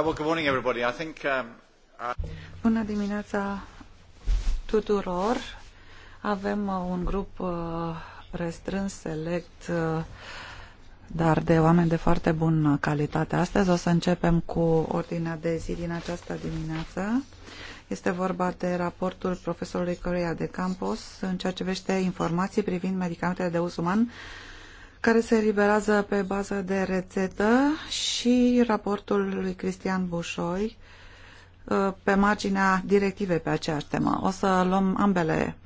Uh, um, uh, bună dimineața tuturor. Avem uh, un grup restrâns, select, dar de oameni de foarte bună calitate. Astăzi o să începem cu ordinea de zi din această dimineață. Este vorba de raportul profesorului Corea de Campos în ceea ce vește informații privind medicamentele de uz uman care se eliberează pe bază de rețetă și raportul lui Cristian Bușoi uh, pe marginea directivei pe aceeași temă. O să luăm ambele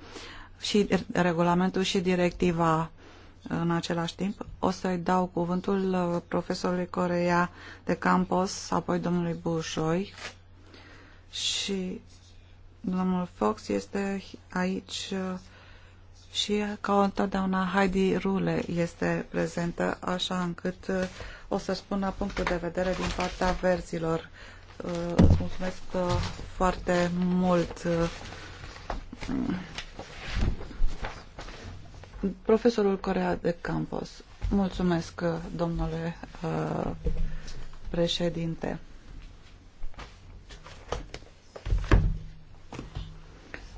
și regulamentul și directiva în același timp. O să-i dau cuvântul uh, profesorului Corea de Campos, apoi domnului Bușoi și domnul Fox este aici uh, și ca întotdeauna Heidi Rule este prezentă, așa încât uh, o să spună punctul de vedere din partea verzilor. Uh, îți mulțumesc uh, foarte mult. Profesorul Corea de Campos. Mulțumesc, domnule președinte.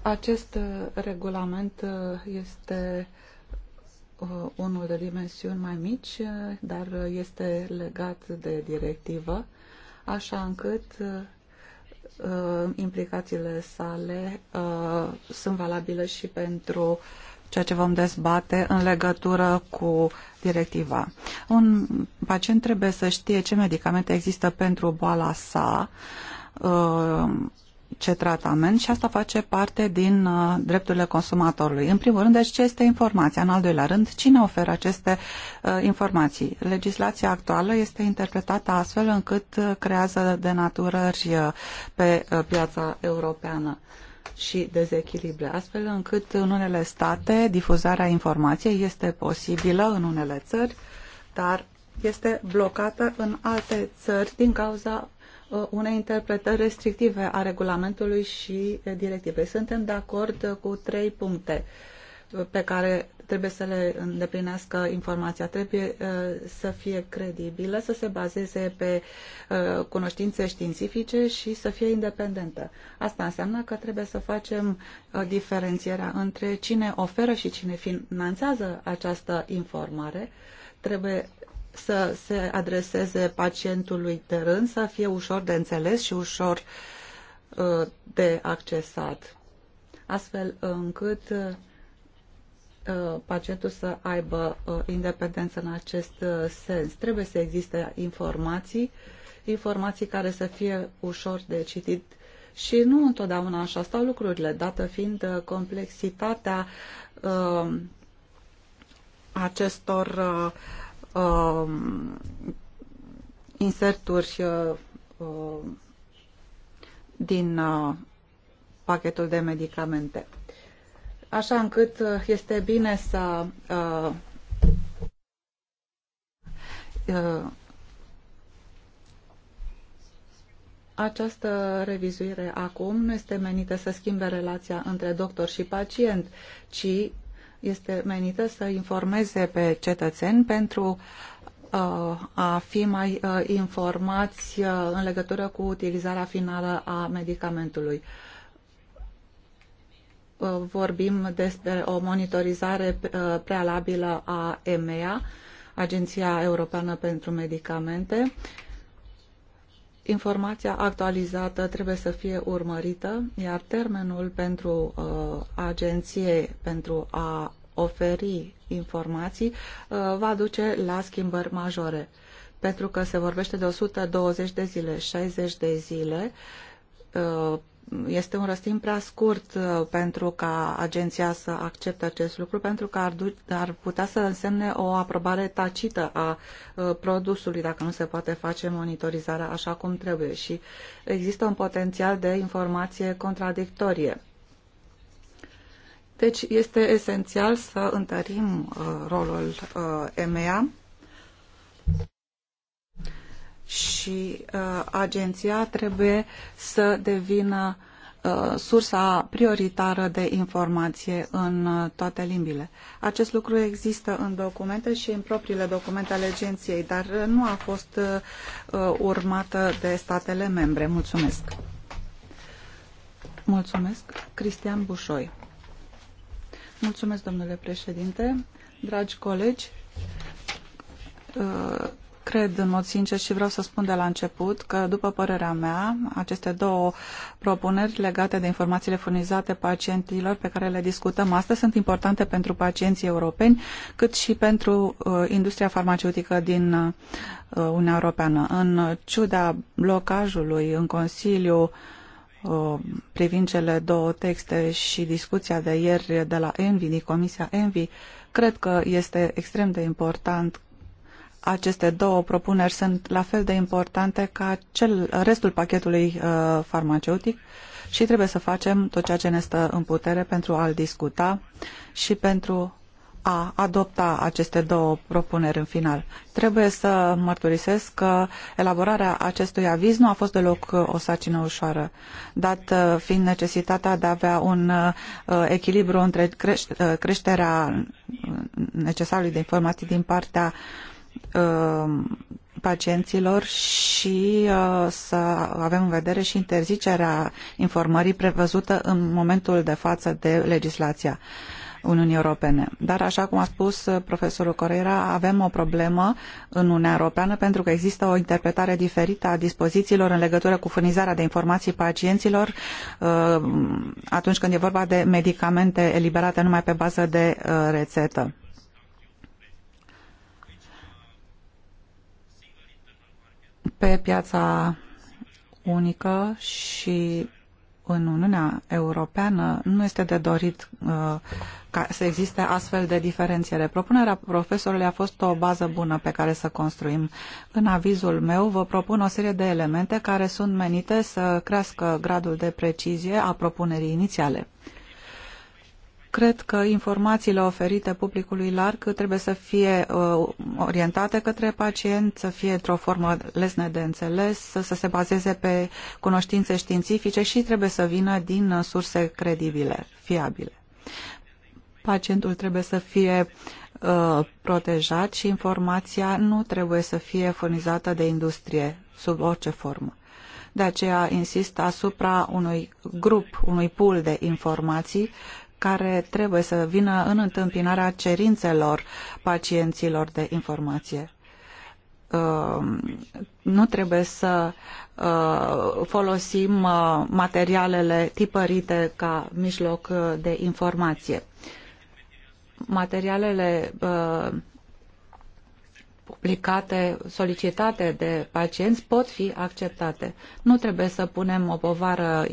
Acest uh, regulament uh, este uh, unul de dimensiuni mai mici, dar este legat de directivă, așa încât implicațiile sale sunt valabile și pentru ceea ce vom dezbate în legătură cu directiva. Un pacient trebuie să știe ce medicamente există pentru boala sa, ce tratament și asta face parte din uh, drepturile consumatorului. În primul rând, deci ce este informația? În al doilea rând, cine oferă aceste uh, informații? Legislația actuală este interpretată astfel încât uh, creează denaturări pe piața europeană și dezechilibre, astfel încât în unele state difuzarea informației este posibilă în unele țări, dar este blocată în alte țări din cauza Uh, unei interpretări restrictive a regulamentului și uh, directivei. Suntem de acord uh, cu trei puncte pe care trebuie să le îndeplinească informația. Trebuie să fie credibilă, să se bazeze pe cunoștințe științifice și să fie independentă. Asta înseamnă că trebuie să facem diferențierea între cine oferă și cine finanțează această informare. Trebuie să se adreseze pacientului de rând, să fie ușor de înțeles și ușor uh, de accesat, astfel încât uh, pacientul să aibă uh, independență în acest sens. Trebuie să existe informații, informații care să fie ușor de citit și nu întotdeauna așa stau lucrurile, dată fiind complexitatea acestor uh, Um, uh, inserturi uh, din uh, pachetul de medicamente. Așa încât uh, este bine să uh, uh, această revizuire acum nu este menită să schimbe relația între doctor și pacient, ci este menită să informeze pe cetățeni pentru uh, a fi mai uh, informați uh, în legătură cu utilizarea finală a medicamentului. Vorbim despre o monitorizare prealabilă a EMEA, Agenția Europeană pentru Medicamente, Informația actualizată trebuie să fie urmărită, iar termenul pentru uh, agenție pentru a oferi informații uh, va duce la schimbări majore. Pentru că se vorbește de 120 de zile, 60 de zile, uh, este un răstimp prea scurt uh, pentru ca agenția să accepte acest lucru, pentru că ar, ar putea să însemne o aprobare tacită a uh, produsului dacă nu se poate face monitorizarea așa cum trebuie și există un potențial de informație contradictorie. Deci este esențial să întărim uh, rolul uh, EMEA și uh, agenția trebuie să devină uh, sursa prioritară de informație în uh, toate limbile. Acest lucru există în documente și în propriile documente ale agenției, dar uh, nu a fost uh, uh, urmată de statele membre. Mulțumesc! Mulțumesc, Cristian Bușoi. Mulțumesc, domnule președinte, dragi colegi, uh, cred în mod sincer și vreau să spun de la început că, după părerea mea, aceste două propuneri legate de informațiile furnizate pacientilor pe care le discutăm astăzi sunt importante pentru pacienții europeni, cât și pentru uh, industria farmaceutică din uh, Uniunea Europeană. În ciuda blocajului în Consiliu uh, privind cele două texte și discuția de ieri de la Envi, din Comisia Envi, cred că este extrem de important aceste două propuneri sunt la fel de importante ca cel, restul pachetului uh, farmaceutic și trebuie să facem tot ceea ce ne stă în putere pentru a-l discuta și pentru a adopta aceste două propuneri în final. Trebuie să mărturisesc că elaborarea acestui aviz nu a fost deloc uh, o sacină ușoară, dat uh, fiind necesitatea de a avea un uh, echilibru între creșterea necesarului de informații din partea Uh, pacienților și uh, să avem în vedere și interzicerea informării prevăzută în momentul de față de legislația Uniunii Europene. Dar, așa cum a spus uh, profesorul Correira, avem o problemă în Uniunea Europeană pentru că există o interpretare diferită a dispozițiilor în legătură cu furnizarea de informații pacienților atunci când e vorba de medicamente eliberate numai pe bază de rețetă pe piața unică și în Uniunea Europeană nu este de dorit uh, ca să existe astfel de diferențiere. Propunerea profesorului a fost o bază bună pe care să construim. În avizul meu vă propun o serie de elemente care sunt menite să crească gradul de precizie a propunerii inițiale cred că informațiile oferite publicului larg trebuie să fie uh, orientate către pacient, să fie într-o formă lesne de înțeles, să se bazeze pe cunoștințe științifice și trebuie să vină din uh, surse credibile, fiabile. Pacientul trebuie să fie uh, protejat și informația nu trebuie să fie furnizată de industrie sub orice formă. De aceea insist asupra unui grup, unui pool de informații care trebuie să vină în întâmpinarea cerințelor pacienților de informație. Uh, nu trebuie să uh, folosim uh, materialele tipărite ca mijloc de informație. Materialele publicate, solicitate de pacienți pot fi acceptate. Nu trebuie să punem o povară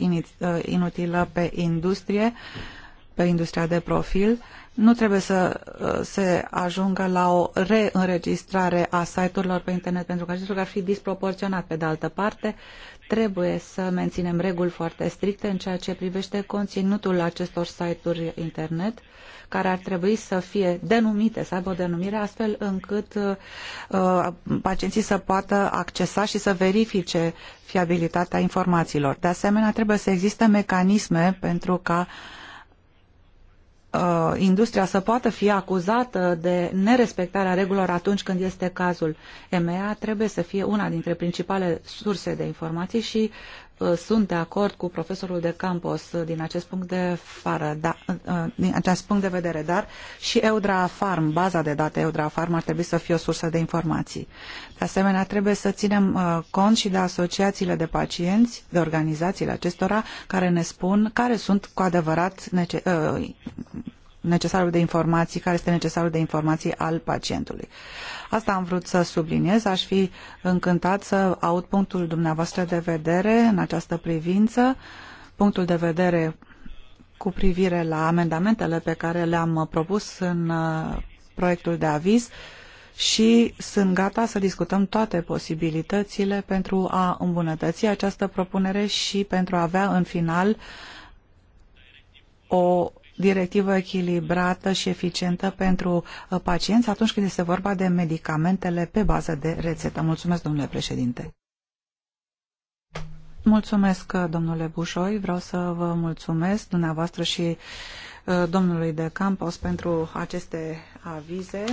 inutilă pe industrie uh, pe industria de profil, nu trebuie să uh, se ajungă la o reînregistrare a site-urilor pe internet, pentru că acest lucru ar fi disproporționat. Pe de altă parte, trebuie să menținem reguli foarte stricte în ceea ce privește conținutul acestor site-uri internet, care ar trebui să fie denumite, să aibă o denumire astfel încât uh, uh pacienții să poată accesa și să verifice fiabilitatea informațiilor. De asemenea, trebuie să existe mecanisme pentru ca uh, uh, industria să poată fi acuzată de nerespectarea regulilor atunci când este cazul. EMEA trebuie să fie una dintre principalele surse de informații și Uh, sunt de acord cu profesorul de campus uh, din acest punct de, fară, da, uh, din acest punct de vedere, dar și Eudra Farm, baza de date Eudra Farm ar trebui să fie o sursă de informații. De asemenea, trebuie să ținem cont și de asociațiile de pacienți, de organizațiile acestora, care ne spun care sunt cu adevărat necesarul de informații, care este necesarul de informații al pacientului. Asta am vrut să subliniez, aș fi încântat să aud punctul dumneavoastră de vedere în această privință, punctul de vedere cu privire la amendamentele pe care le-am propus în uh, proiectul de aviz și sunt gata să discutăm toate posibilitățile pentru a îmbunătăți această propunere și pentru a avea în final o directivă echilibrată și eficientă pentru uh, pacienți atunci când este vorba de medicamentele pe bază de rețetă. Mulțumesc, domnule președinte. Mulțumesc, uh, domnule Bușoi. Vreau să vă mulțumesc dumneavoastră și uh, domnului de Campos pentru aceste avize.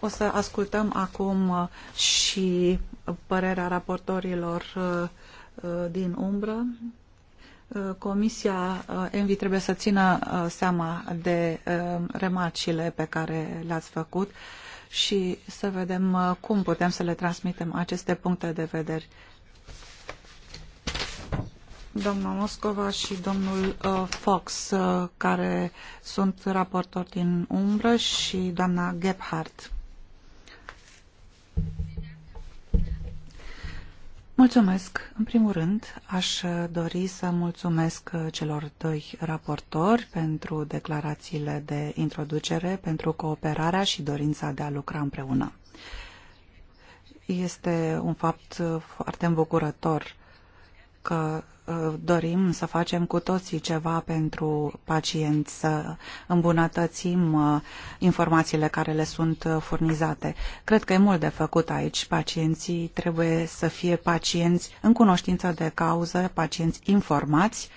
O să ascultăm acum și părerea raportorilor din umbră. Comisia eh, Envi trebuie să țină eh, seama de eh, remarcile pe care le-ați făcut și să vedem cum putem să le transmitem aceste puncte de vedere. Doamna Moscova și domnul Fox, care sunt raportori din umbră, și doamna Gebhardt. Mulțumesc. În primul rând, aș dori să mulțumesc celor doi raportori pentru declarațiile de introducere, pentru cooperarea și dorința de a lucra împreună. Este un fapt foarte îmbucurător că Uh, dorim să facem cu toții ceva pentru pacienți, să îmbunătățim uh, informațiile care le sunt uh, furnizate. Cred că e mult de făcut aici. Pacienții trebuie să fie pacienți în cunoștință de cauză, pacienți informați.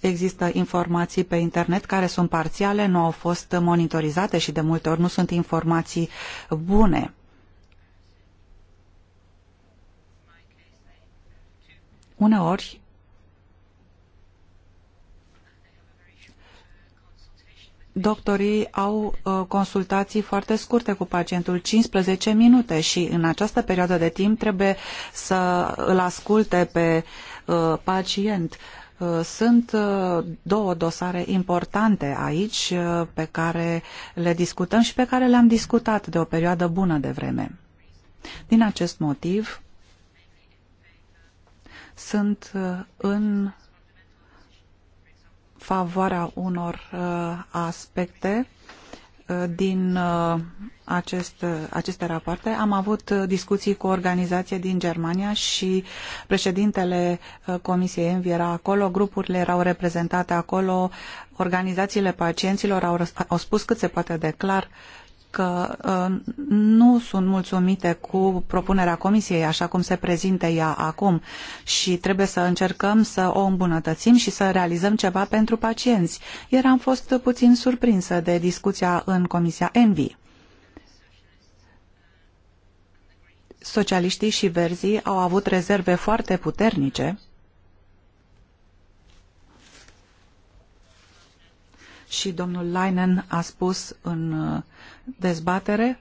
Există informații pe internet care sunt parțiale, nu au fost monitorizate și de multe ori nu sunt informații bune Uneori, doctorii au uh, consultații foarte scurte cu pacientul, 15 minute și în această perioadă de timp trebuie să îl asculte pe uh, pacient. Uh, sunt două dosare importante aici pe care le discutăm și pe care le-am discutat de o perioadă bună de vreme. Din acest motiv, sunt uh, în favoarea unor uh, aspecte uh, din acest, aceste rapoarte. Am avut discuții cu o organizație din Germania și președintele Comisiei Envi era acolo, grupurile erau reprezentate acolo, organizațiile pacienților au, au spus cât se poate de clar uh, că uh, nu sunt mulțumite cu propunerea Comisiei așa cum se prezintă ea acum și trebuie să încercăm să o îmbunătățim și să realizăm ceva pentru pacienți. Iar am fost puțin surprinsă de discuția în Comisia Envi. Socialiștii și verzii au avut rezerve foarte puternice și domnul Leinen a spus în uh, dezbatere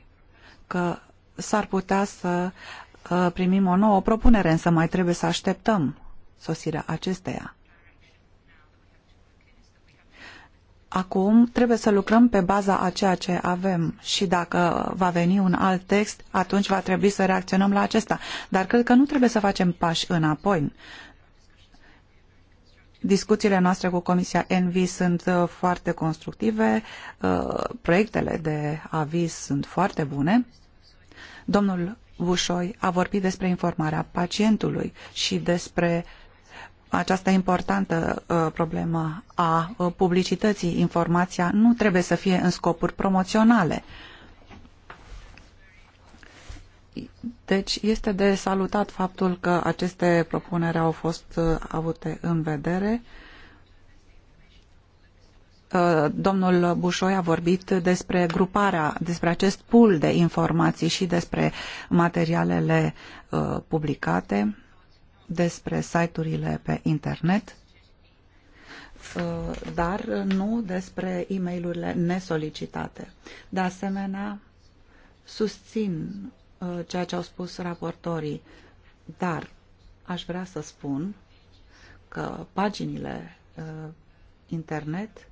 că s-ar putea să uh, primim o nouă propunere, însă mai trebuie să așteptăm sosirea acesteia. Acum trebuie să lucrăm pe baza a ceea ce avem și dacă va veni un alt text, atunci va trebui să reacționăm la acesta. Dar cred că nu trebuie să facem pași înapoi. Discuțiile noastre cu Comisia ENVI sunt uh, foarte constructive, uh, proiectele de aviz sunt foarte bune. Domnul Bușoi a vorbit despre informarea pacientului și despre această importantă uh, problemă a publicității. Informația nu trebuie să fie în scopuri promoționale. Deci este de salutat faptul că aceste propuneri au fost uh, avute în vedere. Uh, domnul Bușoi a vorbit despre gruparea, despre acest pool de informații și despre materialele uh, publicate, despre site-urile pe internet dar nu despre e-mailurile nesolicitate. De asemenea, susțin Uh, ceea ce au spus raportorii, dar aș vrea să spun că paginile uh, internet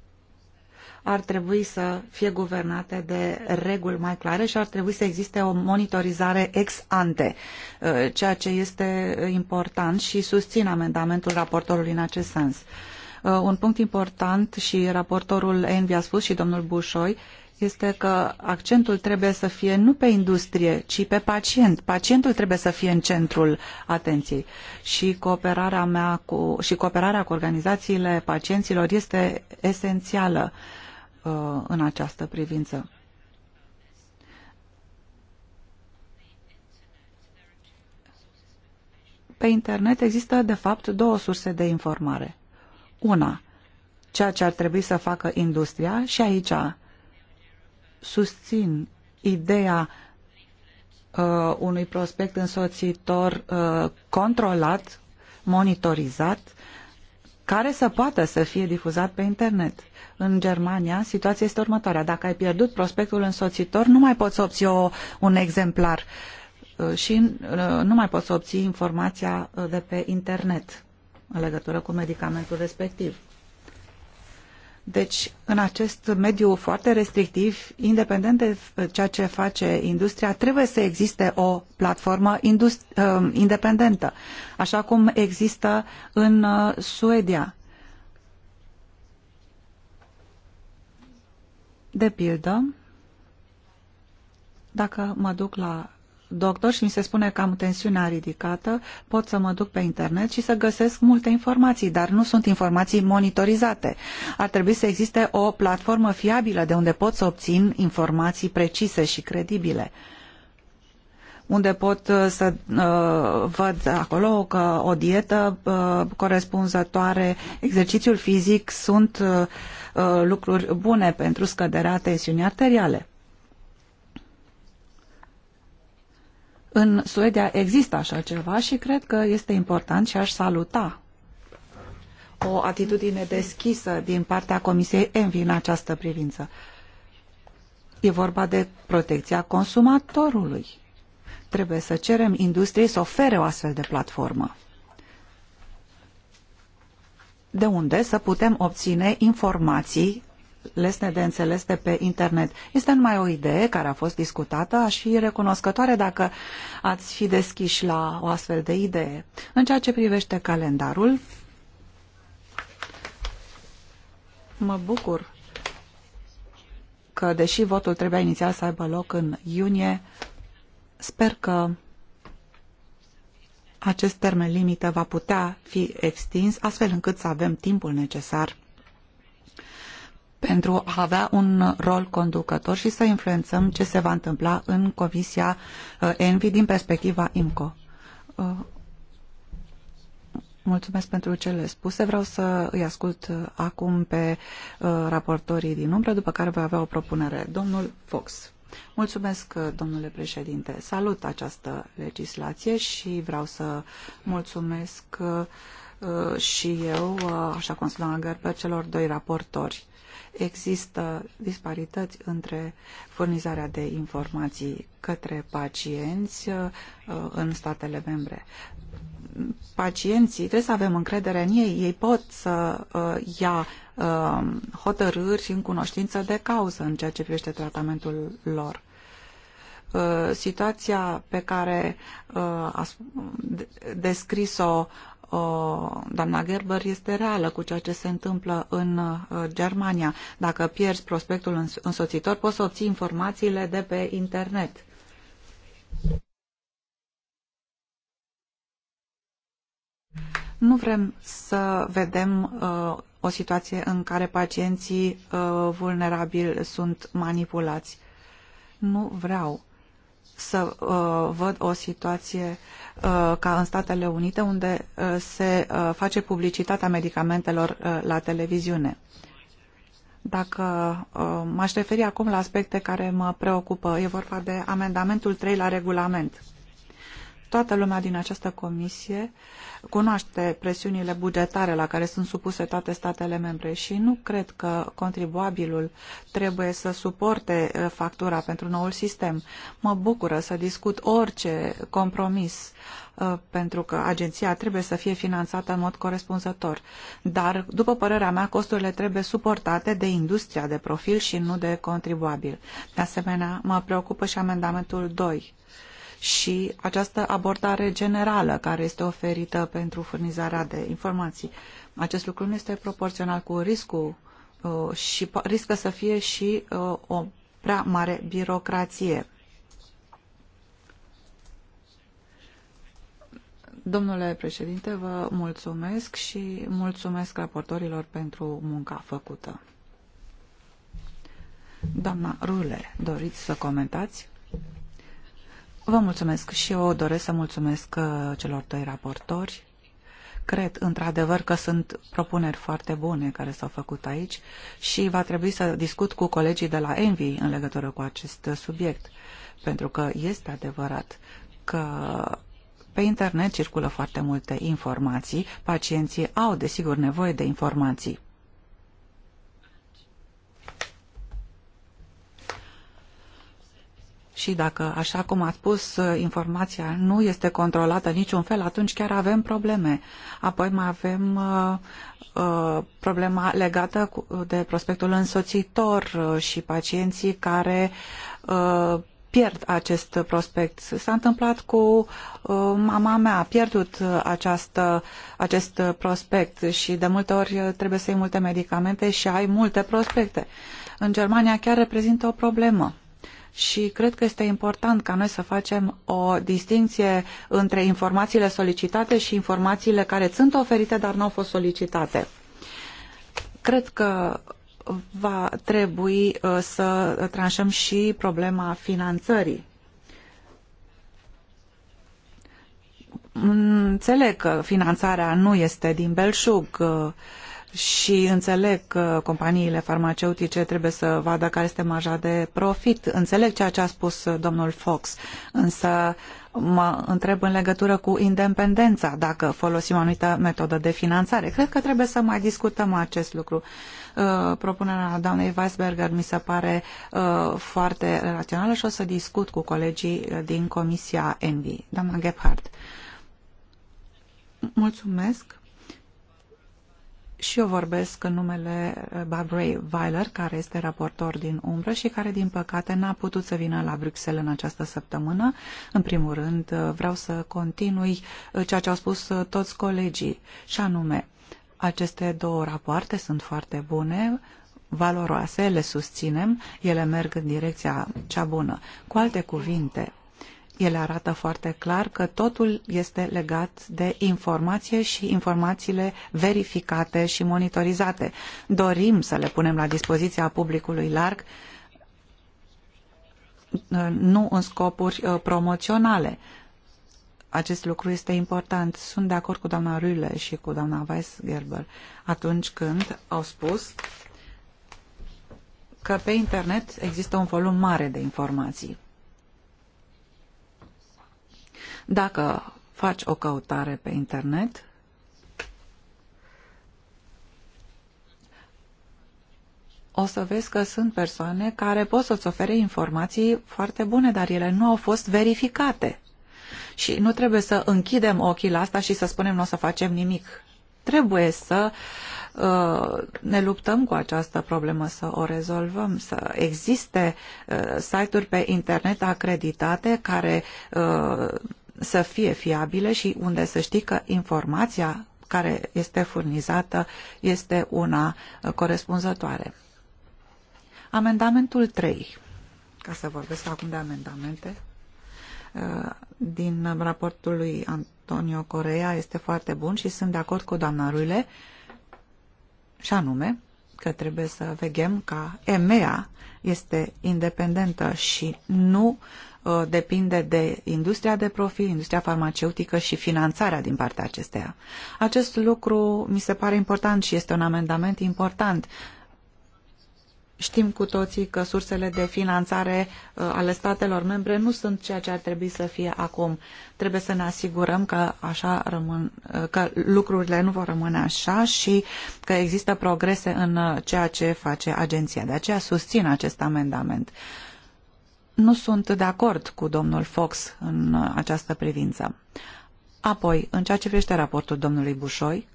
ar trebui să fie guvernate de reguli mai clare și ar trebui să existe o monitorizare ex ante, uh, ceea ce este important și susțin amendamentul raportorului în acest sens. Un punct important și raportorul Envi a spus și domnul Bușoi este că accentul trebuie să fie nu pe industrie, ci pe pacient. Pacientul trebuie să fie în centrul atenției. Și cooperarea mea cu, și cooperarea cu organizațiile pacienților este esențială uh, în această privință. Pe internet există, de fapt, două surse de informare. Una, ceea ce ar trebui să facă industria și aici susțin ideea uh, unui prospect însoțitor uh, controlat, monitorizat, care să poată să fie difuzat pe internet. În Germania, situația este următoarea. Dacă ai pierdut prospectul însoțitor, nu mai poți obții o, un exemplar uh, și uh, nu mai poți obții informația uh, de pe internet în legătură cu medicamentul respectiv. Deci, în acest mediu foarte restrictiv, independent de uh, ceea ce face industria, trebuie să existe o platformă uh, independentă, așa cum există în uh, Suedia. De pildă, dacă mă duc la doctor și mi se spune că am tensiunea ridicată, pot să mă duc pe internet și să găsesc multe informații, dar nu sunt informații monitorizate. Ar trebui să existe o platformă fiabilă de unde pot să obțin informații precise și credibile unde pot uh, să uh, văd acolo că o dietă uh, corespunzătoare, exercițiul fizic sunt uh, uh lucruri bune pentru scăderea tensiunii arteriale. În Suedia există așa ceva și cred că este important și aș saluta o atitudine deschisă din partea Comisiei Envi în această privință. E vorba de protecția consumatorului. Trebuie să cerem industriei să ofere o astfel de platformă. De unde să putem obține informații lesne de înțeles de pe internet. Este numai o idee care a fost discutată, aș fi recunoscătoare dacă ați fi deschiși la o astfel de idee. În ceea ce privește calendarul, mă bucur că, deși votul trebuia inițial să aibă loc în iunie, sper că acest termen limită va putea fi extins astfel încât să avem timpul necesar pentru a avea un rol conducător și să influențăm ce se va întâmpla în Comisia uh, ENVI din perspectiva IMCO. Uh, mulțumesc pentru cele spuse. Vreau să îi ascult uh, acum pe raportorii din umbră, după care voi avea o propunere. Domnul Fox. Mulțumesc, domnule președinte. Salut această legislație și vreau să mulțumesc și eu, așa cum spuneam, pe celor doi raportori există disparități între furnizarea de informații către pacienți uh, în statele membre. Pacienții, trebuie să avem încredere în ei, ei pot să uh, ia uh, hotărâri în cunoștință de cauză în ceea ce privește tratamentul lor situația pe care a descris-o doamna Gerber este reală cu ceea ce se întâmplă în uh, Germania. Dacă pierzi prospectul însoțitor, poți să obții informațiile de pe internet. Nu vrem să vedem uh, o situație în care pacienții uh, vulnerabili sunt manipulați. Nu vreau să uh, văd o situație uh, ca în Statele Unite, unde uh, se uh, face publicitatea medicamentelor uh, la televiziune. Dacă uh, m-aș referi acum la aspecte care mă preocupă, e vorba de amendamentul 3 la regulament toată lumea din această comisie cunoaște presiunile bugetare la care sunt supuse toate statele membre și nu cred că contribuabilul trebuie să suporte uh, factura pentru noul sistem. Mă bucură să discut orice compromis uh, pentru că agenția trebuie să fie finanțată în mod corespunzător. Dar, după părerea mea, costurile trebuie suportate de industria de profil și nu de contribuabil. De asemenea, mă preocupă și amendamentul 2 și această abordare generală care este oferită pentru furnizarea de informații. Acest lucru nu este proporțional cu riscul uh, și riscă să fie și uh, o prea mare birocrație. Domnule președinte, vă mulțumesc și mulțumesc raportorilor pentru munca făcută. Doamna Rule, doriți să comentați? Vă mulțumesc și eu doresc să mulțumesc uh, celor doi raportori. Cred, într-adevăr, că sunt propuneri foarte bune care s-au făcut aici și va trebui să discut cu colegii de la Envi în legătură cu acest subiect, pentru că este adevărat că pe internet circulă foarte multe informații, pacienții au, desigur, nevoie de informații Și dacă, așa cum a spus, uh, informația nu este controlată niciun fel, atunci chiar avem probleme. Apoi mai avem uh, uh, problema legată cu, de prospectul însoțitor uh, și pacienții care uh, pierd acest prospect. S-a întâmplat cu uh, mama mea, a pierdut această, acest prospect și de multe ori trebuie să iei multe medicamente și ai multe prospecte. În Germania chiar reprezintă o problemă și cred că este important ca noi să facem o distinție între informațiile solicitate și informațiile care sunt oferite, dar nu au fost solicitate. Cred că va trebui uh, să tranșăm și problema finanțării. Înțeleg că finanțarea nu este din belșug, uh, și înțeleg că companiile farmaceutice trebuie să vadă care este marja de profit. Înțeleg ceea ce a spus domnul Fox, însă mă întreb în legătură cu independența, dacă folosim o anumită metodă de finanțare. Cred că trebuie să mai discutăm acest lucru. Uh, propunerea doamnei Weisberger mi se pare uh, foarte rațională și o să discut cu colegii din Comisia Envi. Doamna Gebhardt. Mulțumesc. Și eu vorbesc în numele eh, Barbara Weiler, care este raportor din umbră și care, din păcate, n-a putut să vină la Bruxelles în această săptămână. În primul rând, eh, vreau să continui eh, ceea ce au spus toți colegii, și anume, aceste două rapoarte sunt foarte bune, valoroase, le susținem, ele merg în direcția cea bună. Cu alte cuvinte, ele arată foarte clar că totul este legat de informație și informațiile verificate și monitorizate. Dorim să le punem la dispoziția publicului larg, nu în scopuri uh, promoționale. Acest lucru este important. Sunt de acord cu doamna Rüle și cu doamna Weisgerber atunci când au spus că pe internet există un volum mare de informații dacă faci o căutare pe internet, o să vezi că sunt persoane care pot să-ți ofere informații foarte bune, dar ele nu au fost verificate. Și nu trebuie să închidem ochii la asta și să spunem nu o să facem nimic. Trebuie să uh, ne luptăm cu această problemă, să o rezolvăm, să existe uh, site-uri pe internet acreditate care uh, să fie fiabile și unde să știi că informația care este furnizată este una corespunzătoare. Amendamentul 3. Ca să vorbesc acum de amendamente, uh, din raportul lui Antonio Corea este foarte bun și sunt de acord cu doamna Ruile și anume că trebuie să vegem ca EMEA este independentă și nu uh, Uh, depinde de industria de profil, industria farmaceutică și finanțarea din partea acesteia. Acest lucru mi se pare important și este un amendament important. Știm cu toții că sursele de finanțare uh, ale statelor membre nu sunt ceea ce ar trebui să fie acum. Trebuie să ne asigurăm că, așa rămân, uh, că lucrurile nu vor rămâne așa și că există progrese în ceea ce face agenția. De aceea susțin acest amendament. Uh, nu sunt de acord cu domnul Fox în uh, această privință. Apoi, în ceea ce privește raportul domnului Bușoi,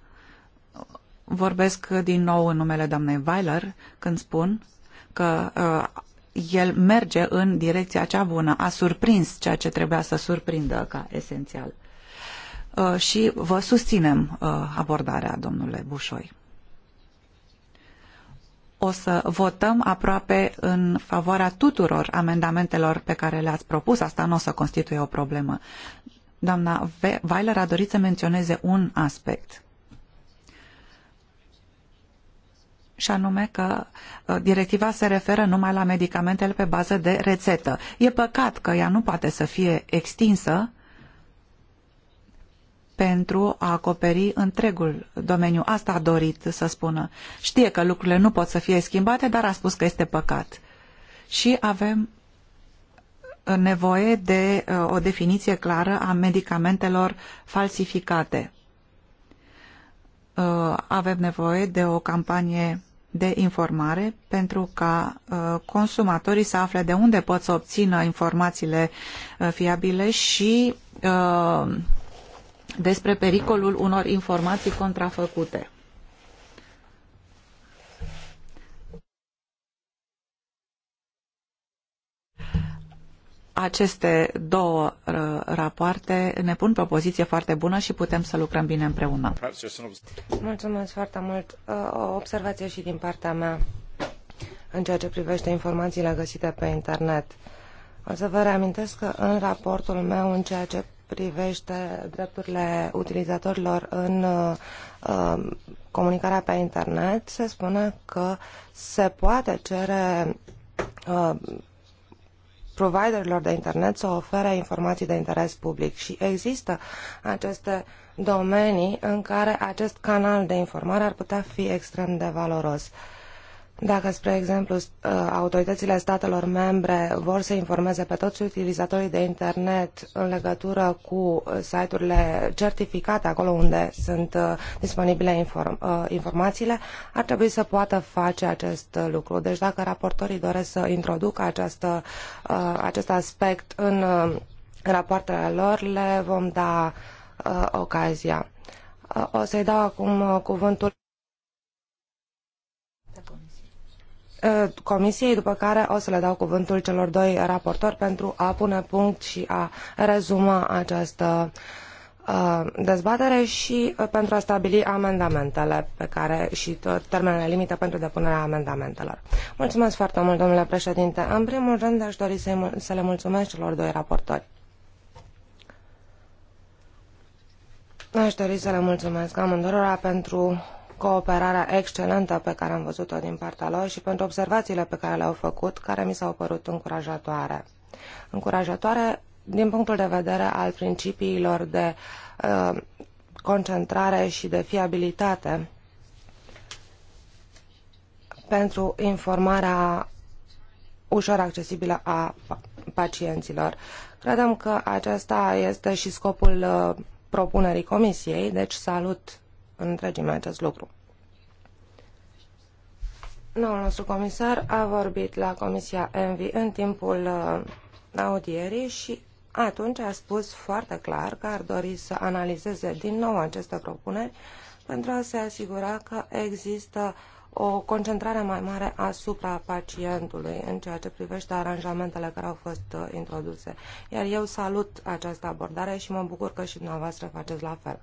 vorbesc din nou în numele doamnei Weiler când spun că uh, el merge în direcția cea bună, a surprins ceea ce trebuia să surprindă ca esențial. Uh, și vă susținem uh, abordarea, domnului Bușoi o să votăm aproape în favoarea tuturor amendamentelor pe care le-ați propus. Asta nu o să constituie o problemă. Doamna Weiler a dorit să menționeze un aspect. și anume că uh, directiva se referă numai la medicamentele pe bază de rețetă. E păcat că ea nu poate să fie extinsă pentru a acoperi întregul domeniu. Asta a dorit să spună. Știe că lucrurile nu pot să fie schimbate, dar a spus că este păcat. Și avem nevoie de uh, o definiție clară a medicamentelor falsificate. Uh, avem nevoie de o campanie de informare pentru ca uh, consumatorii să afle de unde pot să obțină informațiile fiabile și despre pericolul unor informații contrafăcute. Aceste două uh, rapoarte ne pun pe o poziție foarte bună și putem să lucrăm bine împreună. Mulțumesc foarte mult. Uh, o observație și din partea mea în ceea ce privește informațiile găsite pe internet. O să vă reamintesc că în raportul meu, în ceea ce privește drepturile utilizatorilor în uh, comunicarea pe internet, se spune că se poate cere uh, providerilor de internet să ofere informații de interes public și există aceste domenii în care acest canal de informare ar putea fi extrem de valoros. Uh, dacă, spre exemplu, ă, autoritățile statelor membre vor să informeze pe toți utilizatorii de internet în legătură cu ă, site-urile certificate, acolo unde sunt ă, disponibile inform- informațiile, ar trebui să poată face acest lucru. Deci dacă raportorii doresc să introducă această, acest aspect în rapoartele lor, le vom da ocazia. O să-i dau acum cuvântul Uh, comisiei, după care o să le dau cuvântul celor doi raportori pentru a pune punct și a rezuma această uh, dezbatere și uh, pentru a stabili amendamentele pe care și termenele limită pentru depunerea amendamentelor. Mulțumesc foarte mult, domnule președinte. În primul rând, aș dori să le mulțumesc celor doi raportori. Aș dori să le mulțumesc amândurora pentru cooperarea excelentă pe care am văzut-o din partea lor și pentru observațiile pe care le-au făcut, care mi s-au părut încurajatoare. Încurajatoare din punctul de vedere al principiilor de uh, concentrare și de fiabilitate pentru informarea ușor accesibilă a pacienților. Credem că acesta este și scopul uh, propunerii Comisiei, deci salut în întregime acest lucru. Noul nostru comisar a vorbit la Comisia ENVI în timpul uh, audierii și atunci a spus foarte clar că ar dori să analizeze din nou aceste propuneri pentru a se asigura că există o concentrare mai mare asupra pacientului în ceea ce privește aranjamentele care au fost uh, introduse. Iar eu salut această abordare și mă bucur că și dumneavoastră faceți la fel.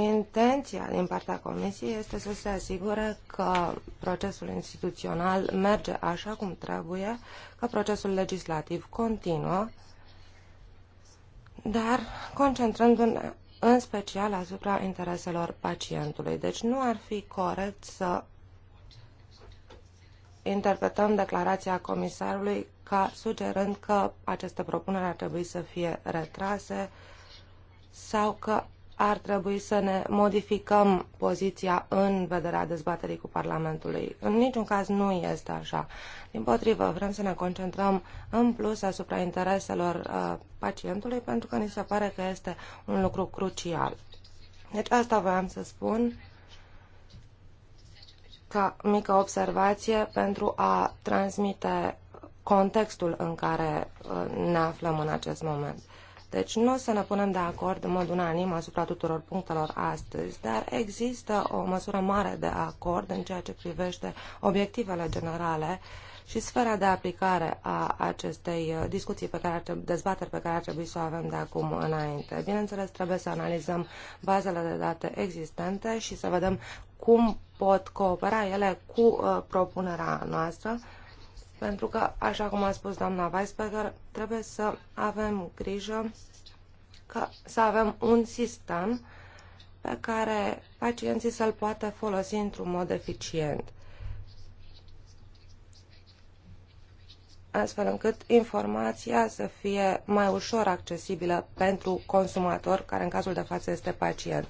Intenția din partea Comisiei este să se asigure că procesul instituțional merge așa cum trebuie, că procesul legislativ continuă, dar concentrându-ne în special asupra intereselor pacientului. Deci nu ar fi corect să interpretăm declarația comisarului ca sugerând că aceste propuneri ar trebui să fie retrase sau că ar trebui să ne modificăm poziția în vederea dezbaterii cu Parlamentului. În niciun caz nu este așa. Din potrivă, vrem să ne concentrăm în plus asupra intereselor uh, pacientului pentru că ni se pare că este un lucru crucial. Deci asta voiam să spun ca mică observație pentru a transmite contextul în care uh, ne aflăm în acest moment. Deci nu o să ne punem de acord în mod unanim asupra tuturor punctelor astăzi, dar există o măsură mare de acord în ceea ce privește obiectivele generale și sfera de aplicare a acestei uh, discuții pe care ar trebui, dezbateri pe care ar trebui să o avem de acum înainte. Bineînțeles, trebuie să analizăm bazele de date existente și să vedem cum pot coopera ele cu uh, propunerea noastră pentru că, așa cum a spus doamna Weisberger, trebuie să avem grijă că să avem un sistem pe care pacienții să-l poată folosi într-un mod eficient. astfel încât informația să fie mai ușor accesibilă pentru consumator, care în cazul de față este pacient.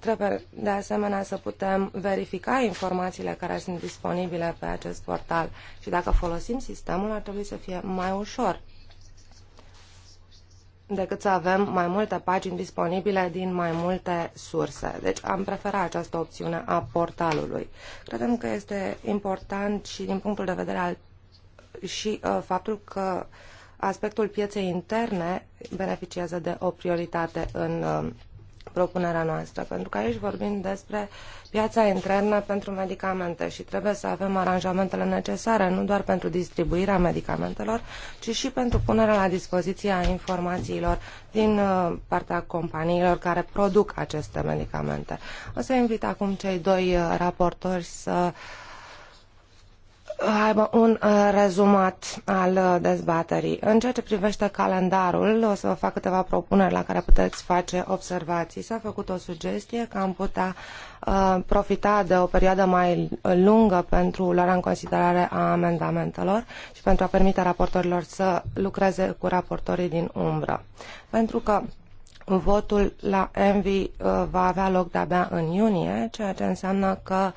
Trebuie de asemenea să putem verifica informațiile care sunt disponibile pe acest portal și dacă folosim sistemul ar trebui să fie mai ușor decât să avem mai multe pagini disponibile din mai multe surse. Deci am preferat această opțiune a portalului. Credem că este important și din punctul de vedere al și uh, faptul că aspectul pieței interne beneficiază de o prioritate în uh, propunerea noastră, pentru că aici vorbim despre piața internă pentru medicamente și trebuie să avem aranjamentele necesare, nu doar pentru distribuirea medicamentelor, ci și pentru punerea la dispoziție a informațiilor din uh, partea companiilor care produc aceste medicamente. O să invit acum cei doi uh, raportori să uh, aibă un uh, rezumat al uh, dezbaterii. În ceea ce privește calendarul, o să vă fac câteva propuneri la care puteți face observații. S-a făcut o sugestie că am putea uh, profita de o perioadă mai lungă pentru luarea în considerare a amendamentelor și pentru a permite raportorilor să lucreze cu raportorii din umbră. Pentru că votul la Envi va avea loc de-abia în iunie, ceea ce înseamnă că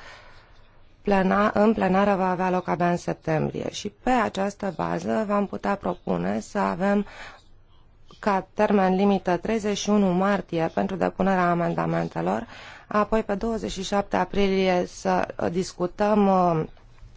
plena, în plenară va avea loc abia în septembrie și pe această bază v-am putea propune să avem ca termen limită 31 martie pentru depunerea amendamentelor, apoi pe 27 aprilie să discutăm uh,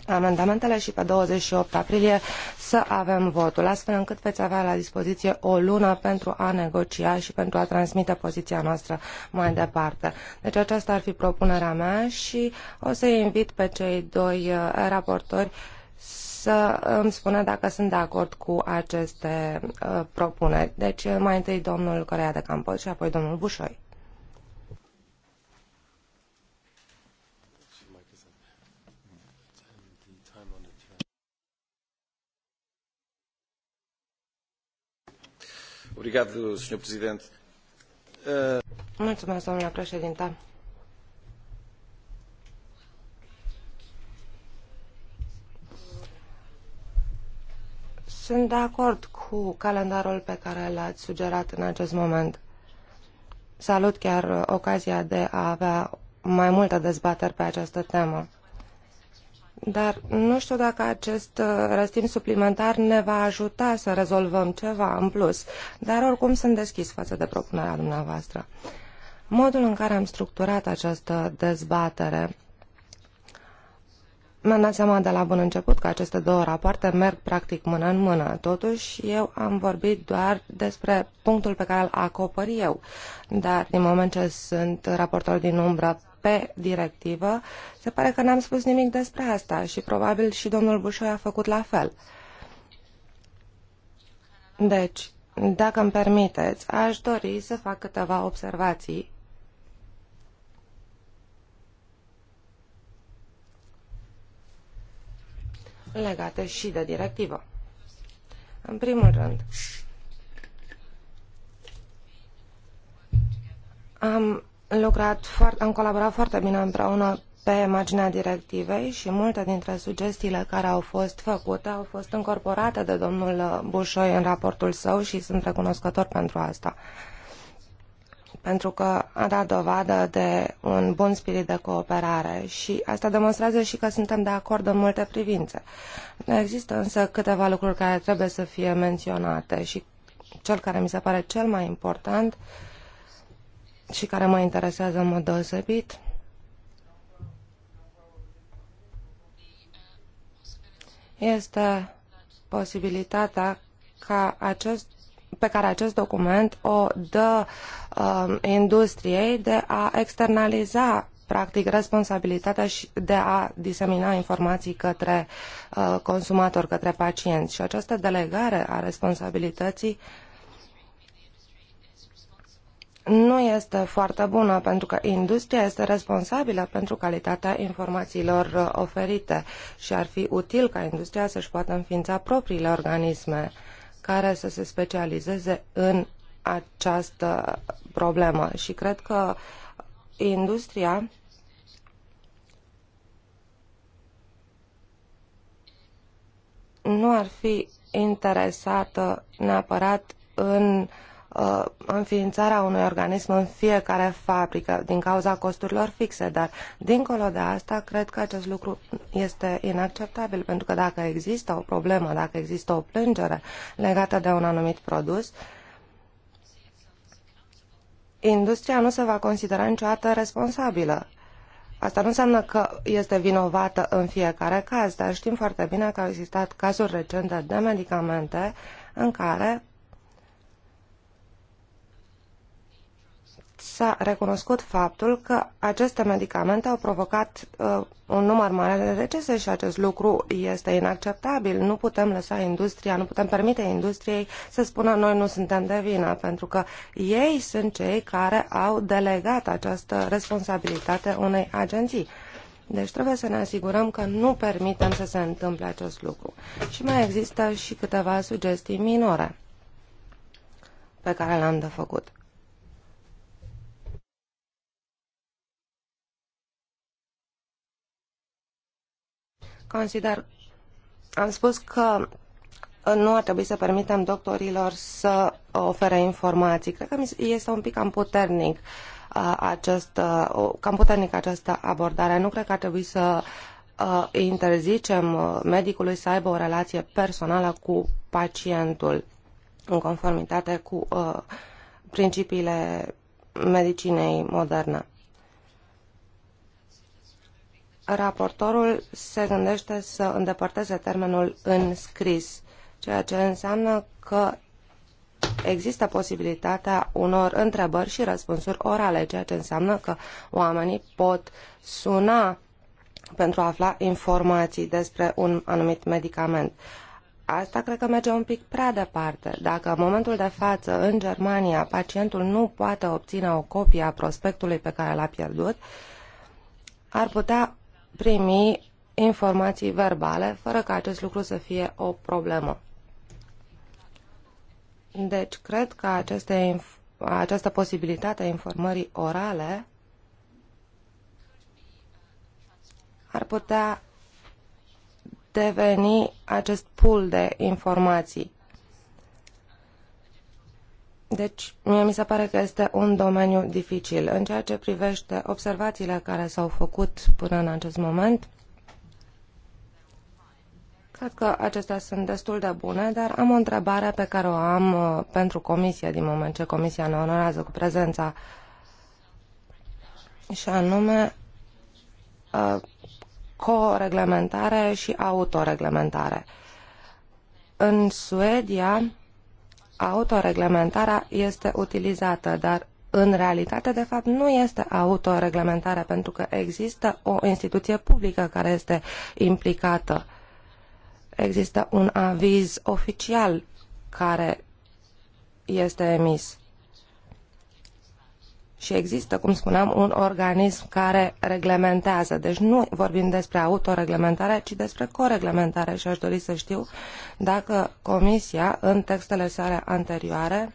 amendamentele și pe 28 aprilie să avem votul, astfel încât veți avea la dispoziție o lună pentru a negocia și pentru a transmite poziția noastră mai departe. Deci aceasta ar fi propunerea mea și o să invit pe cei doi uh, raportori să îmi spună dacă sunt de acord cu aceste uh, propuneri. Deci uh, mai întâi domnul Corea de Campos și apoi domnul Bușoi. Ah, domnule președinte. Sunt de acord cu calendarul pe care l-ați sugerat în acest moment. Salut chiar ocazia de a avea mai multe dezbateri pe această temă. Dar nu știu dacă acest uh, răstim suplimentar ne va ajuta să rezolvăm ceva în plus, dar oricum sunt deschis față de propunerea dumneavoastră. Modul în care am structurat această dezbatere mi-am dat seama de la bun început că aceste două rapoarte merg practic mână în mână. Totuși, eu am vorbit doar despre punctul pe care îl acopăr eu. Dar din moment ce sunt raportor din umbră pe directivă, se pare că n-am spus nimic despre asta și probabil și domnul Bușoi a făcut la fel. Deci, dacă îmi permiteți, aș dori să fac câteva observații legate și de directivă. În primul rând, am lucrat am colaborat foarte bine împreună pe marginea directivei și multe dintre sugestiile care au fost făcute au fost incorporate de domnul Bușoi în raportul său și sunt recunoscător pentru asta. Pentru că a dat dovadă de un bun spirit de cooperare și asta demonstrează și că suntem de acord în multe privințe. Există însă câteva lucruri care trebuie să fie menționate și cel care mi se pare cel mai important uh, și care mă interesează în mod deosebit este posibilitatea ca acest, pe care acest document o dă uh, industriei de a externaliza practic responsabilitatea și de a disemina informații către uh, consumator, către pacienți. Și această delegare a responsabilității uh, nu este foarte bună pentru că industria este responsabilă pentru calitatea informațiilor uh, oferite și ar fi util ca industria să-și poată înființa propriile organisme care să se specializeze în această problemă și cred că industria nu ar fi interesată neapărat în uh, uh, înființarea unui organism în fiecare fabrică din cauza costurilor fixe, dar dincolo de asta cred că acest lucru este inacceptabil, pentru că dacă există o problemă, dacă există o plângere legată de un anumit produs, industria nu se va considera niciodată responsabilă. Asta nu înseamnă că este vinovată în fiecare caz, dar știm foarte bine că au existat cazuri recente de medicamente în care s-a recunoscut faptul că aceste medicamente au provocat uh, un număr mare de decese și acest lucru este inacceptabil. Nu putem lăsa industria, nu putem permite industriei să spună noi nu suntem de vină, pentru că ei sunt cei care au delegat această responsabilitate unei agenții. Deci trebuie să ne asigurăm că nu permitem să se întâmple acest lucru. Și mai există și câteva sugestii minore pe care le-am de făcut. Consider, am spus că nu ar trebui să permitem doctorilor să ofere informații. Cred că este un pic cam puternic uh, această, uh, cam puternic această abordare. Nu cred că ar trebui să uh, interzicem medicului să aibă o relație personală cu pacientul în conformitate cu principiile medicinei moderne raportorul se gândește să îndepărteze termenul în scris, ceea ce înseamnă că există posibilitatea unor întrebări și răspunsuri orale, ceea ce înseamnă că oamenii pot suna pentru a afla informații despre un anumit medicament. Asta cred că merge un pic prea departe. Dacă în momentul de față, în Germania, pacientul nu poate obține o copie a prospectului pe care l-a pierdut, ar putea primi informații verbale, fără ca acest lucru să fie o problemă. Deci, cred că aceste, această posibilitate a informării orale ar putea deveni acest pool de informații deci, mie mi se pare că este un domeniu dificil. În ceea ce privește observațiile care s-au făcut până în acest moment, cred că acestea sunt destul de bune, dar am o întrebare pe care o am uh, pentru comisie din moment ce comisia ne onorează cu prezența și anume uh, coreglementare și autoreglementare. În Suedia, autoreglementarea este utilizată, dar în realitate, de fapt, nu este autoreglementarea, pentru că există o instituție publică care este implicată. Există un aviz oficial care este emis și există, cum spuneam, un organism care reglementează. Deci nu vorbim despre autoreglementare, ci despre coreglementare și aș dori să știu dacă Comisia, în textele sale anterioare,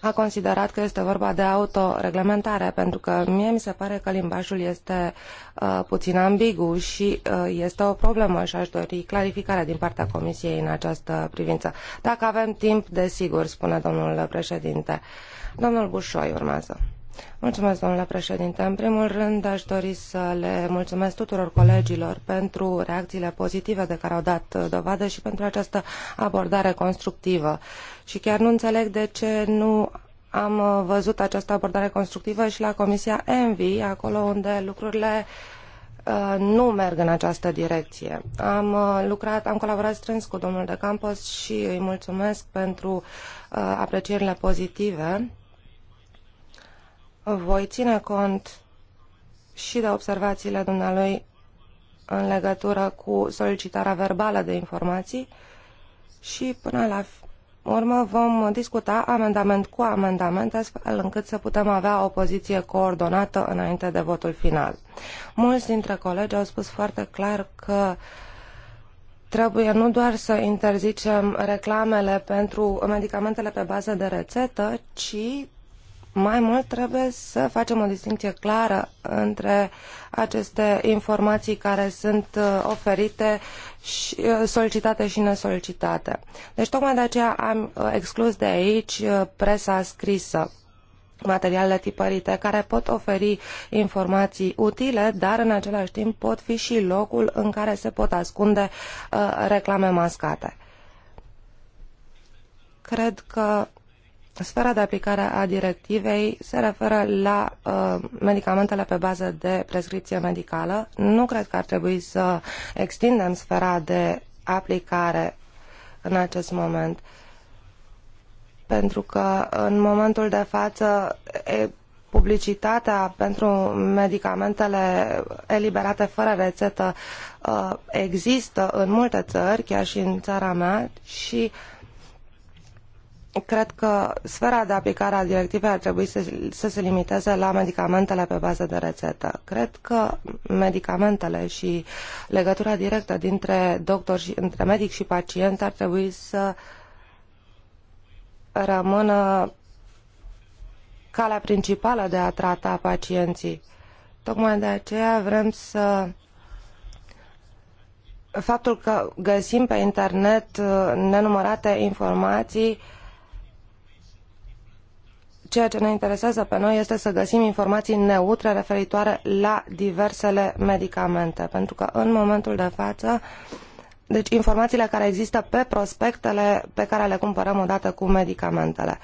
a considerat că este vorba de autoreglementare, pentru că mie mi se pare că limbajul este uh, puțin ambigu și uh, este o problemă și aș dori clarificarea din partea Comisiei în această privință. Dacă avem timp, desigur, spune domnul președinte. Uh, Domnul Bușoi urmează. Mulțumesc, domnule președinte. În primul rând, aș dori să le mulțumesc tuturor colegilor pentru reacțiile pozitive de care au dat dovadă și pentru această abordare constructivă. Și chiar nu înțeleg de ce nu am văzut această abordare constructivă și la Comisia ENVI, acolo unde lucrurile uh, nu merg în această direcție. Am uh, lucrat, am colaborat strâns cu domnul de Campos și îi mulțumesc pentru uh, aprecierile pozitive voi ține cont și de observațiile dumnealui în legătură cu solicitarea verbală de informații și până la urmă vom discuta amendament cu amendament astfel încât să putem avea o poziție coordonată înainte de votul final. Mulți dintre colegi au spus foarte clar că trebuie nu doar să interzicem reclamele pentru medicamentele pe bază de rețetă, ci mai mult trebuie să facem o distinție clară între aceste informații care sunt uh, oferite, și, uh, solicitate și nesolicitate. Deci tocmai de aceea am uh, exclus de aici presa scrisă materialele tipărite care pot oferi informații utile, dar în același timp pot fi și locul în care se pot ascunde reclame mascate. Cred că Sfera de aplicare a directivei se referă la uh, medicamentele pe bază de prescripție medicală. Nu cred că ar trebui să extindem sfera de aplicare în acest moment, pentru că în momentul de față e, publicitatea pentru medicamentele eliberate fără rețetă uh, există în multe țări, chiar și în țara mea, și uh, cred că sfera de aplicare a directivei ar trebui să, să se limiteze la medicamentele pe bază de rețetă. Cred că medicamentele și legătura directă dintre doctor și între medic și pacient ar trebui să rămână calea principală de a trata pacienții. Tocmai de aceea vrem să faptul că găsim pe internet uh, nenumărate informații uh, ceea ce ne interesează pe noi este să găsim informații neutre referitoare la diversele medicamente, pentru că în momentul de față deci informațiile care există pe prospectele pe care le cumpărăm odată cu medicamentele.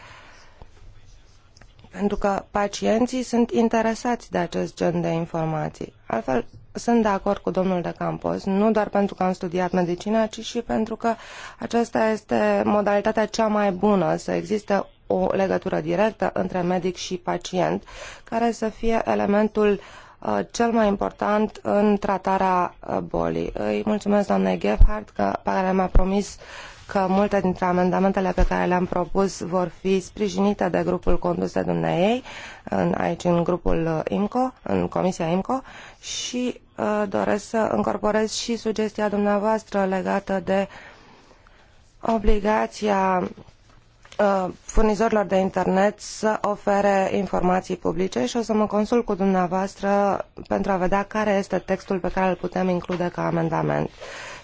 Pentru că pacienții sunt interesați de acest gen de informații. Altfel, sunt de acord cu domnul de Campos, nu doar pentru că am studiat medicina, ci și pentru că aceasta este modalitatea cea mai bună, să existe o legătură directă între medic și pacient, care să fie elementul uh, cel mai important în tratarea uh, bolii. Îi mulțumesc doamnei Gebhardt că, care mi-a promis că multe dintre amendamentele pe care le-am propus vor fi sprijinite de grupul condus de dumneiei, în, aici în grupul uh, IMCO, în Comisia IMCO și uh, doresc să încorporez și sugestia dumneavoastră legată de obligația Uh, furnizorilor de internet să ofere informații publice și o să mă consult cu dumneavoastră pentru a vedea care este textul pe care îl putem include ca amendament.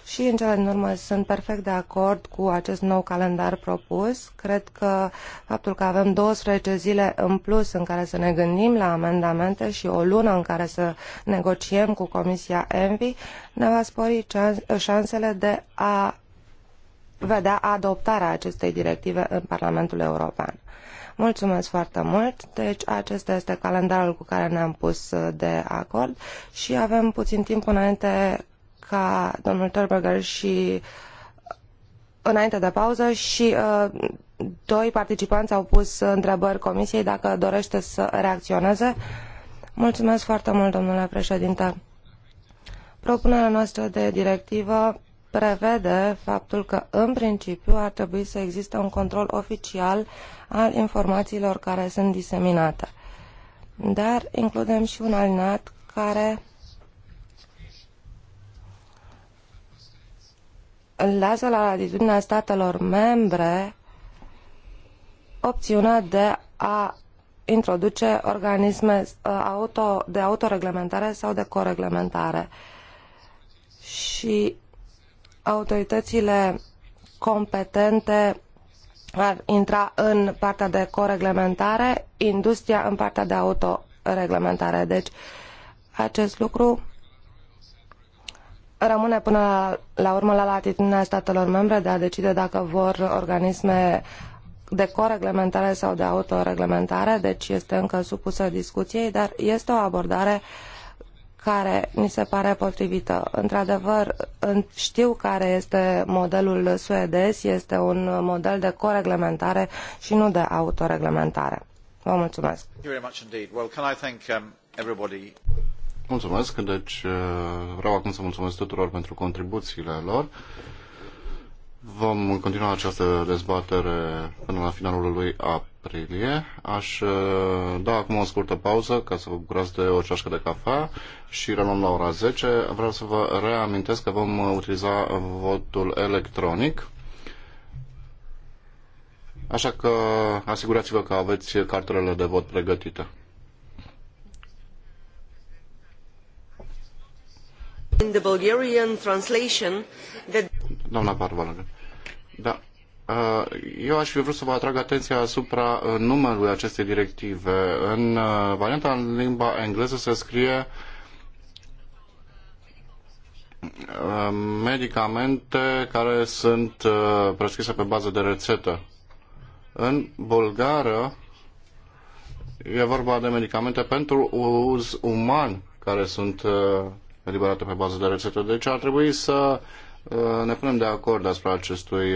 Și în cele din urmă sunt perfect de acord cu acest nou calendar propus. Cred că faptul că avem 12 zile în plus în care să ne gândim la amendamente și o lună în care să negociem cu Comisia ENVI ne va spori șansele de a vedea adoptarea acestei directive în Parlamentul European. Mulțumesc foarte mult. Deci acesta este calendarul cu care ne-am pus uh, de acord și avem puțin timp înainte ca domnul Terberger și uh, înainte de pauză și uh, doi participanți au pus întrebări comisiei dacă dorește să reacționeze. Mulțumesc foarte mult, domnule președinte. Propunerea noastră de directivă prevede faptul că, în principiu, ar trebui să existe un control oficial al informațiilor care sunt diseminate. Dar includem și un alinat care lasă la latitudinea statelor membre opțiunea de a introduce organisme ă, auto, de autoreglementare sau de coreglementare. Și autoritățile competente ar intra în partea de coreglementare, industria în partea de autoreglementare. Deci acest lucru rămâne până la, la urmă la latitudinea statelor membre de a decide dacă vor organisme de coreglementare sau de autoreglementare, deci este încă supusă discuției, dar este o abordare uh, care mi se pare potrivită. Într-adevăr, știu care este modelul suedez, este un model de coreglementare și nu de autoreglementare. Vă mulțumesc. Um, mulțumesc, deci uh, vreau acum să mulțumesc tuturor pentru contribuțiile lor. Vom continua această dezbatere până la finalul lui aprilie aprilie. Aș uh, da acum o scurtă pauză ca să vă bucurați de o ceașcă de cafea și reluăm la ora 10. Vreau să vă reamintesc că vom uh, utiliza votul electronic. Așa că asigurați-vă că aveți cartelele de vot pregătite. In the Bulgarian translation that... Doamna Barbală, da, Uh, eu aș fi vrut să vă atrag atenția asupra uh, numărului acestei directive. În uh, varianta în limba engleză se scrie medicamente care sunt prescrise pe bază de rețetă. În bulgară e vorba de medicamente pentru uz uman care sunt eliberate pe bază de rețetă. Deci ar trebui să ne punem de acord asupra acestui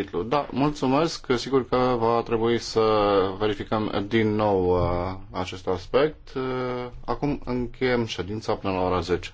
titlu. Da, mulțumesc. Sigur că va trebui să verificăm din nou uh, acest aspect. Uh, acum încheiem ședința până la ora 10.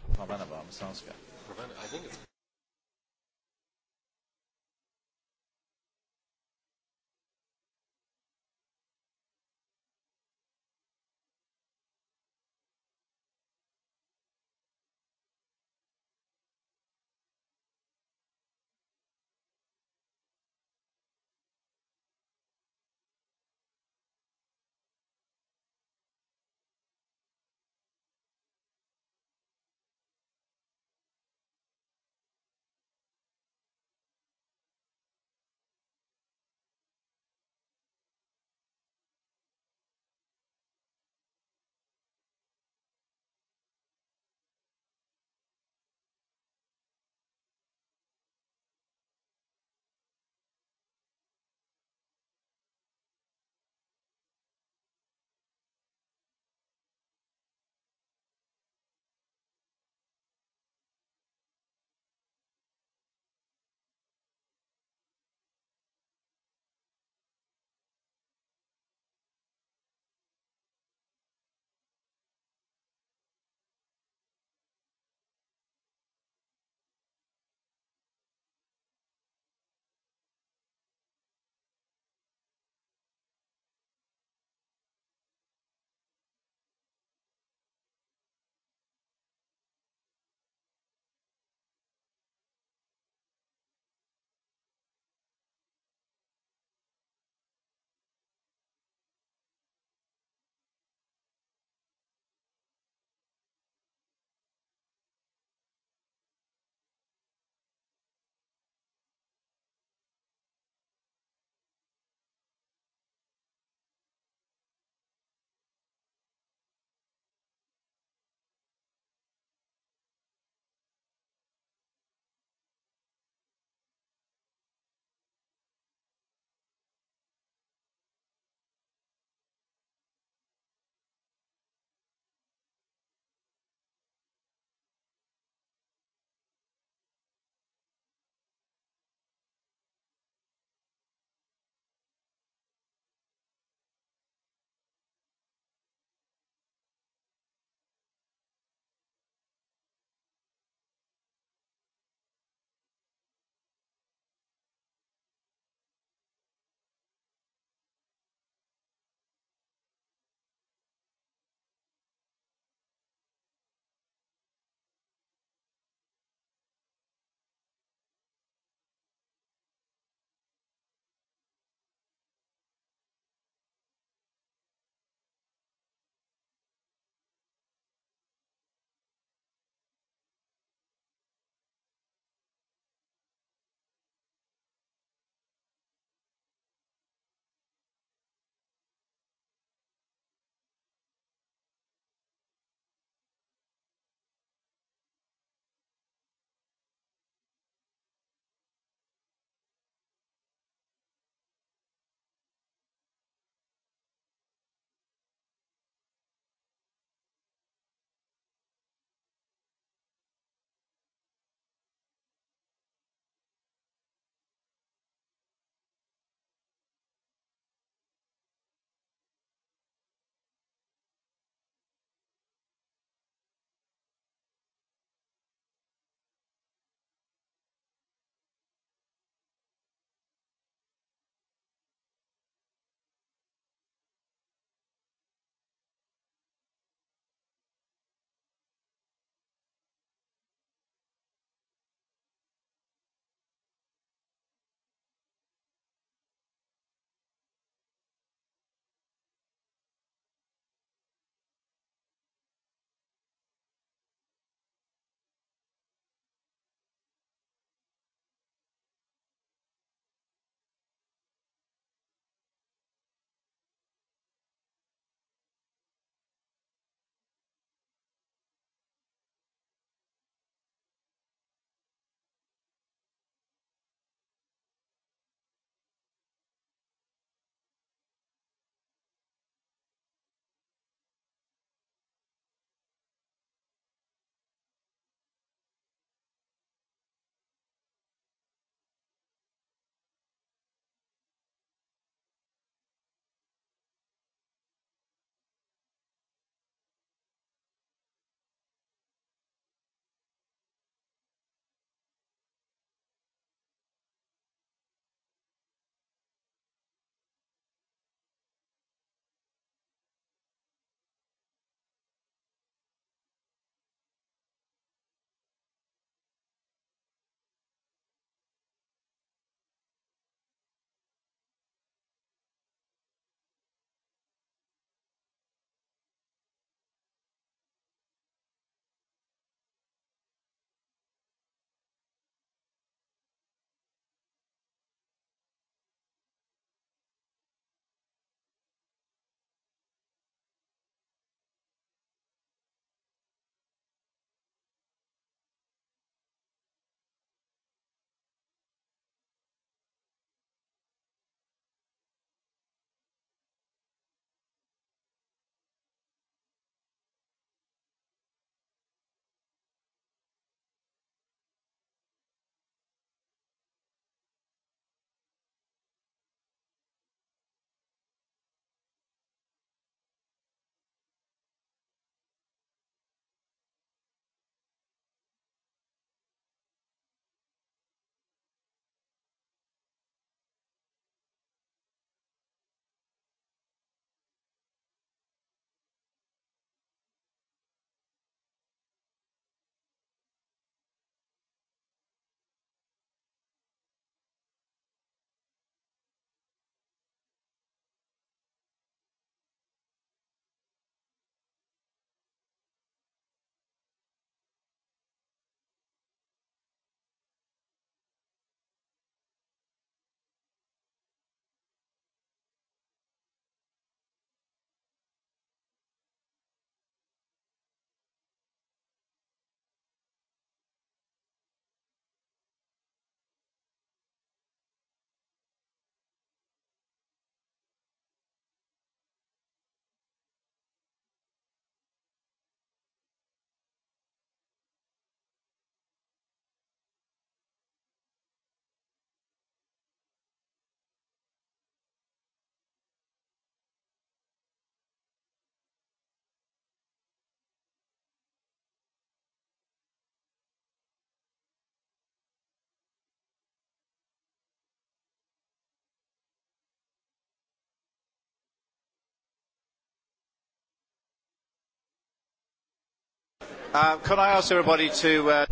Uh, uh,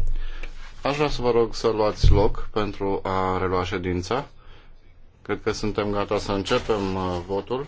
Aș vrea să vă rog să luați loc pentru a relua ședința. Cred că suntem gata să începem uh, votul.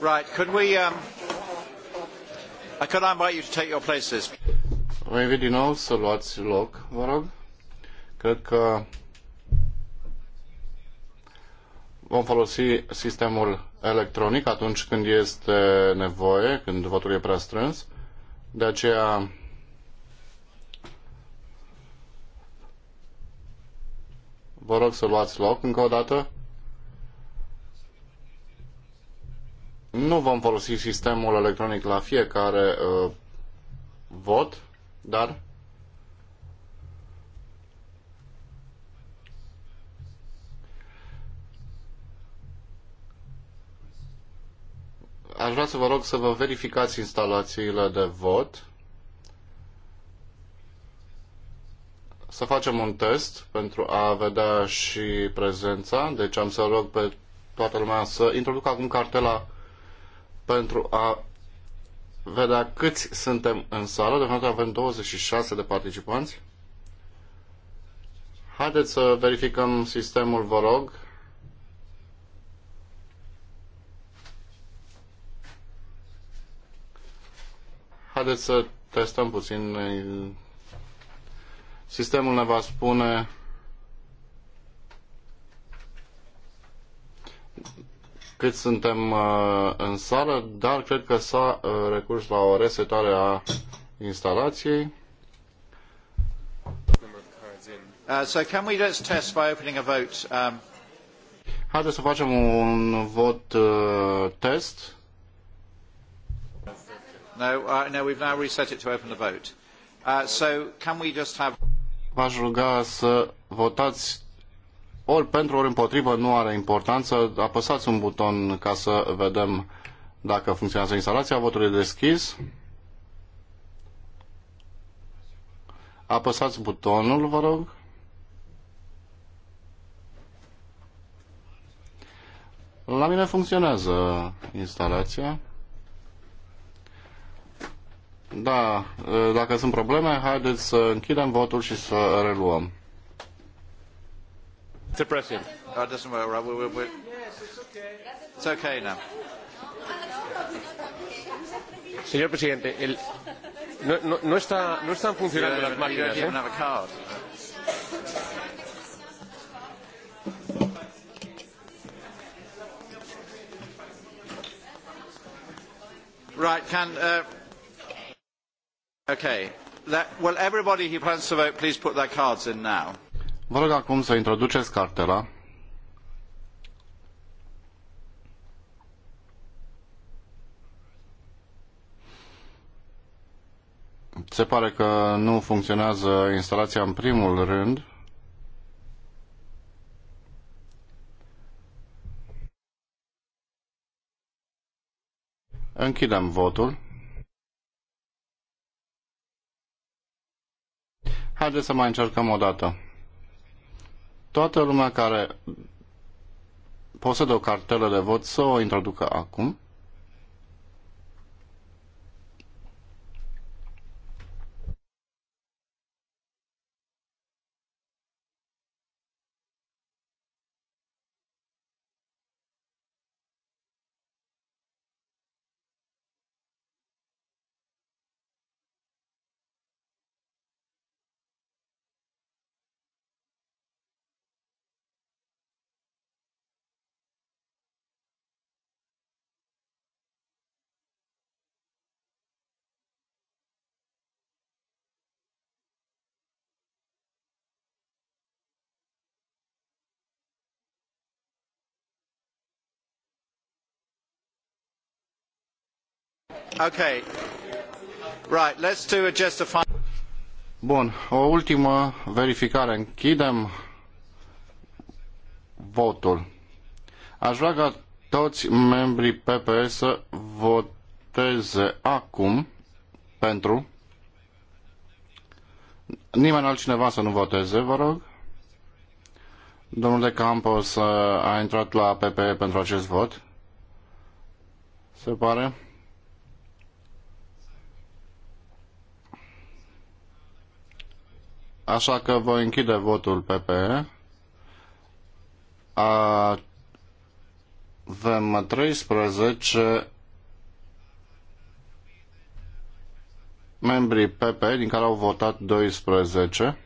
Right, could we, um, uh, could I invite you to take your places? Vă invit din nou să luați loc, vă rog. Cred că vom folosi sistemul electronic atunci când este nevoie, când votul e prea strâns. De aceea vă rog să luați loc încă o dată. Nu vom folosi sistemul electronic la fiecare uh, vot, dar aș vrea să vă rog să vă verificați instalațiile de vot. Să facem un test pentru a vedea și prezența. Deci am să rog pe toată lumea să introducă acum cartela pentru a vedea câți suntem în sală. Deocamdată avem 26 de participanți. Haideți să verificăm sistemul, vă rog. Haideți să testăm puțin. Sistemul ne va spune cât suntem uh, în sală, dar cred că s-a uh, recurs la o resetare a instalației. Uh, so can we just test by opening a vote? Um... Haideți să facem un vot uh, test. No, uh, no, we've now reset it to open the vote. Uh, so can we just have... V-aș ruga să votați ori pentru, ori împotrivă nu are importanță. Apăsați un buton ca să vedem dacă funcționează instalația. Votul e deschis. Apăsați butonul, vă rog. La mine funcționează instalația. Da, dacă sunt probleme, haideți să închidem votul și să reluăm. Mr. President. Oh, it doesn't work. Right. We're, we're, we're... Yes, it's okay. It's okay now. Señor presidente, el... no, no, no, está, no están funcionando yeah, las máquinas. You don't even ¿eh? have a card. Right, can... Uh... Okay. That, will everybody who plans to vote please put their cards in now? Vă rog acum să introduceți cartela. Se pare că nu funcționează instalația în primul rând. Închidem votul. Haideți să mai încercăm o dată toată lumea care posedă o cartelă de vot să o introducă acum. Okay. Right, let's do a just a final... Bun, o ultimă verificare. Închidem votul. Aș vrea ca toți membrii PPS să voteze acum pentru. Nimeni altcineva să nu voteze, vă rog. Domnul de Campos uh, a intrat la PPE pentru acest vot. Se pare. Așa că voi închide votul PPE. Avem 13 membrii PP, din care au votat 12.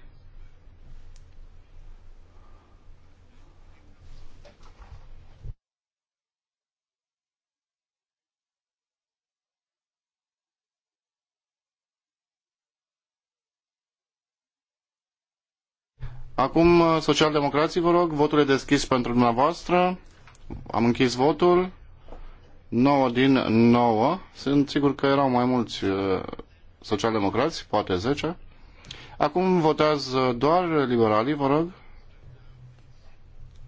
Acum, uh, socialdemocrații, vă rog, votul e deschis pentru dumneavoastră. Am închis votul. 9 din 9. Sunt sigur că erau mai mulți uh, socialdemocrați, poate 10. Acum votează doar liberalii, vă rog.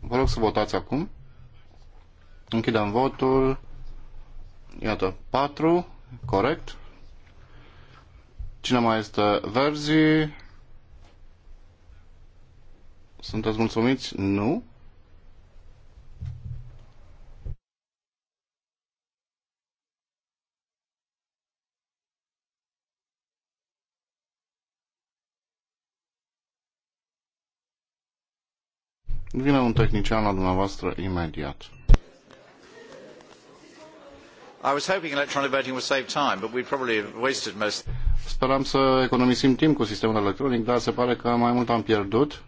Vă rog să votați acum. Închidem votul. Iată, 4, corect. Cine mai este? Verzi, sunteți mulțumiți? Nu? Vine un tehnician la dumneavoastră imediat. I was hoping electronic voting would save time, but we probably wasted most. Speram să economisim timp cu sistemul electronic, dar se pare că mai mult am pierdut.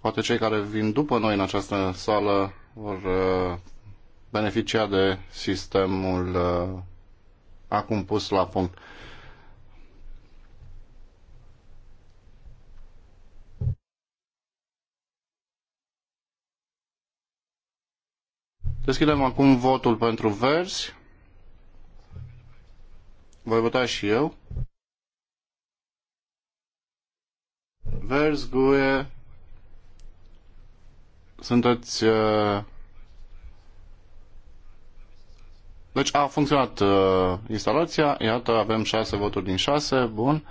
Poate cei care vin după noi în această sală vor uh, beneficia de sistemul uh, acum pus la punct. Deschidem acum votul pentru verzi. Voi vota și eu. Verzi, GUE, sunteți... Uh, deci a funcționat uh, instalația, iată, avem 6 voturi din 6, bun.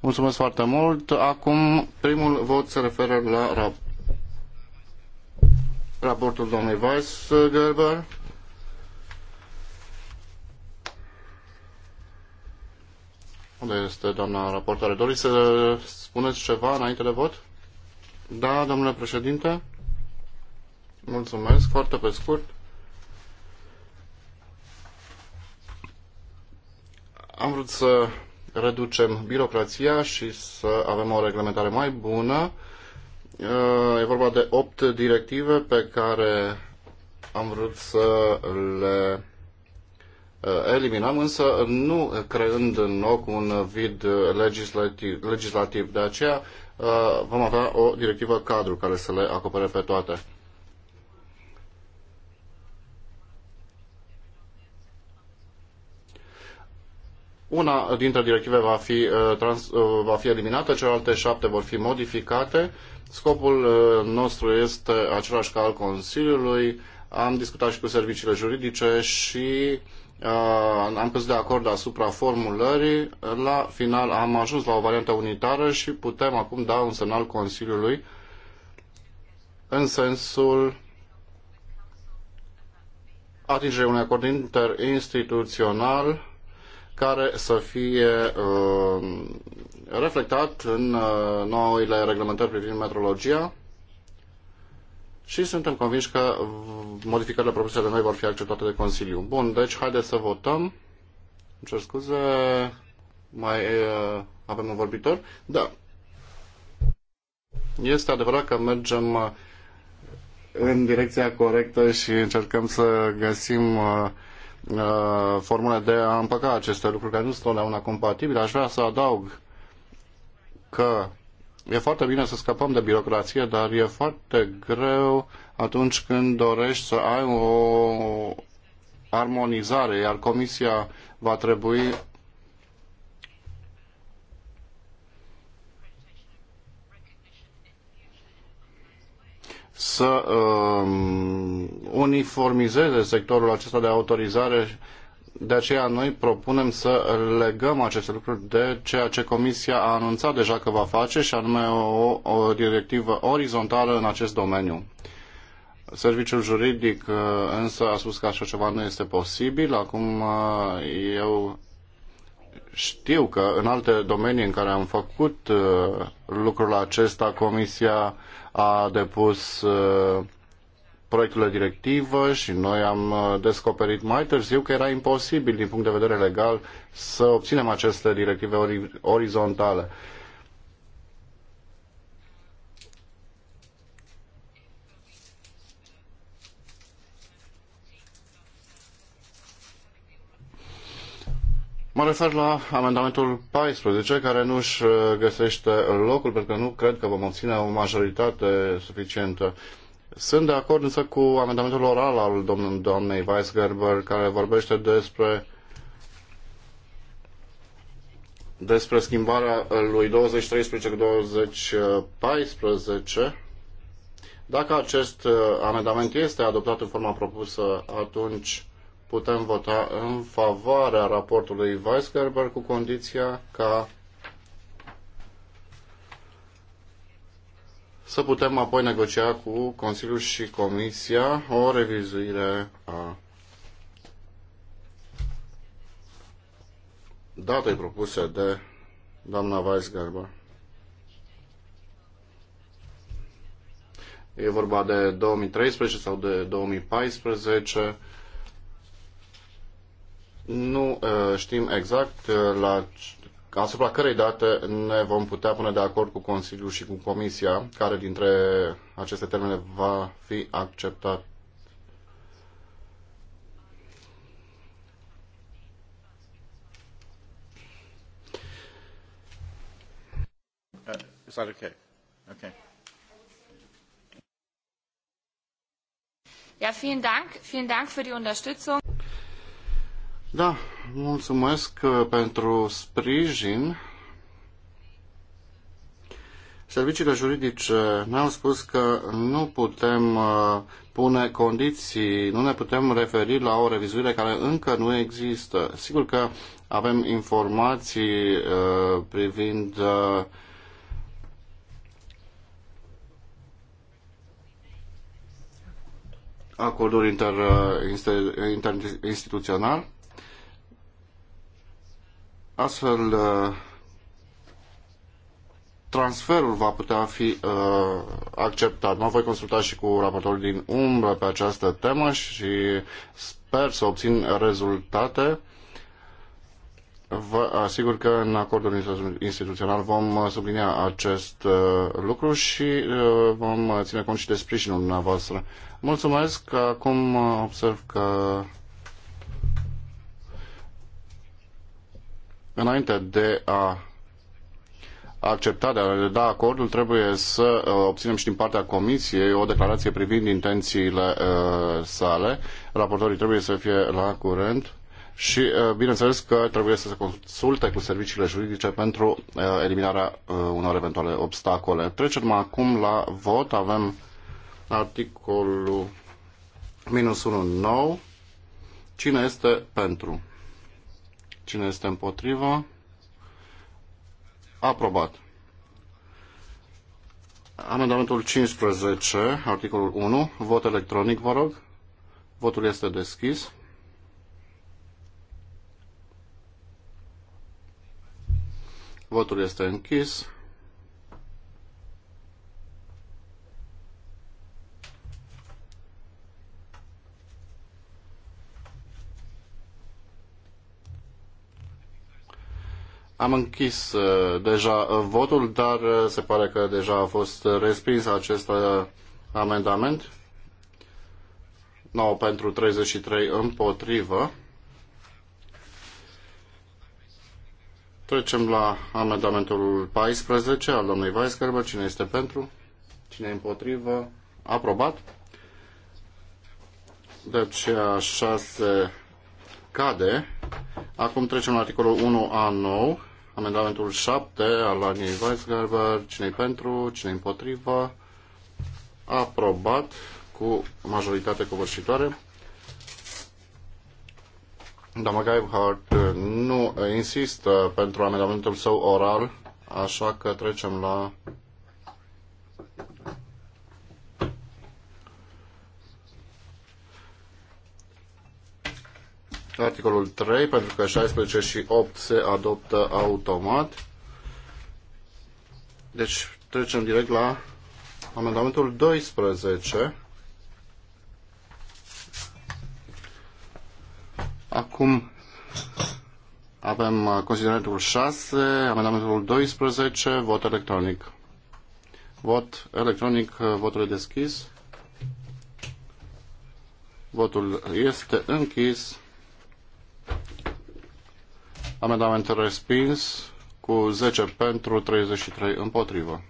Mulțumesc foarte mult. Acum primul vot se referă la rap raportul domnului Weiss-Gerber. Unde este doamna raportare? Doriți să spuneți ceva înainte de vot? Da, domnule președinte. Mulțumesc, foarte pe scurt. Am vrut să reducem birocrația și să avem o reglementare mai bună. Uh, e vorba de opt directive pe care am vrut să le uh, eliminăm, însă nu creând în loc un vid legislativ. legislativ. De aceea uh, vom avea o directivă cadru care să le acopere pe toate. Una dintre directive va fi, uh, trans, uh, va fi eliminată, celelalte șapte vor fi modificate. Scopul uh, nostru este același ca al Consiliului. Am discutat și cu serviciile juridice și uh, am căzut de acord asupra formulării. La final am ajuns la o variantă unitară și putem acum da un semnal Consiliului în sensul atingerii unui acord interinstituțional care să fie uh, reflectat în uh, noile reglementări privind metrologia și suntem convinși că modificările propuse de noi vor fi acceptate de Consiliu. Bun, deci haideți să votăm. Îmi cer scuze, mai uh, avem un vorbitor? Da. Este adevărat că mergem în direcția corectă și încercăm să găsim Uh, formule de a împăca aceste lucruri care nu sunt totdeauna compatibile. Aș vrea să adaug că e foarte bine să scăpăm de birocrație, dar e foarte greu atunci când dorești să ai o armonizare, iar Comisia va trebui să uh, uniformizeze sectorul acesta de autorizare. De aceea noi propunem să legăm aceste lucruri de ceea ce Comisia a anunțat deja că va face și anume o, o directivă orizontală în acest domeniu. Serviciul juridic uh, însă a spus că așa ceva nu este posibil. Acum uh, eu știu că în alte domenii în care am făcut uh, lucrul acesta, Comisia a depus uh, proiectul de directivă și noi am uh, descoperit mai târziu că era imposibil din punct de vedere legal să obținem aceste directive orizontale. Mă refer la amendamentul 14, care nu își uh, găsește locul, pentru că nu cred că vom obține o majoritate suficientă. Sunt de acord însă cu amendamentul oral al doamnei Weisgerber, care vorbește despre despre schimbarea lui 2013 cu 2014. Dacă acest uh, amendament este adoptat în forma propusă, atunci putem vota în favoarea raportului Weisgerber cu condiția ca să putem apoi negocia cu Consiliul și Comisia o revizuire a datei propuse de doamna Weisgerber. E vorba de 2013 sau de 2014 nu uh, știm exact uh, la, asupra cărei date ne vom putea pune de acord cu Consiliul și cu Comisia, care dintre aceste termene va fi acceptat. Uh, is that okay? Okay. Ja, vielen Dank. Vielen Dank für die Unterstützung. Da, mulțumesc uh, pentru sprijin. Serviciile juridice ne-au spus că nu putem uh, pune condiții, nu ne putem referi la o revizuire care încă nu există. Sigur că avem informații uh, privind acordul inter, inter, Inter, Astfel, uh, transferul va putea fi uh, acceptat. Mă voi consulta și cu raportorul din umbră pe această temă și sper să obțin rezultate. Vă asigur că în acordul instituțional vom uh, sublinia acest uh, lucru și vom ține cont și de sprijinul dumneavoastră. Mulțumesc. Acum observ că înainte de a accepta, de a da acordul, trebuie să uh, obținem și din partea Comisiei o declarație privind intențiile uh, sale. Raportorii trebuie să fie la curent și, uh, bineînțeles, că trebuie să se consulte cu serviciile juridice pentru eliminarea unor eventuale obstacole. Trecem acum la vot. Avem articolul minus 1 nou. Cine este pentru? Cine este împotrivă? Aprobat. Amendamentul 15, articolul 1, vot electronic, vă rog. Votul este deschis. Votul este închis. Am închis uh, deja uh, votul, dar uh, se pare că deja a fost respins acest amendament. 9 pentru 33 împotrivă. Trecem la amendamentul 14 al domnului Weisgerber. Cine este pentru? Cine e împotrivă? Aprobat. Deci 6 cade. Acum trecem la articolul 1A9. Amendamentul 7 al Aniei Weisgerber, cine pentru, cine împotriva, aprobat cu majoritate covârșitoare. Doamna Geibhardt nu insistă pentru amendamentul său oral, așa că trecem la articolul 3, pentru că 16 și 8 se adoptă automat. Deci trecem direct la amendamentul 12. Acum avem considerentul 6, amendamentul 12, vot electronic. Vot electronic, votul deschis. Votul este închis. Amendamente respins cu 10 pentru, 33 împotrivă.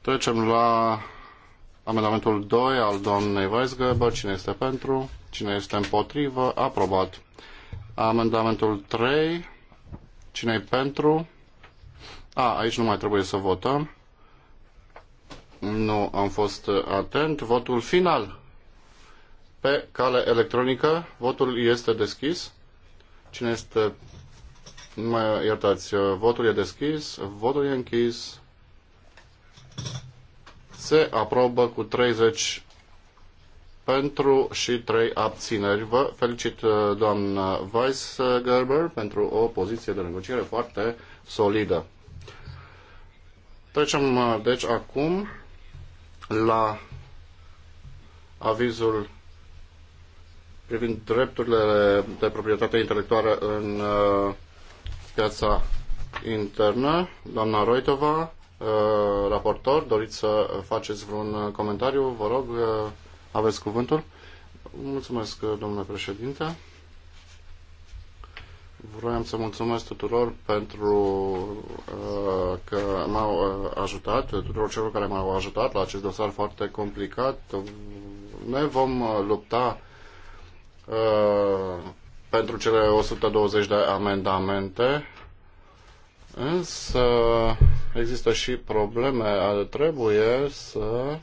Trecem la amendamentul 2 al domnului Weisgeber. Cine este pentru? Cine este împotrivă? Aprobat. Amendamentul 3. Cine e pentru? A, aici nu mai trebuie să votăm. Nu am fost atent. Votul final pe cale electronică. Votul este deschis. Cine este... Nu mă iertați. Votul e deschis. Votul e închis. Se aprobă cu 30 pentru și 3 abțineri. Vă felicit, uh, doamna gerber pentru o poziție de negociere foarte solidă. Trecem, uh, deci, acum la avizul privind drepturile de proprietate intelectuală în uh, piața internă. Doamna Roitova, uh, raportor, doriți să faceți vreun comentariu? Vă rog, uh, aveți cuvântul. Mulțumesc, domnule președinte. Vroiam să mulțumesc tuturor pentru uh, că m-au uh, ajutat, tuturor celor care m-au ajutat la acest dosar foarte complicat. Ne vom uh, lupta Uh, pentru cele 120 de amendamente, însă există și probleme. Trebuie să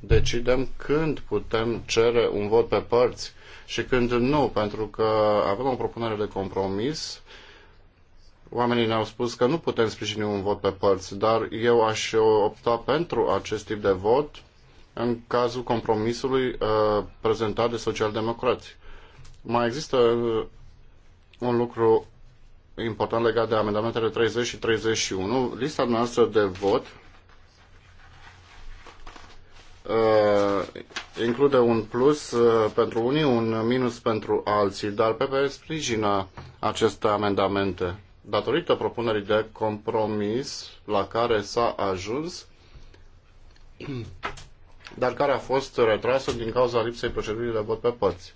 decidem când putem cere un vot pe părți și când nu, pentru că avem o propunere de compromis. Oamenii ne-au spus că nu putem sprijini un vot pe părți, dar eu aș opta pentru acest tip de vot în cazul compromisului uh, prezentat de socialdemocrații. Mai există uh, un lucru important legat de amendamentele 30 și 31. Lista noastră de vot uh, include un plus uh, pentru unii, un minus pentru alții, dar PPE sprijină aceste amendamente. Datorită propunerii de compromis la care s-a ajuns, dar care a fost retrasă din cauza lipsei procedurii de vot pe părți.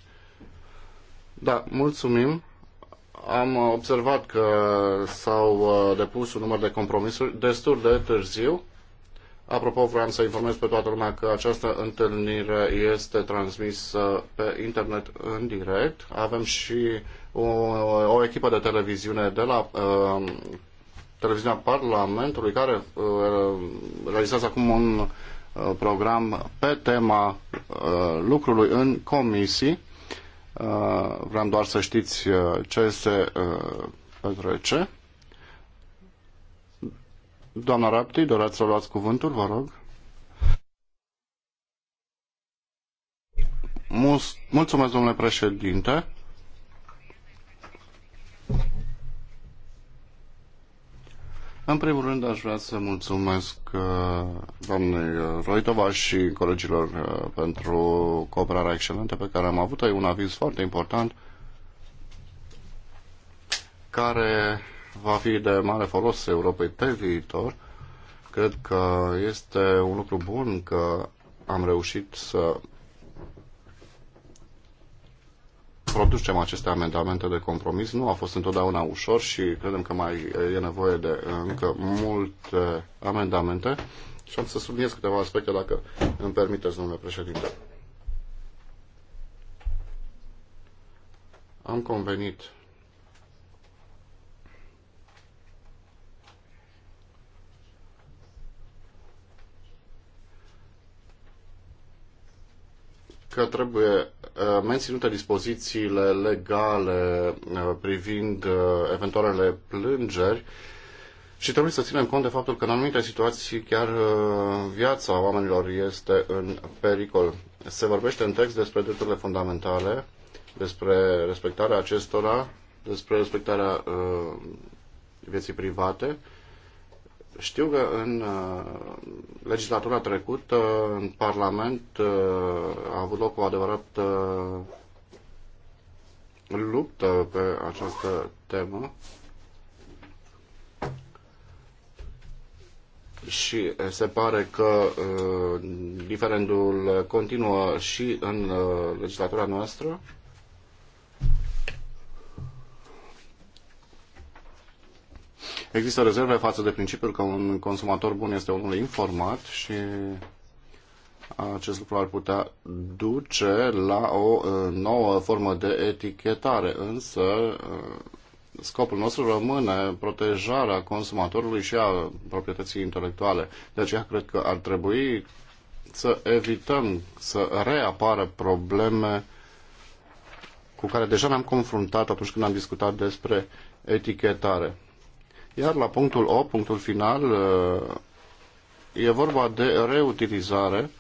Da, mulțumim. Am observat că s-au uh, depus un număr de compromisuri destul de târziu. Apropo, vreau să informez pe toată lumea că această întâlnire este transmisă pe internet în direct. Avem și o, o echipă de televiziune de la uh, televiziunea Parlamentului care uh, realizează acum un uh, program pe tema uh, lucrului în comisii. Uh, vreau doar să știți uh, ce se uh, petrece. Doamna Rapti, doreați să luați cuvântul, vă rog. Mulțumesc, domnule președinte. În primul rând aș vrea să mulțumesc uh, doamnei Roitova și colegilor uh, pentru cooperarea excelentă pe care am avut-o. E un aviz foarte important care va fi de mare folos Europei pe viitor. Cred că este un lucru bun că am reușit să producem aceste amendamente de compromis. Nu a fost întotdeauna ușor și credem că mai e nevoie de uh, încă multe amendamente. Și am să subliniez câteva aspecte, dacă îmi permiteți, domnule președinte. Am convenit că trebuie Uh, menținute dispozițiile legale uh, privind uh, eventualele plângeri și trebuie să ținem cont de faptul că în anumite situații chiar viața oamenilor este în pericol. Se vorbește în text despre drepturile fundamentale, despre respectarea acestora, despre respectarea vieții private, știu că în uh, legislatura trecută, în Parlament, uh, a avut loc o adevărată uh, luptă pe această temă. și se pare că uh, diferendul continuă și în uh, legislatura noastră. Există rezerve față de principiul că un consumator bun este unul informat și acest lucru ar putea duce la o uh, nouă formă de etichetare, însă uh, scopul nostru rămâne protejarea consumatorului și a proprietății intelectuale. De aceea cred că ar trebui să evităm să reapară probleme cu care deja ne-am confruntat atunci când am discutat despre etichetare. Iar la punctul 8, punctul final, uh, e vorba de reutilizare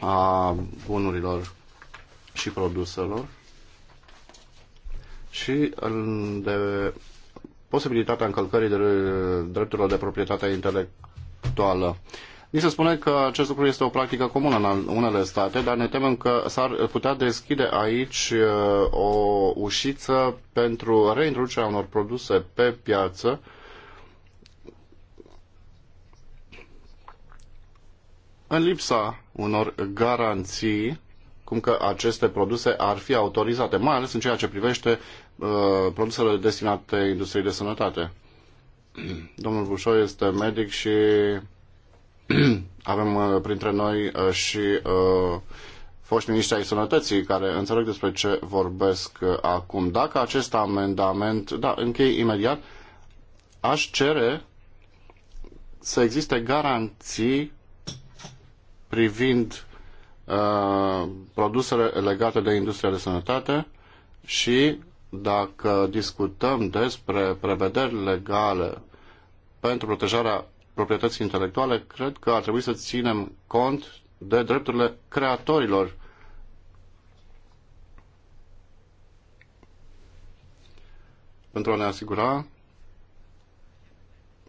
a bunurilor și produselor și de posibilitatea încălcării de drepturilor de proprietate intelectuală. Ni se spune că acest lucru este o practică comună în unele state, dar ne temem că s-ar putea deschide aici uh, o ușiță pentru reintroducerea unor produse pe piață în lipsa unor garanții cum că aceste produse ar fi autorizate, mai ales în ceea ce privește uh, produsele destinate industriei de sănătate. Domnul Bușoi este medic și Avem uh, printre noi uh, și uh, foști ministri ai sănătății care înțeleg despre ce vorbesc acum. Dacă acest amendament, da, închei imediat, aș cere să existe garanții privind uh, produsele legate de industria de sănătate și dacă discutăm despre prevederi legale pentru protejarea proprietății intelectuale, cred că ar trebui să ținem cont de drepturile creatorilor. Pentru a ne asigura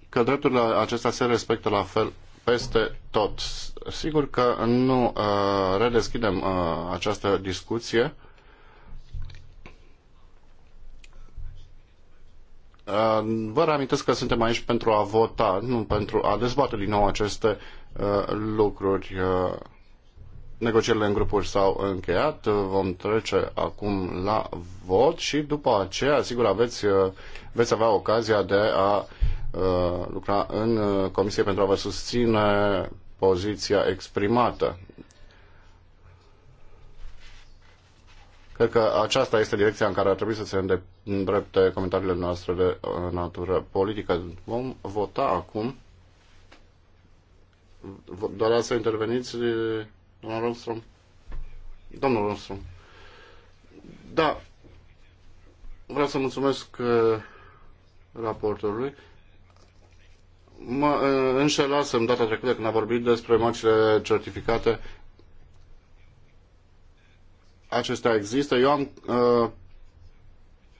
că drepturile acestea se respectă la fel peste tot. Sigur că nu uh, redeschidem uh, această discuție Uh, vă reamintesc că suntem aici pentru a vota, nu pentru a dezbate din nou aceste uh, lucruri. Uh, negocierile în grupuri s-au încheiat, vom trece acum la vot și după aceea, sigur, aveți, veți avea ocazia de a lucra în comisie pentru a vă susține poziția exprimată. Cred că aceasta este direcția în care ar trebui să se îndrepte comentariile noastre de uh, natură politică. Vom vota acum. Doar să interveniți, uh, domnul Rostrom? Domnul Rostrom. Da. Vreau să mulțumesc uh, raportorului. Mă înșelasem data trecută când a vorbit despre mărcile certificate acestea există. Eu am uh,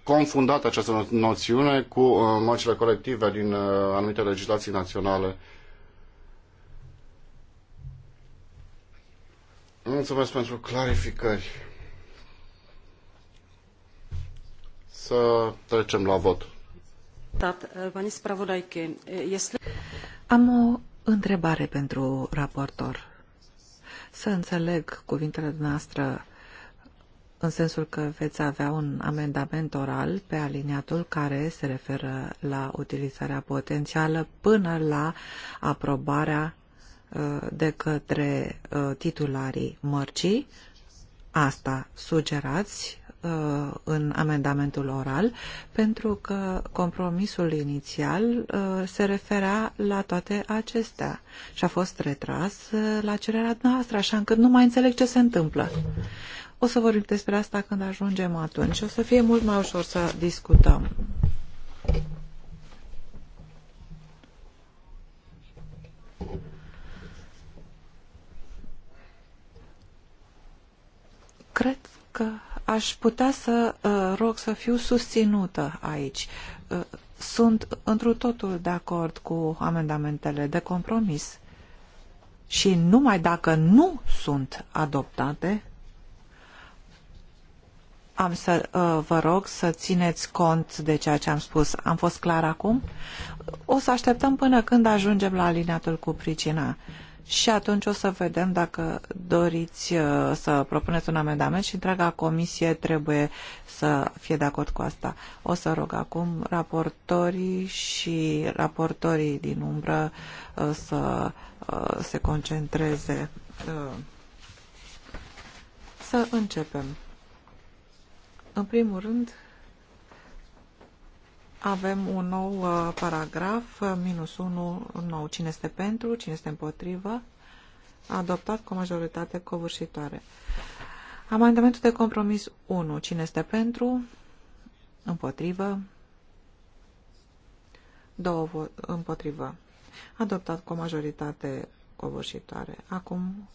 confundat această noțiune cu uh, colective din uh, anumite legislații naționale. Mulțumesc pentru clarificări. Să trecem la vot. Uh, uh, am o întrebare pentru raportor. Să înțeleg cuvintele noastre în sensul că veți avea un amendament oral pe aliniatul care se referă la utilizarea potențială până la aprobarea uh, de către uh, titularii mărcii. Asta sugerați uh, în amendamentul oral, pentru că compromisul inițial se referea la toate acestea și a fost retras la cererea noastră, așa încât nu mai înțeleg ce se întâmplă. O să vorbim despre asta când ajungem atunci. O să fie mult mai ușor să discutăm. Cred că aș putea să uh, rog să fiu susținută aici. Uh, sunt întru totul de acord cu amendamentele de compromis și numai dacă nu sunt adoptate, am să uh, vă rog să țineți cont de ceea ce am spus. Am fost clar acum? O să așteptăm până când ajungem la alineatul cu pricina. Și atunci o să vedem dacă doriți uh, să propuneți un amendament și întreaga comisie trebuie să fie de acord cu asta. O să rog acum raportorii și raportorii din umbră uh, să uh, se concentreze. Uh, să începem. În primul rând, avem un nou uh, paragraf, uh, minus 1, nou. Cine este pentru, cine este împotrivă? Adoptat cu majoritate covârșitoare. Amendamentul de compromis 1. Cine este pentru? Împotrivă? Două împotrivă. Adoptat cu majoritate covârșitoare. Acum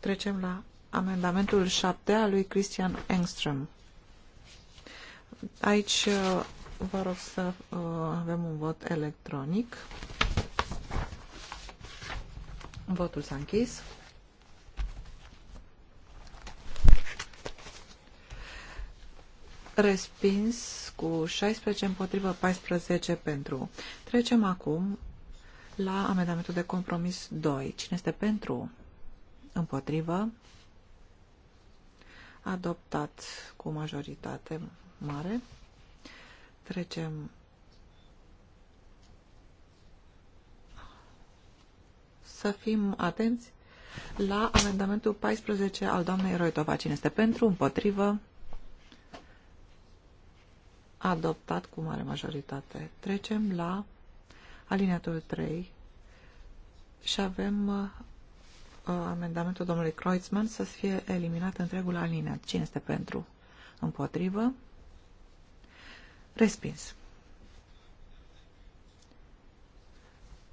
trecem la amendamentul 7 al lui Christian Engström. Aici uh, vă rog să uh, avem un vot electronic. Votul s-a închis. Respins cu 16 împotrivă 14 pentru. Trecem acum la amendamentul de compromis 2. Cine este pentru? Împotrivă? Adoptat cu majoritate mare. Trecem să fim atenți la amendamentul 14 al doamnei Roitova. Cine este pentru, împotrivă, adoptat cu mare majoritate. Trecem la aliniatul 3 și avem uh, amendamentul domnului Kreutzmann să fie eliminat întregul alineat. Cine este pentru? Împotrivă? Respins.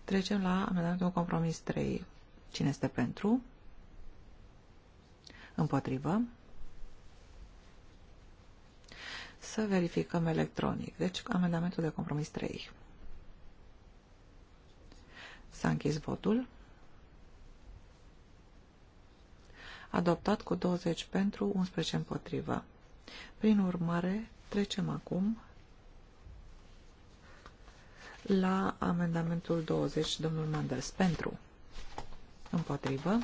Trecem la amendamentul compromis 3. Cine este pentru? Împotrivă. Să verificăm electronic. Deci, amendamentul de compromis 3. S-a închis votul. Adoptat cu 20 pentru, 11 împotrivă. Prin urmare, trecem acum la amendamentul 20, domnul Manders. Pentru. Împotrivă.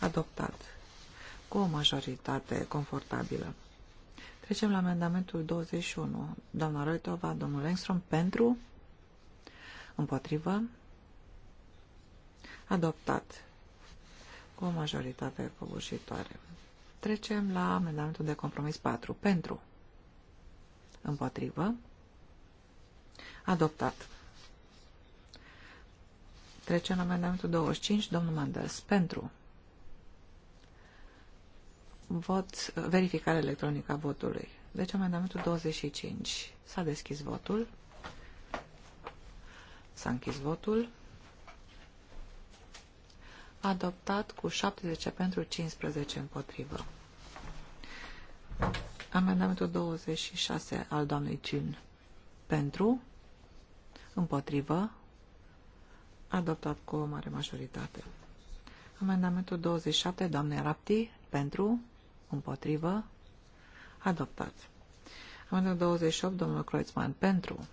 Adoptat. Cu o majoritate confortabilă. Trecem la amendamentul 21. Doamna Roitova, domnul Engstrom, pentru. Împotrivă. Adoptat. Cu o majoritate covârșitoare. Trecem la amendamentul de compromis 4. Pentru. Împotrivă. Adoptat. Trecem la amendamentul 25, domnul Manders. Pentru. Vot, verificare electronică a votului. Deci amendamentul 25. S-a deschis votul. S-a închis votul. Adoptat cu 70 pentru 15 împotrivă. Amendamentul 26 al doamnei Cin. Pentru. Împotrivă. Adoptat cu o mare majoritate. Amendamentul 27, doamne Rapti, pentru, împotrivă, adoptat. Amendamentul 28, domnul Croițman, pentru,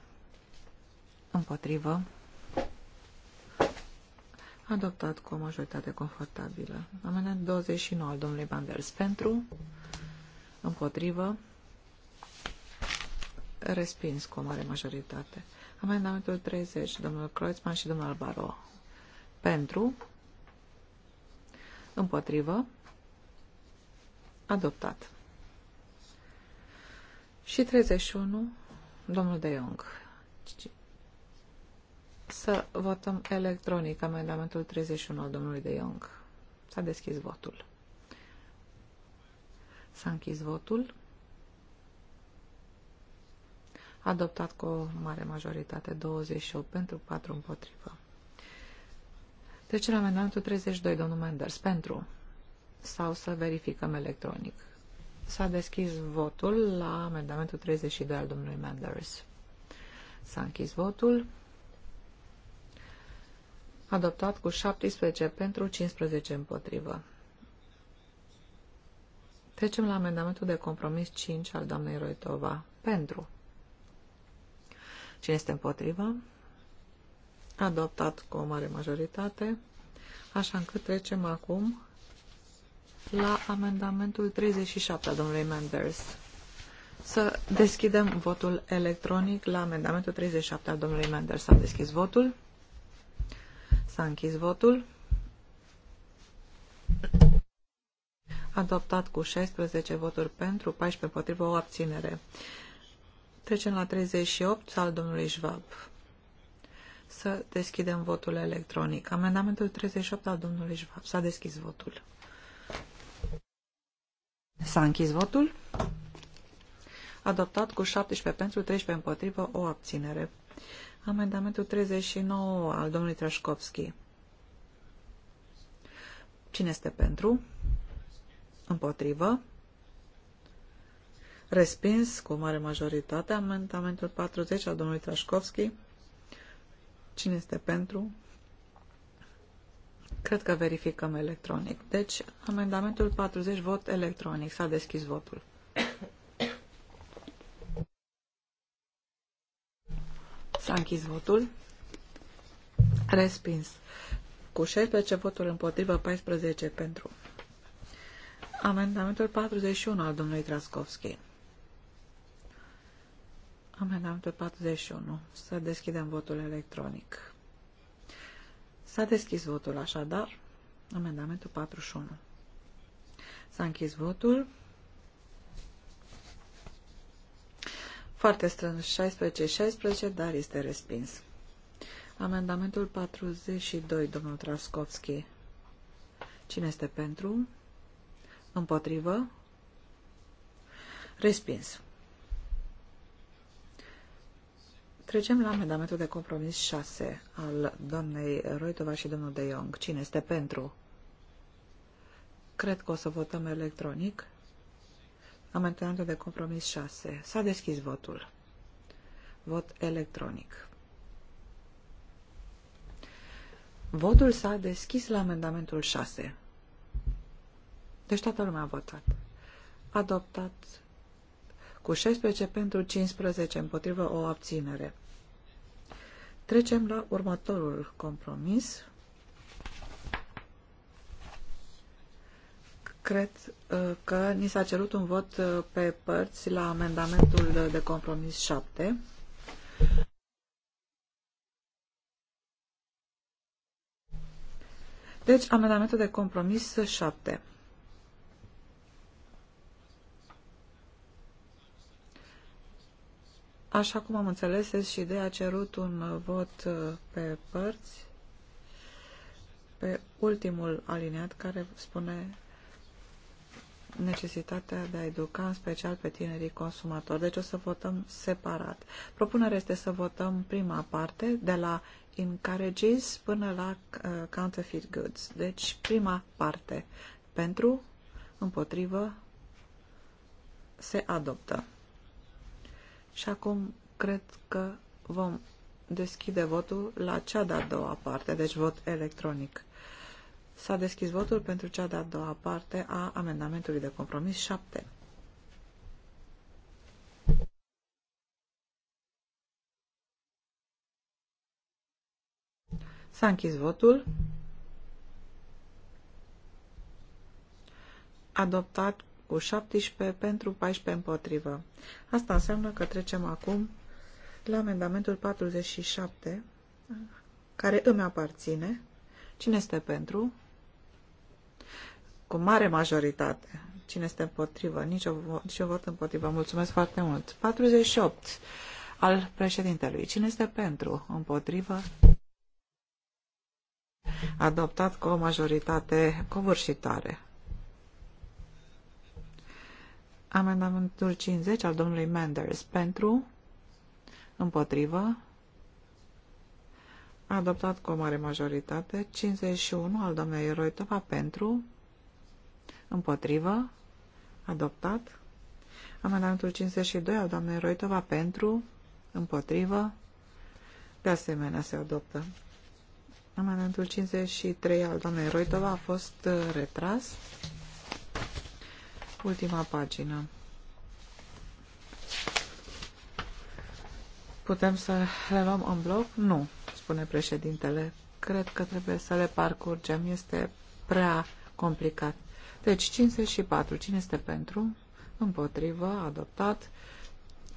împotrivă, adoptat cu o majoritate confortabilă. Amendamentul 29 al domnului Banders, pentru, împotrivă, respins cu o mare majoritate. Amendamentul 30, domnul Croțman și domnul Baro. Pentru. Împotrivă. Adoptat. Și 31, domnul De Jong. Să votăm electronic amendamentul 31 al domnului De Jong. S-a deschis votul. S-a închis votul adoptat cu o mare majoritate, 28 pentru, 4 împotrivă. Deci, la amendamentul 32, domnul Menders, pentru sau să verificăm electronic. S-a deschis votul la amendamentul 32 al domnului Menders. S-a închis votul. Adoptat cu 17 pentru, 15 împotrivă. Trecem la amendamentul de compromis 5 al doamnei Roitova. Pentru. Cine este împotrivă? Adoptat cu o mare majoritate. Așa încât trecem acum la amendamentul 37 al domnului Menders. Să deschidem votul electronic la amendamentul 37 al domnului Menders. S-a deschis votul. S-a închis votul. Adoptat cu 16 voturi pentru, 14 împotrivă, o abținere. Trecem la 38 al domnului Schwab. Să deschidem votul electronic. Amendamentul 38 al domnului Schwab. S-a deschis votul. S-a închis votul. Adoptat cu 17 pentru, 13 împotrivă, o abținere. Amendamentul 39 al domnului Trașkovski. Cine este pentru? Împotrivă? Respins cu mare majoritate amendamentul 40 al domnului Trașkovski. Cine este pentru? Cred că verificăm electronic. Deci, amendamentul 40, vot electronic. S-a deschis votul. S-a închis votul. Respins. Cu 16 voturi împotrivă, 14 pentru. Amendamentul 41 al domnului Traskovski. Amendamentul 41. Să deschidem votul electronic. S-a deschis votul așadar. Amendamentul 41. S-a închis votul. Foarte strâns 16-16, dar este respins. Amendamentul 42, domnul Traskovski. Cine este pentru? Împotrivă? Respins. Trecem la amendamentul de compromis 6 al doamnei Roitova și domnul De Jong. Cine este pentru? Cred că o să votăm electronic. Amendamentul de compromis 6. S-a deschis votul. Vot electronic. Votul s-a deschis la amendamentul 6. Deci toată lumea a votat. Adoptat cu 16 pentru 15 împotrivă o abținere. Trecem la următorul compromis. Cred uh, că ni s-a cerut un vot uh, pe părți la amendamentul de compromis 7. Deci, amendamentul de compromis 7. Așa cum am înțeles, SCD a cerut un uh, vot uh, pe părți pe ultimul alineat care spune necesitatea de a educa în special pe tinerii consumatori. Deci o să votăm separat. Propunerea este să votăm prima parte de la encourages până la uh, counterfeit goods. Deci prima parte pentru, împotrivă, se adoptă. Și acum cred că vom deschide votul la cea de-a doua parte, deci vot electronic. S-a deschis votul pentru cea de-a doua parte a amendamentului de compromis 7. S-a închis votul. Adoptat cu 17 pentru 14 împotrivă. Asta înseamnă că trecem acum la amendamentul 47, care îmi aparține. Cine este pentru? Cu mare majoritate. Cine este împotrivă? Nici o, nici o vot împotrivă. Mulțumesc foarte mult. 48 al președintelui. Cine este pentru? Împotrivă? Adoptat cu o majoritate covârșitare. Amendamentul 50 al domnului Menders pentru, împotrivă, adoptat cu o mare majoritate, 51 al domnului Roitova pentru, împotrivă, adoptat, amendamentul 52 al doamnei Roitova pentru, împotrivă, de asemenea se adoptă. Amendamentul 53 al doamnei Roitova a fost uh, retras. Ultima pagină. Putem să le luăm în bloc? Nu, spune președintele. Cred că trebuie să le parcurgem. Este prea complicat. Deci 54. Cine este pentru? Împotrivă. Adoptat.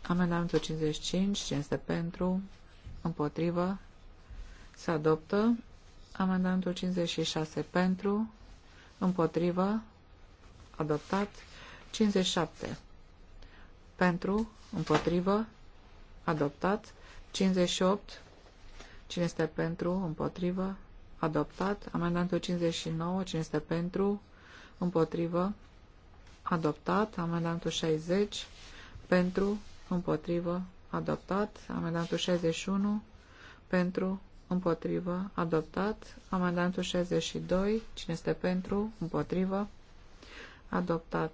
Amendamentul 55. Cine este pentru? Împotrivă. Se adoptă. Amendamentul 56 pentru. Împotrivă. Adoptat. 57. Pentru, împotrivă, adoptat. 58. Cine este pentru, împotrivă, adoptat. Amendamentul 59. Cine este pentru, împotrivă, adoptat. Amendamentul 60. Pentru, împotrivă, adoptat. Amendamentul 61. Pentru, împotrivă, adoptat. Amendamentul 62. Cine este pentru, împotrivă, adoptat.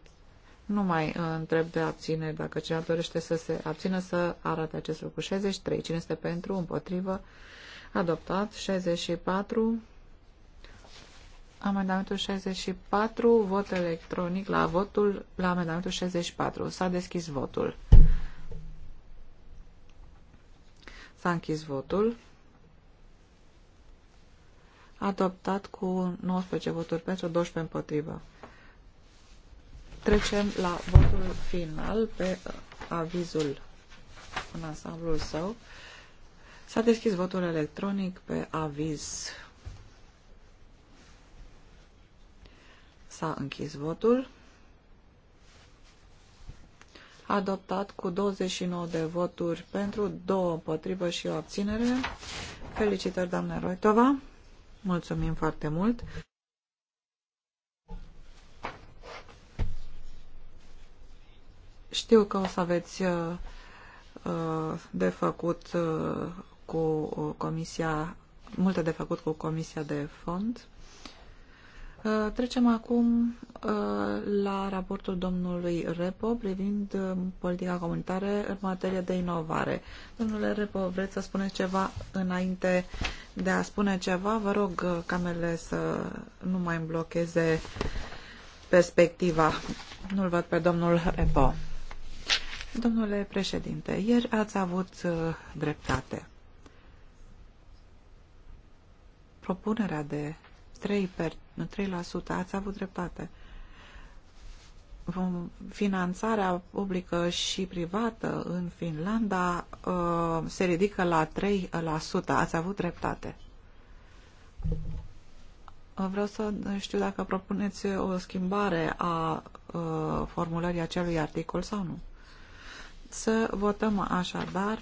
Nu mai uh, întreb de abține dacă cineva dorește să se abțină să arate acest lucru. 63. Cine este pentru? Împotrivă? Adoptat. 64. Amendamentul 64. Vot electronic la votul la amendamentul 64. S-a deschis votul. S-a închis votul. Adoptat cu 19 voturi pentru, 12 împotrivă. Trecem la votul final pe uh, avizul în ansamblul său. S-a deschis votul electronic pe aviz. S-a închis votul. Adoptat cu 29 de voturi pentru, 2 împotrivă și o abținere. Felicitări, doamne Roitova. Mulțumim foarte mult. Știu că o să aveți uh, uh, de făcut uh, cu comisia, multe de făcut cu comisia de fond. Trecem acum la raportul domnului Repo privind politica comunitară în materie de inovare. Domnule Repo, vreți să spuneți ceva înainte de a spune ceva? Vă rog camerele să nu mai îmi blocheze perspectiva. Nu-l văd pe domnul Repo. Domnule președinte, ieri ați avut uh, dreptate. Propunerea de 3%, per, 3% ați avut dreptate. Vom, finanțarea publică și privată în Finlanda uh, se ridică la 3%. Ați avut dreptate. Uh, vreau să știu dacă propuneți o schimbare a formulării acelui articol sau nu. Să votăm așadar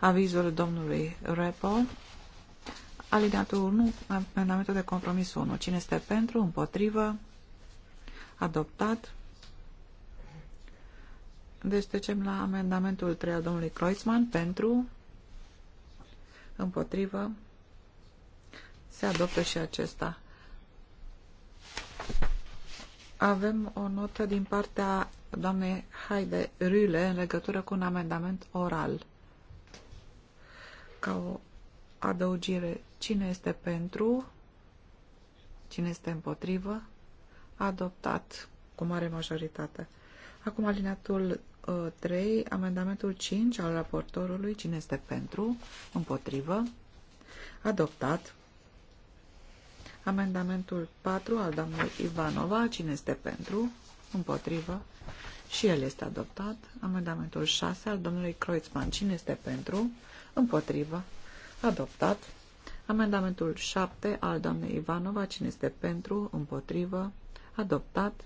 avizul domnului Repo. Alineatul 1, amendamentul de compromis 1. Cine este pentru, împotrivă, adoptat. Deci trecem la amendamentul 3 al domnului Kreuzmann pentru, împotrivă, se adoptă și acesta. Avem o notă din partea doamnei Haide Rüle în legătură cu un amendament oral. Ca o adăugire, cine este pentru, cine este împotrivă, adoptat cu mare majoritate. Acum alineatul 3, ă, amendamentul 5 al raportorului, cine este pentru, împotrivă, adoptat. Amendamentul 4 al doamnei Ivanova, cine este pentru, împotrivă și el este adoptat. Amendamentul 6 al domnului Kreutzmann. Cine este pentru? Împotrivă. Adoptat. Amendamentul 7 al doamnei Ivanova. Cine este pentru? Împotrivă. Adoptat.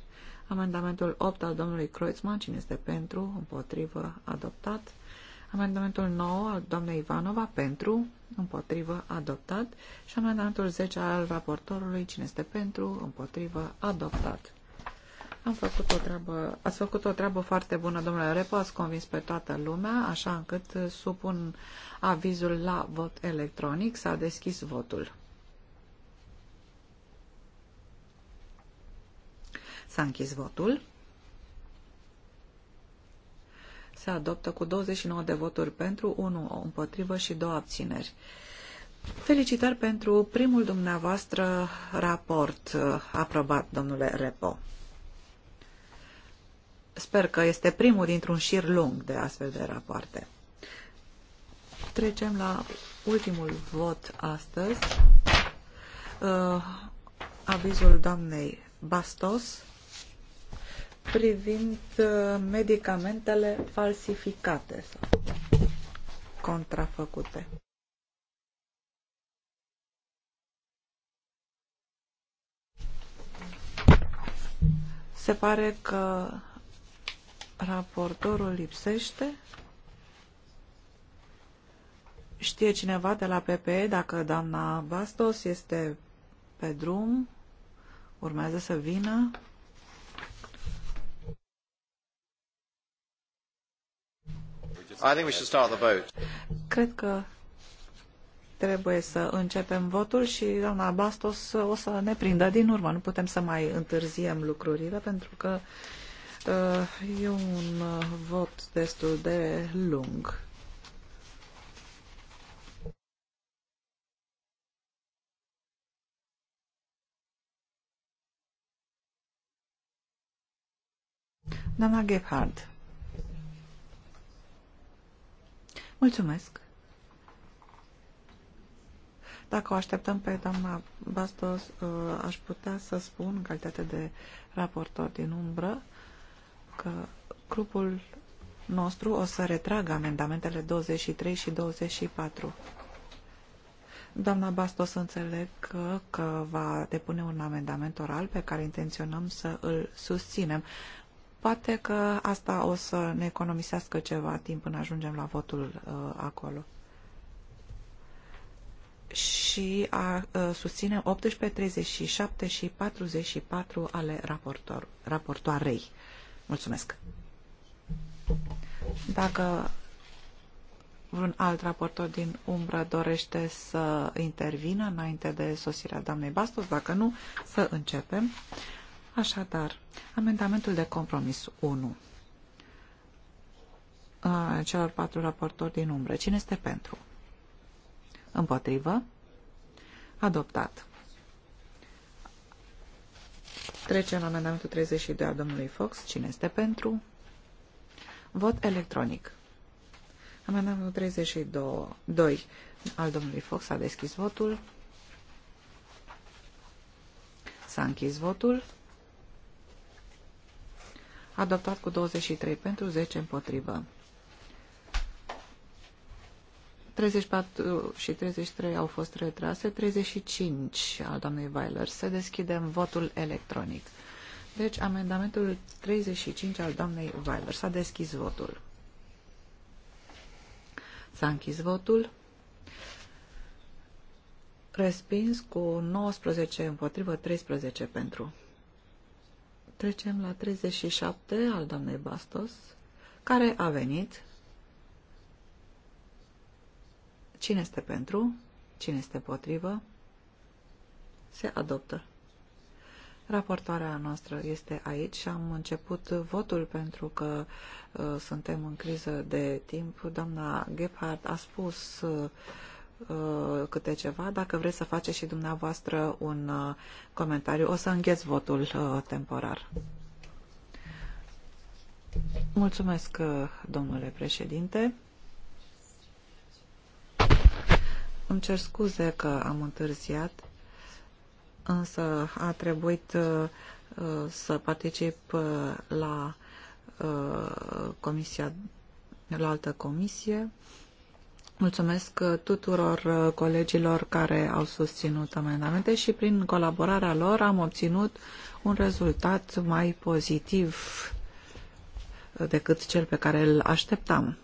Amendamentul 8 al domnului Kreutzmann. Cine este pentru? Împotrivă. Adoptat. Amendamentul 9 al doamnei Ivanova. Pentru? Împotrivă. Adoptat. Și amendamentul 10 al raportorului. Cine este pentru? Împotrivă. Adoptat. Am făcut o treabă, ați făcut o treabă foarte bună, domnule Repo, ați convins pe toată lumea, așa încât supun avizul la vot electronic. S-a deschis votul. S-a închis votul. Se adoptă cu 29 de voturi pentru, 1 împotrivă și 2 abțineri. Felicitări pentru primul dumneavoastră raport uh, aprobat, domnule Repo. Sper că este primul dintr-un șir lung de astfel de rapoarte. Trecem la ultimul vot astăzi. Uh, avizul doamnei Bastos privind uh, medicamentele falsificate sau contrafăcute. Se pare că Raportorul lipsește. Știe cineva de la PPE dacă doamna Bastos este pe drum, urmează să vină. I think we should start the vote. Cred că trebuie să începem votul și doamna Bastos o să ne prindă din urmă. Nu putem să mai întârziem lucrurile pentru că uh, Uh, e un uh, vot destul de lung. Doamna Gebhard. Mulțumesc. Dacă o așteptăm pe doamna Bastos, uh, aș putea să spun, în calitate de raportor din umbră, că grupul nostru o să retragă amendamentele 23 și 24. Doamna Bastos, înțeleg că, că va depune un amendament oral pe care intenționăm să îl susținem. Poate că asta o să ne economisească ceva timp până ajungem la votul uh, acolo. Și a, uh, susținem 18, 37 și 44 ale raportor, raportoarei. Mulțumesc. Dacă vreun alt raportor din umbră dorește să intervină înainte de sosirea doamnei Bastos, dacă nu, să începem. Așadar, amendamentul de compromis 1 a celor patru raportori din umbră. Cine este pentru? Împotrivă? Adoptat. Trecem la amendamentul 32 al domnului Fox. Cine este pentru? Vot electronic. Amendamentul 32 2, al domnului Fox a deschis votul. S-a închis votul. Adoptat cu 23 pentru 10 împotrivă. 34 și 33 au fost retrase, 35 al doamnei Weiler. Să deschidem votul electronic. Deci, amendamentul 35 al doamnei Weiler. S-a deschis votul. S-a închis votul. Respins cu 19 împotrivă, 13 pentru. Trecem la 37 al doamnei Bastos, care a venit Cine este pentru? Cine este potrivă? Se adoptă. Raportoarea noastră este aici și am început votul pentru că uh, suntem în criză de timp. Doamna Gephardt a spus uh, uh, câte ceva. Dacă vreți să faceți și dumneavoastră un uh, comentariu, o să îngheț votul uh, temporar. Mulțumesc, uh, domnule președinte. Îmi cer scuze că am întârziat, însă a trebuit uh, uh, să particip uh, la comisia, la altă comisie. Mulțumesc tuturor colegilor care au susținut amendamente și prin colaborarea lor am obținut un rezultat mai pozitiv decât cel pe care îl așteptam.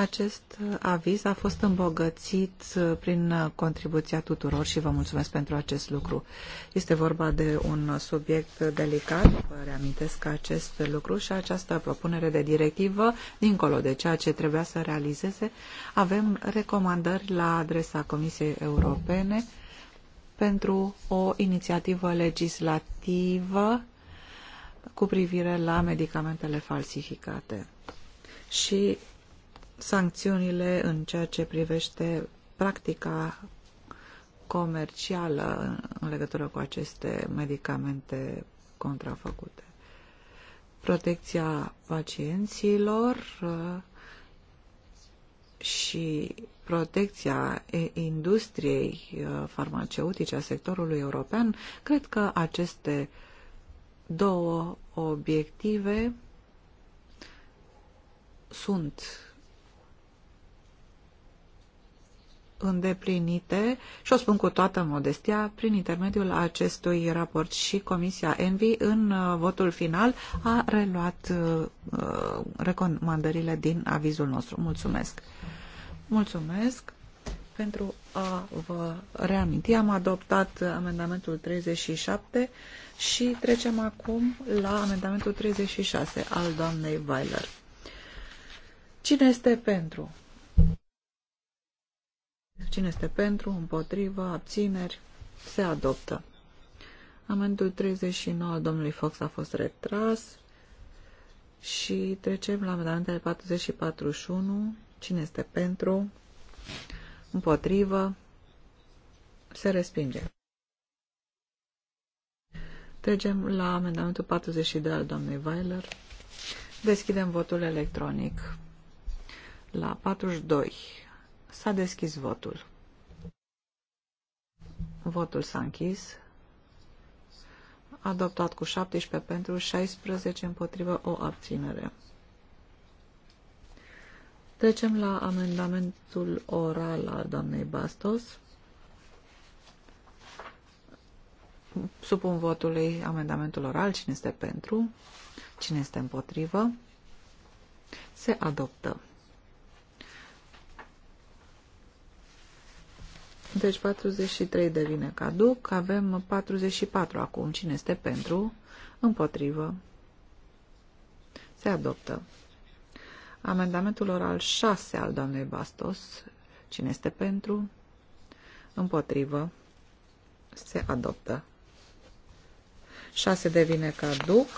Acest uh, aviz a fost îmbogățit uh, prin uh, contribuția tuturor și vă mulțumesc pentru acest lucru. Este vorba de un subiect delicat, vă reamintesc acest lucru și această propunere de directivă, dincolo de ceea ce trebuia să realizeze, avem recomandări la adresa Comisiei Europene pentru o inițiativă legislativă cu privire la medicamentele falsificate. Și sancțiunile în ceea ce privește practica comercială în legătură cu aceste medicamente contrafăcute. Protecția pacienților uh, și protecția industriei uh, farmaceutice a sectorului european, cred că aceste două obiective sunt îndeplinite și o spun cu toată modestia prin intermediul acestui raport și Comisia Envi în uh, votul final a reluat uh, uh, recomandările din avizul nostru. Mulțumesc! Mulțumesc! Pentru a vă reaminti, am adoptat amendamentul 37 și trecem acum la amendamentul 36 al doamnei Weiler. Cine este pentru? Cine este pentru, împotrivă, abțineri, se adoptă. Amendul 39 al domnului Fox a fost retras și trecem la amendamentele 40 și 41. Cine este pentru, împotrivă, se respinge. Trecem la amendamentul 42 al domnului Weiler. Deschidem votul electronic la 42. S-a deschis votul. Votul s-a închis. Adoptat cu 17 pentru, 16 împotrivă, o abținere. Trecem la amendamentul oral al doamnei Bastos. Supun votului amendamentul oral. Cine este pentru? Cine este împotrivă? Se adoptă. Deci 43 devine caduc, avem 44 acum. Cine este pentru? Împotrivă. Se adoptă. Amendamentul oral 6 al doamnei Bastos. Cine este pentru? Împotrivă. Se adoptă. 6 devine caduc.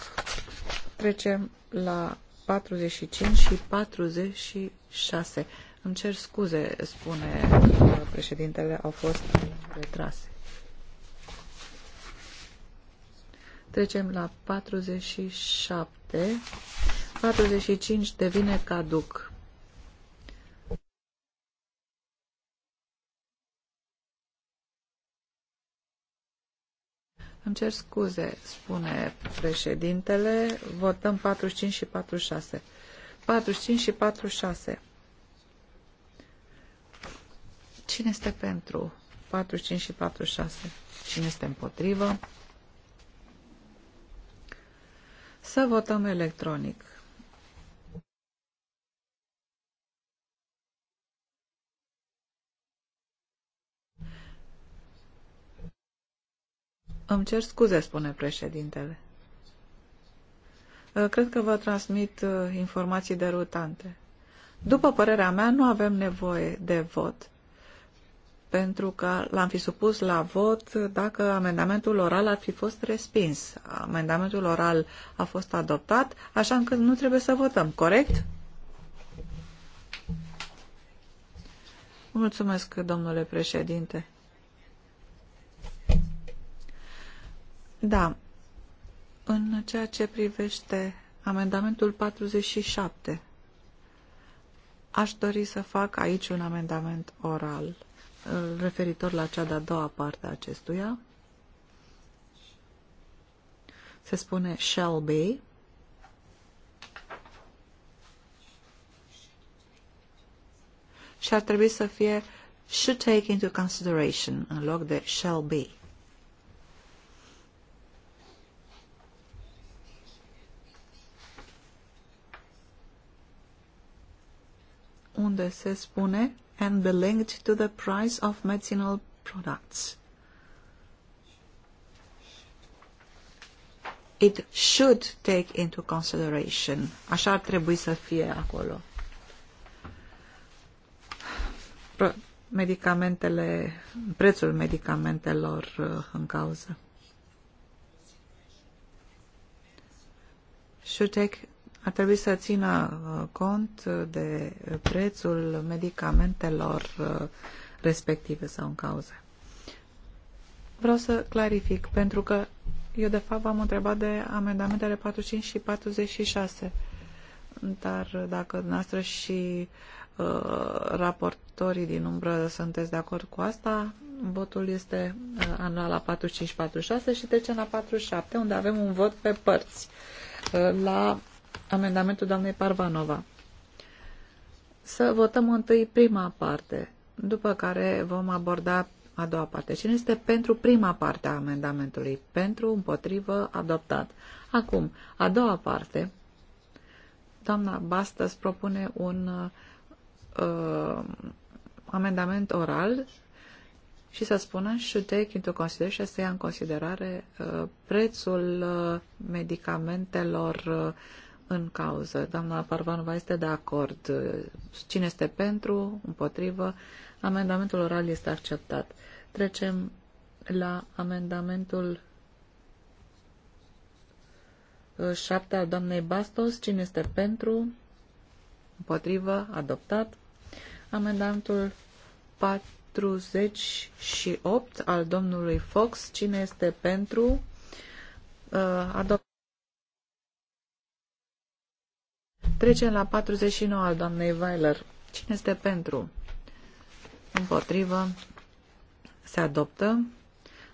Trecem la 45 și 46. Îmi cer scuze, spune președintele, au fost retrase. Trecem la 47. 45 devine caduc. Îmi cer scuze, spune președintele. Votăm 45 și 46. 45 și 46. Cine este pentru? 45 și 46. Cine este împotrivă? Să votăm electronic. Îmi cer scuze, spune președintele. Ă, cred că vă transmit ă, informații derutante. După părerea mea, nu avem nevoie de vot pentru că l-am fi supus la vot dacă amendamentul oral ar fi fost respins. Amendamentul oral a fost adoptat, așa încât nu trebuie să votăm, corect? Mulțumesc, domnule președinte. Da, în ceea ce privește amendamentul 47, aș dori să fac aici un amendament oral referitor la cea de-a doua parte a acestuia. Se spune shall be. Și ar trebui să fie should take into consideration în loc de shall be. unde se spune and be linked to the price of medicinal products. It should take into consideration. Așa ar trebui să fie acolo. medicamentele, prețul medicamentelor uh, în cauză. Should take ar trebui să țină uh, cont uh, de prețul medicamentelor uh, respective sau în cauze. Vreau să clarific, pentru că eu de fapt v-am întrebat de amendamentele 45 și 46, dar dacă noastră și uh, raportorii din umbră sunteți de acord cu asta, votul este uh, anual la 45-46 și trecem la 47, unde avem un vot pe părți uh, la amendamentul doamnei Parvanova. Să votăm întâi prima parte, după care vom aborda a doua parte. Cine este pentru prima parte a amendamentului? Pentru, împotrivă, adoptat. Acum, a doua parte, doamna Bastas propune un uh, amendament oral și să spună should take into consideration, să ia în considerare uh, prețul uh, medicamentelor uh, în cauză. Doamna Parvanova este de acord. Cine este pentru, împotrivă, amendamentul oral este acceptat. Trecem la amendamentul 7 uh, al doamnei Bastos. Cine este pentru, împotrivă, adoptat. Amendamentul 48 al domnului Fox. Cine este pentru, uh, adoptat. Trecem la 49 al doamnei Weiler. Cine este pentru? Împotrivă. Se adoptă.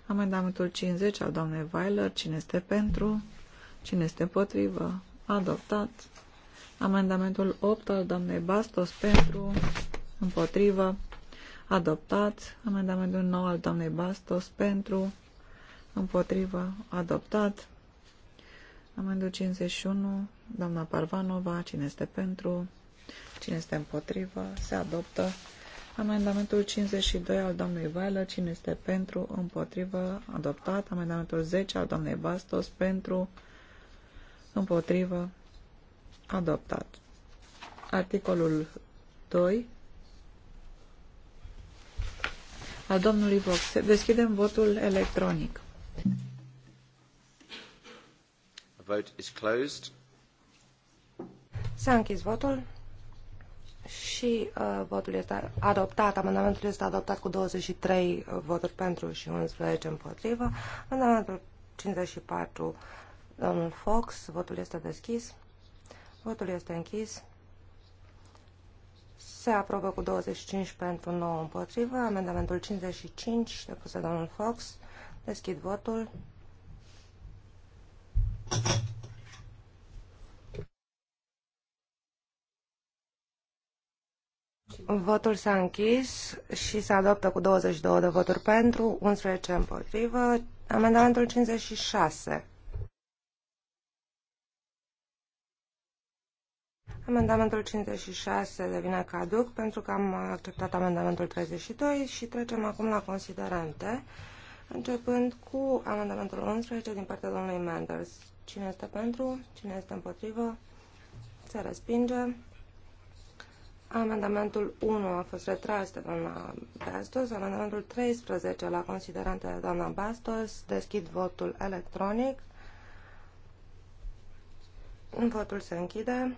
Amendamentul 50 al doamnei Weiler. Cine este pentru? Cine este împotrivă? Adoptat. Amendamentul 8 al doamnei Bastos pentru, împotrivă, adoptat. Amendamentul 9 al doamnei Bastos pentru, împotrivă, adoptat. Amendul 51 doamna Parvanova, cine este pentru, cine este împotrivă, se adoptă. Amendamentul 52 al doamnei Vailă, cine este pentru, împotrivă, adoptat. Amendamentul 10 al doamnei Bastos, pentru, împotrivă, adoptat. Articolul 2 al domnului Vox. Deschidem votul electronic. The vote is closed. S-a închis votul și uh, votul este adoptat, amendamentul este adoptat cu 23 uh, voturi pentru și 11 împotrivă. Amendamentul 54, domnul Fox, votul este deschis, votul este închis. Se aprobă cu 25 pentru 9 împotrivă. Amendamentul 55, depus de domnul Fox. Deschid votul. Votul s-a închis și se adoptă cu 22 de voturi pentru, 11 împotrivă. Amendamentul 56. Amendamentul 56 devine caduc pentru că am acceptat amendamentul 32 și trecem acum la considerente, începând cu amendamentul 11 din partea domnului Manders. Cine este pentru? Cine este împotrivă? Se respinge. Amendamentul 1 a fost retras de doamna Bastos. Amendamentul 13 la considerante de doamna Bastos. Deschid votul electronic. Votul se închide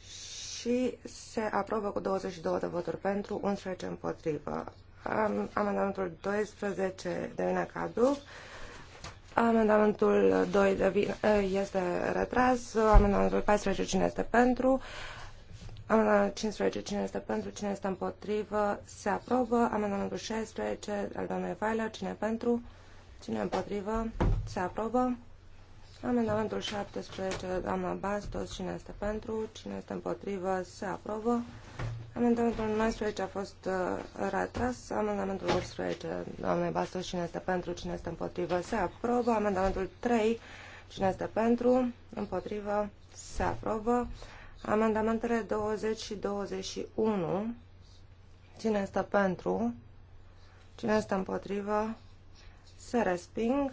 și se aprobă cu 22 de voturi pentru, 11 împotrivă. Amendamentul 12 devine caduc. Amendamentul 2 eh, este retras. Amendamentul 14, cine este pentru? Amendamentul 15, cine este pentru? Cine este împotrivă? Se aprobă. Amendamentul 16, al doamnei Weiler, cine pentru? Cine împotrivă? Se aprobă. Amendamentul 17, doamna Bastos, cine este pentru? Cine este împotrivă? Se aprobă. Amendamentul 19 a fost uh, retras. Amendamentul 11, doamne Bastos, cine este pentru, cine este împotrivă, se aprobă. Amendamentul 3, cine este pentru, împotrivă, se aprobă. Amendamentele 20 și 21, cine este pentru, cine este împotrivă, se resping.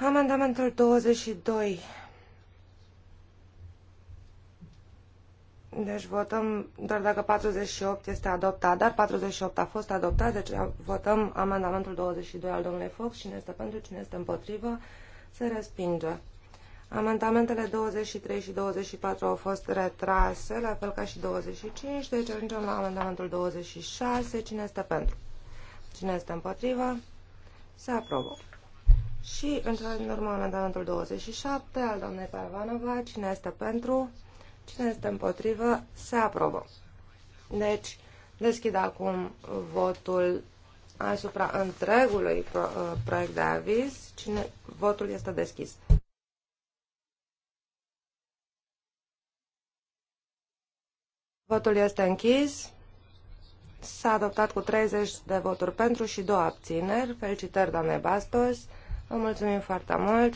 Amendamentul 22 Deci votăm doar dacă 48 este adoptat, dar 48 a fost adoptat, deci votăm amendamentul 22 al domnului Fox, cine este pentru, cine este împotrivă, se respinge. Amendamentele 23 și 24 au fost retrase, la fel ca și 25, deci ajungem la amendamentul 26, cine este pentru, cine este împotrivă, se aprobă. Și, într-adevăr, din urmă, amendamentul 27 al doamnei Parvanova, cine este pentru, Cine este împotrivă? Se aprobă. Deci, deschid acum votul asupra întregului pro, uh, proiect de aviz. Cine, votul este deschis. Votul este închis. S-a adoptat cu 30 de voturi pentru și două abțineri. Felicitări, doamne Bastos. Vă mulțumim foarte mult.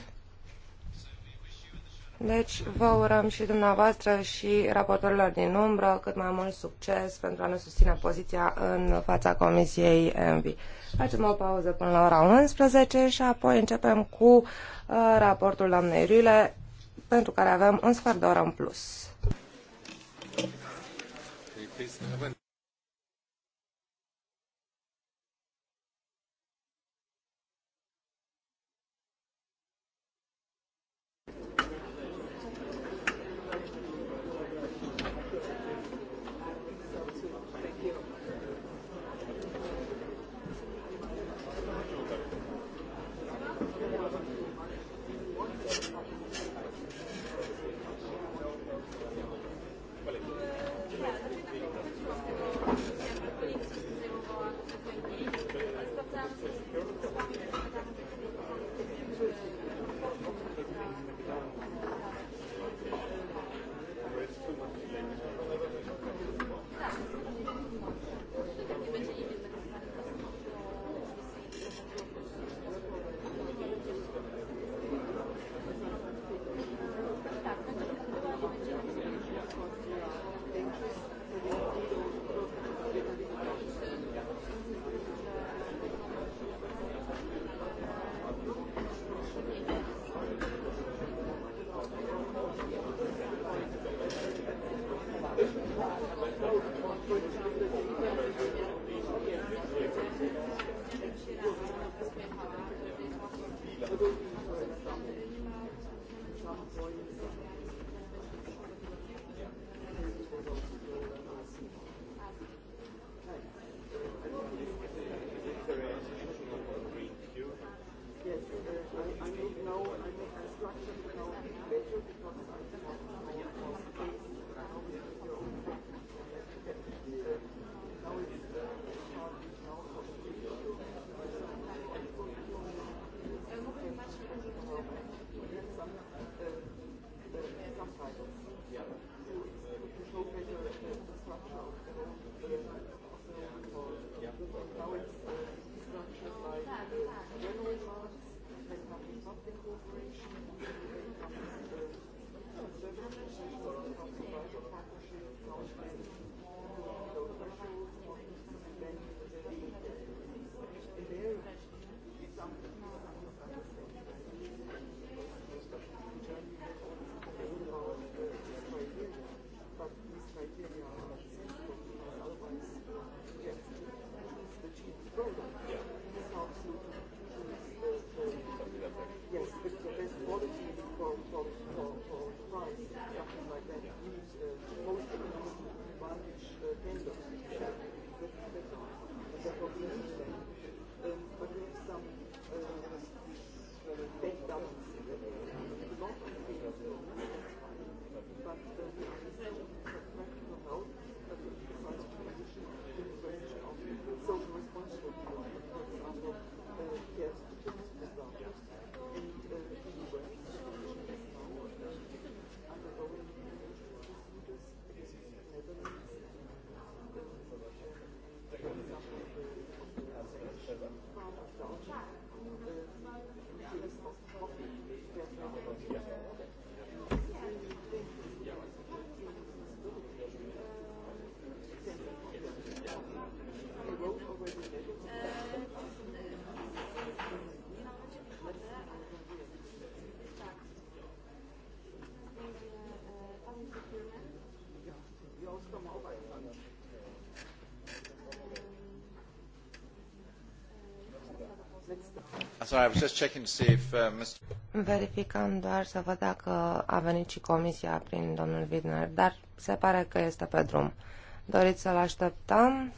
Deci vă urăm și dumneavoastră și raportorilor din umbră cât mai mult succes pentru a ne susține poziția în fața Comisiei ENVI. Facem o pauză până la ora 11 și apoi începem cu uh, raportul doamnei Rile, pentru care avem un sfert de oră în plus. Deci, uh, Thank you. Uh, Verificăm doar să văd dacă a venit și comisia prin domnul Widner, dar se pare că este pe drum. Doriți să-l așteptăm?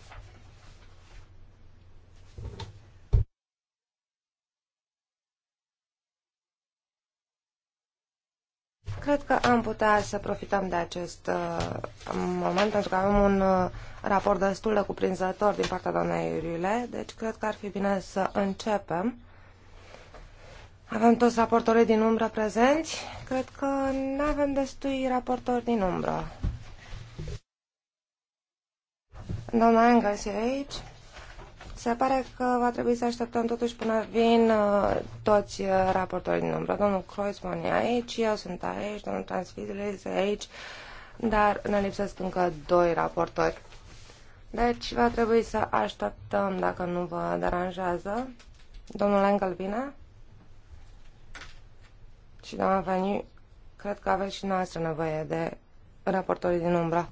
Cred că am putea să profităm de acest uh, moment pentru că avem un uh, raport destul de cuprinzător din partea doamnei Iurile, deci cred că ar fi bine să începem avem toți raportorii din umbră prezenți. Cred că nu avem destui raportori din umbră. Doamna Engels e aici. Se pare că va trebui să așteptăm totuși până vin uh, toți uh, raportorii din umbră. Domnul Kreuzmann e aici, eu sunt aici, domnul Transfidelis e aici, dar ne lipsesc încă doi raportori. Deci va trebui să așteptăm, dacă nu vă deranjează. Domnul Engel, vine. Și, doamna Vani, cred că aveți și noastră nevoie de raportorii din umbra.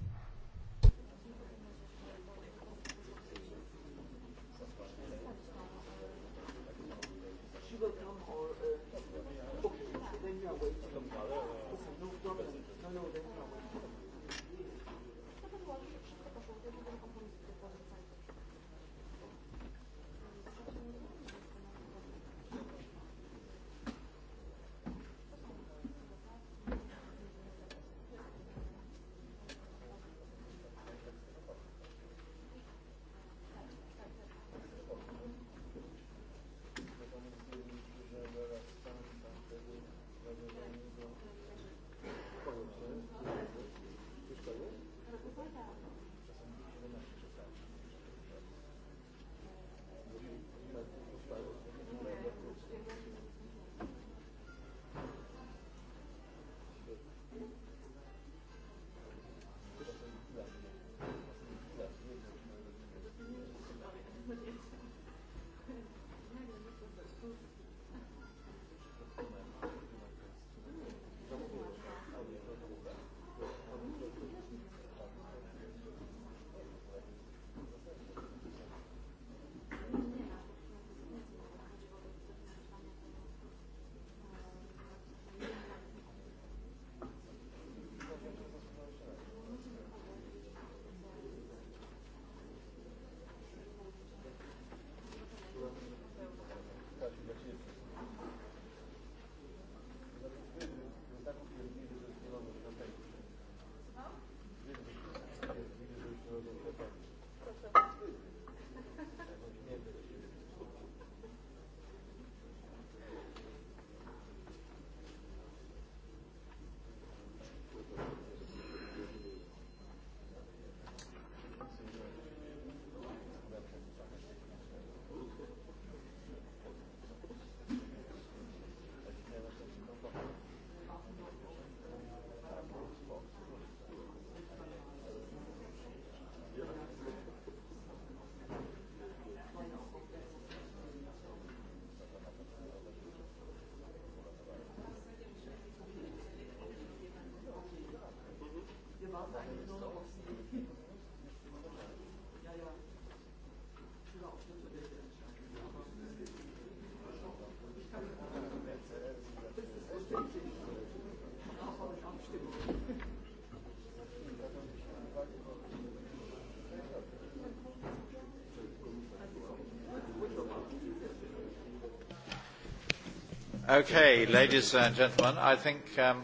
Okay, ladies and gentlemen, I think, um,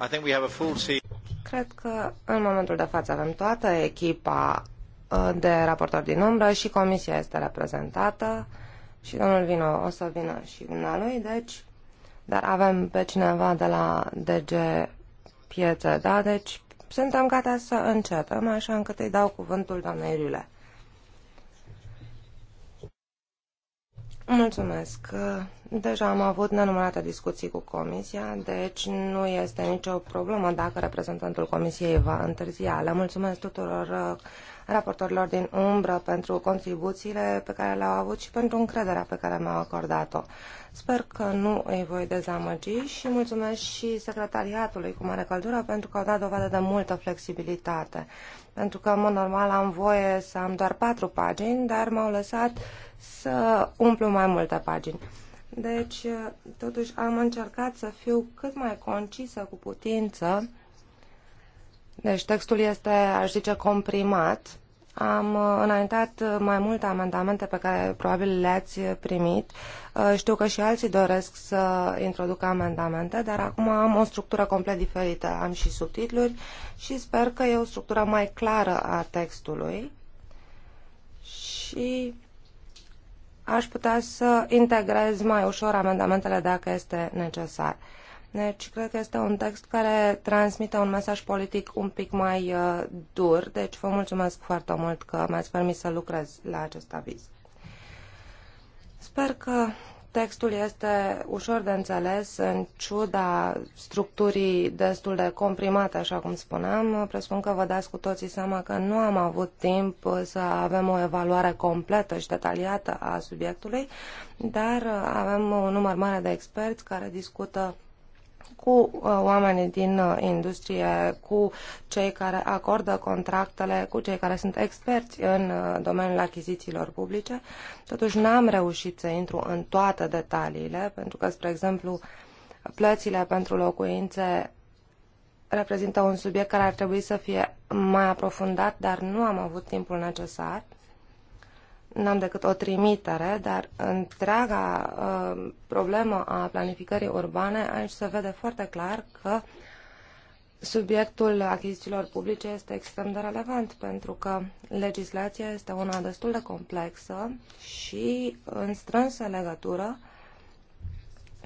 I think we have a full team. Cred că în momentul de față avem toată echipa uh, de raportori din umbră și comisia este reprezentată și domnul Vino o să vină și dumnealui, deci, dar avem pe cineva de la DG Piețe, da, deci suntem gata să începem, așa încât îi dau cuvântul doamnei Riule. Mulțumesc. Deja am avut nenumărate discuții cu Comisia, deci nu este nicio problemă dacă reprezentantul Comisiei va întârzia. Le mulțumesc tuturor raportorilor din umbră pentru contribuțiile pe care le-au avut și pentru încrederea pe care mi-au acordat-o. Sper că nu îi voi dezamăgi și mulțumesc și secretariatului cu mare căldură pentru că au dat dovadă de multă flexibilitate. Pentru că, în mod normal, am voie să am doar patru pagini, dar m-au lăsat să umplu mai multe pagini. Deci, totuși, am încercat să fiu cât mai concisă cu putință deci textul este, aș zice, comprimat. Am uh, înaintat mai multe amendamente pe care probabil le-ați primit. Uh, știu că și alții doresc să introducă amendamente, dar acum am o structură complet diferită. Am și subtitluri și sper că e o structură mai clară a textului și aș putea să integrez mai ușor amendamentele dacă este necesar. Deci, cred că este un text care transmite un mesaj politic un pic mai uh, dur, deci vă mulțumesc foarte mult că mi-ați permis să lucrez la acest aviz. Sper că textul este ușor de înțeles în ciuda structurii destul de comprimate, așa cum spuneam. Presupun că vă dați cu toții seama că nu am avut timp să avem o evaluare completă și detaliată a subiectului, dar avem un număr mare de experți care discută cu uh, oamenii din uh, industrie, cu cei care acordă contractele, cu cei care sunt experți în uh, domeniul achizițiilor publice. Totuși n-am reușit să intru în toate detaliile, pentru că, spre exemplu, plățile pentru locuințe reprezintă un subiect care ar trebui să fie mai aprofundat, dar nu am avut timpul necesar n-am decât o trimitere, dar întreaga uh, problemă a planificării urbane, aici se vede foarte clar că subiectul achizițiilor publice este extrem de relevant, pentru că legislația este una destul de complexă și în strânsă legătură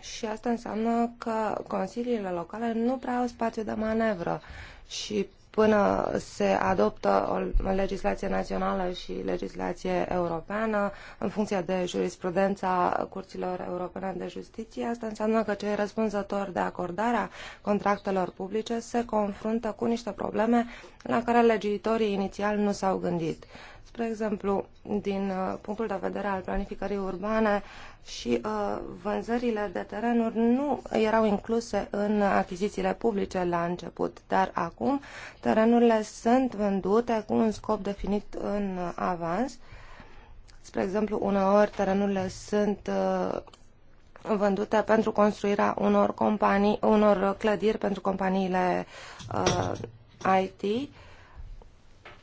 și asta înseamnă că consiliile locale nu prea au spațiu de manevră și până se adoptă o legislație națională și legislație europeană, în funcție de jurisprudența curților europene de justiție, asta înseamnă că cei răspunzători de acordarea contractelor publice se confruntă cu niște probleme la care legiuitorii inițial nu s-au gândit. Spre exemplu, din uh, punctul de vedere al planificării urbane și uh, vânzările de terenuri nu erau incluse în achizițiile publice la început, dar acum terenurile sunt vândute cu un scop definit în avans. Spre exemplu, uneori terenurile sunt uh, vândute pentru construirea unor, companii, unor clădiri pentru companiile uh, IT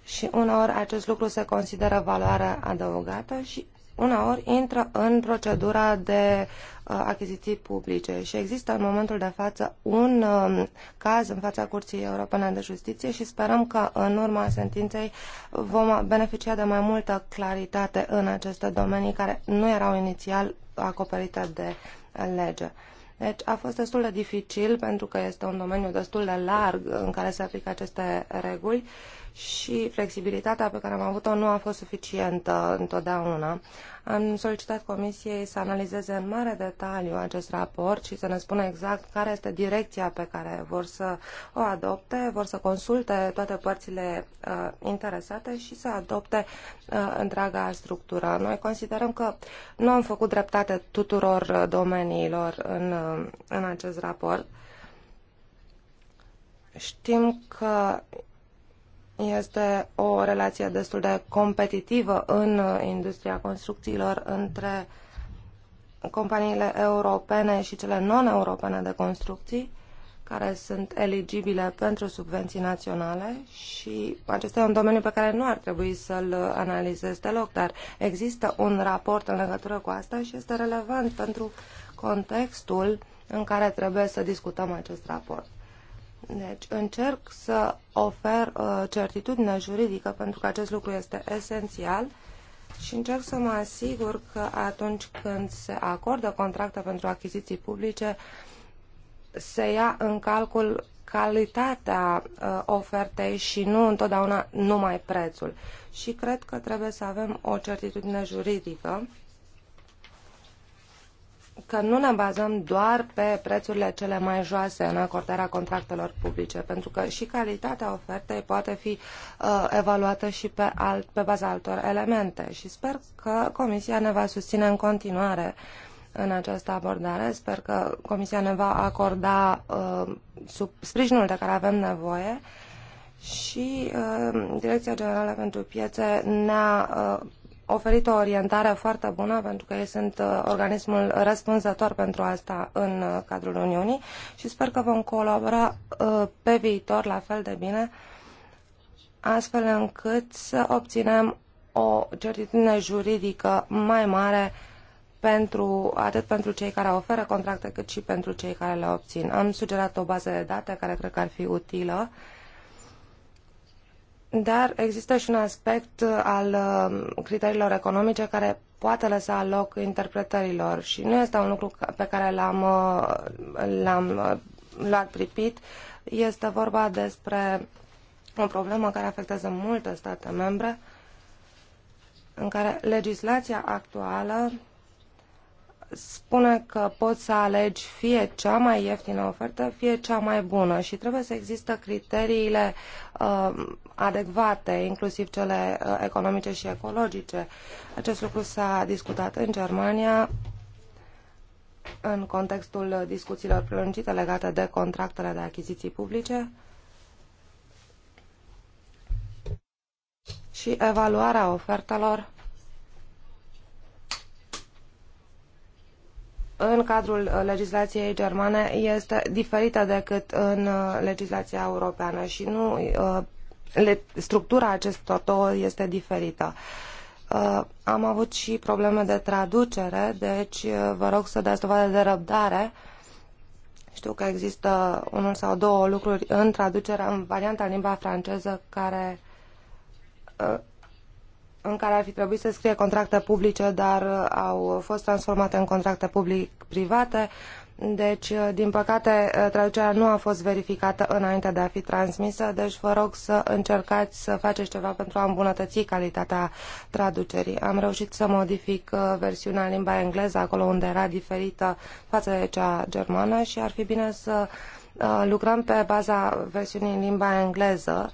și uneori acest lucru se consideră valoare adăugată și uneori intră în procedura de uh, achiziții publice și există în momentul de față un um, caz în fața Curții Europene de Justiție și sperăm că în urma sentinței vom beneficia de mai multă claritate în aceste domenii care nu erau inițial acoperite de lege. Deci a fost destul de dificil pentru că este un domeniu destul de larg în care se aplică aceste reguli și flexibilitatea pe care am avut-o nu a fost suficientă întotdeauna. Am solicitat Comisiei să analizeze în mare detaliu acest raport și să ne spună exact care este direcția pe care vor să o adopte, vor să consulte toate părțile uh, interesate și să adopte uh, întreaga structură. Noi considerăm că nu am făcut dreptate tuturor uh, domeniilor în, uh, în acest raport. Știm că este o relație destul de competitivă în uh, industria construcțiilor între companiile europene și cele non-europene de construcții care sunt eligibile pentru subvenții naționale și acesta e un domeniu pe care nu ar trebui să-l uh, analizez deloc, dar există un raport în legătură cu asta și este relevant pentru contextul în care trebuie să discutăm acest raport. Deci încerc să ofer uh, certitudine juridică pentru că acest lucru este esențial și încerc să mă asigur că atunci când se acordă contracte pentru achiziții publice se ia în calcul calitatea uh, ofertei și nu întotdeauna numai prețul. Și cred că trebuie să avem o certitudine juridică că nu ne bazăm doar pe prețurile cele mai joase în acordarea contractelor publice, pentru că și calitatea ofertei poate fi uh, evaluată și pe, alt, pe baza altor elemente. Și sper că Comisia ne va susține în continuare în această abordare. Sper că Comisia ne va acorda uh, sub sprijinul de care avem nevoie și uh, Direcția Generală pentru Piețe ne-a uh, oferit o orientare foarte bună pentru că ei sunt uh, organismul răspunzător pentru asta în uh, cadrul Uniunii și sper că vom colabora uh, pe viitor la fel de bine astfel încât să obținem o certitudine juridică mai mare pentru, atât pentru cei care oferă contracte, cât și pentru cei care le obțin. Am sugerat o bază de date care cred că ar fi utilă dar există și un aspect uh, al uh, criteriilor economice care poate lăsa loc interpretărilor și nu este un lucru pe care l-am, uh, l-am luat pripit. Este vorba despre o problemă care afectează multe state membre în care legislația actuală spune că poți să alegi fie cea mai ieftină ofertă, fie cea mai bună și trebuie să există criteriile uh, adecvate, inclusiv cele uh, economice și ecologice. Acest lucru s-a discutat în Germania în contextul discuțiilor prelungite legate de contractele de achiziții publice și evaluarea ofertelor în cadrul uh, legislației germane este diferită decât în uh, legislația europeană și nu uh, structura acestor două este diferită. Am avut și probleme de traducere, deci vă rog să dați dovadă de răbdare. Știu că există unul sau două lucruri în traducerea, în varianta limba franceză, care în care ar fi trebuit să scrie contracte publice, dar uh, au fost transformate în contracte public-private. Deci, uh, din păcate, uh, traducerea nu a fost verificată înainte de a fi transmisă, deci vă rog să încercați să faceți ceva pentru a îmbunătăți calitatea traducerii. Am reușit să modific versiunea în limba engleză, acolo unde era diferită față de cea germană și ar fi bine să lucrăm pe baza versiunii în limba engleză,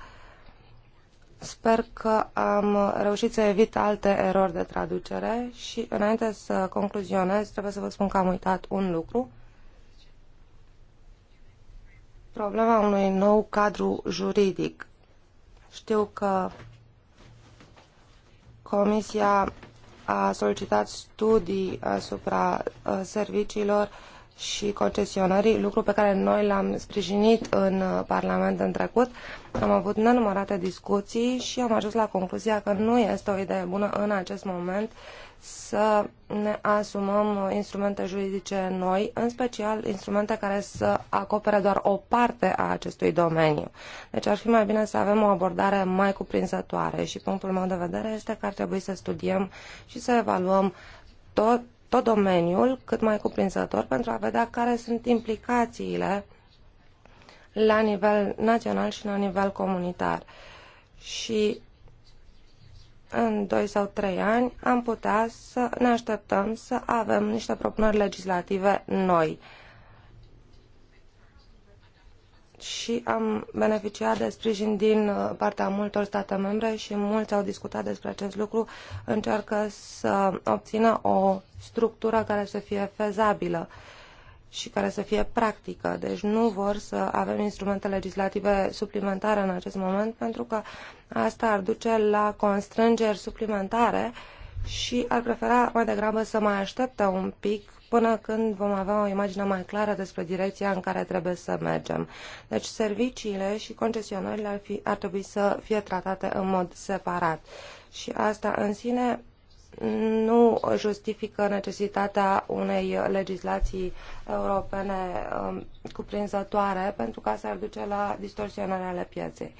Sper că am reușit să evit alte erori de traducere și înainte să concluzionez trebuie să vă spun că am uitat un lucru. Problema unui nou cadru juridic. Știu că Comisia a solicitat studii asupra uh, serviciilor uh, și concesionării, lucru pe care noi l-am sprijinit în uh, Parlament în trecut. Am avut nenumărate discuții și am ajuns la concluzia că nu este o idee bună în acest moment să ne asumăm uh, instrumente juridice noi, în special instrumente care să acopere doar o parte a acestui domeniu. Deci ar fi mai bine să avem o abordare mai cuprinzătoare și punctul meu de vedere este că ar trebui să studiem și să evaluăm tot tot domeniul cât mai cuprinzător pentru a vedea care sunt implicațiile la nivel național și la nivel comunitar. Și în 2 sau 3 ani am putea să ne așteptăm să avem niște propuneri legislative noi și am beneficiat de sprijin din uh, partea multor state membre și mulți au discutat despre acest lucru, încearcă să obțină o structură care să fie fezabilă și care să fie practică. Deci nu vor să avem instrumente legislative suplimentare în acest moment, pentru că asta ar duce la constrângeri suplimentare și ar prefera mai degrabă să mai aștepte un pic până când vom avea o imagine mai clară despre direcția în care trebuie să mergem. Deci serviciile și concesionările ar, fi, ar trebui să fie tratate în mod separat. Și asta în sine nu justifică necesitatea unei legislații europene um, cuprinzătoare, pentru că asta ar duce la distorsionarea ale pieței.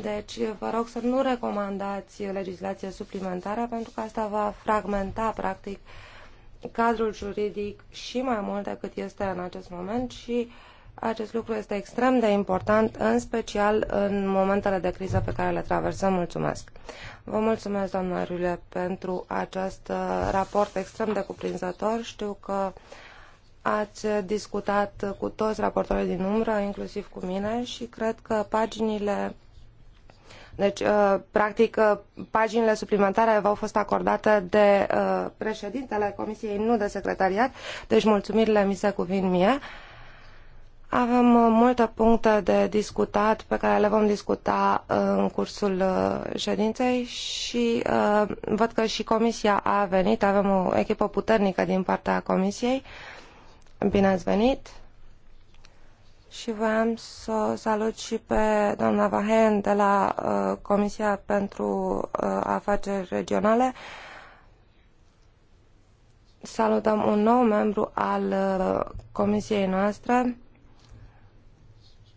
Deci vă rog să nu recomandați legislație suplimentară, pentru că asta va fragmenta, practic, uh, cadrul juridic și mai mult decât este în acest moment și acest lucru este extrem de important, în special în momentele de criză pe care le traversăm. Mulțumesc! Vă mulțumesc, doamna Rule, pentru acest uh, raport extrem de cuprinzător. Știu că ați discutat cu toți raportorii din umbră, inclusiv cu mine, și cred că paginile deci, uh, practic, uh, paginile suplimentare v-au fost acordate de uh, președintele Comisiei, nu de secretariat, deci mulțumirile mi se cuvin mie. Avem multe puncte de discutat pe care le vom discuta în cursul ședinței și văd că și comisia a venit, avem o echipă puternică din partea comisiei. Bine ați venit! și voiam să o salut și pe doamna Vahen de la uh, Comisia pentru uh, Afaceri Regionale. Salutăm un nou membru al uh, Comisiei noastre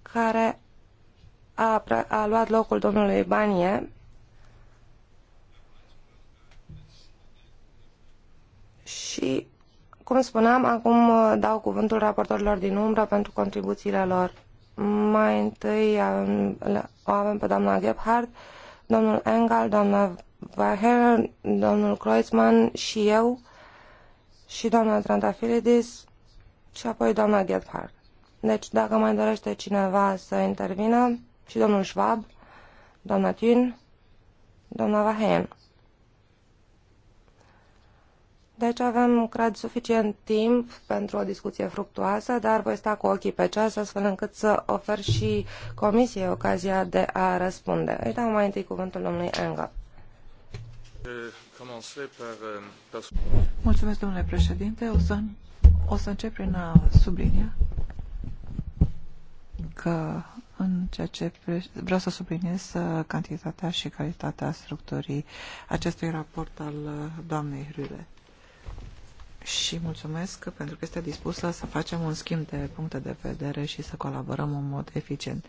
care a, a luat locul domnului Banie și cum spuneam, acum uh, dau cuvântul raportorilor din umbră pentru contribuțiile lor. Mai întâi avem, o avem pe doamna Gebhardt, domnul Engel, doamna Vaher, domnul Kreuzmann și eu și doamna Trantafilidis și apoi doamna Gebhardt. Deci dacă mai dorește cineva să intervină, și domnul Schwab, doamna Thun, doamna Vahen. Deci avem, cred, suficient timp pentru o discuție fructuoasă, dar voi sta cu ochii pe ceas astfel încât să ofer și Comisiei ocazia de a răspunde. Îi dau mai întâi cuvântul domnului Engel. Mulțumesc, domnule președinte. O să, o să încep prin a sublinia că în ceea ce vreau să subliniez uh, cantitatea și calitatea structurii acestui raport al uh, doamnei Rüle și mulțumesc pentru că este dispusă să facem un schimb de puncte de vedere și să colaborăm în mod eficient.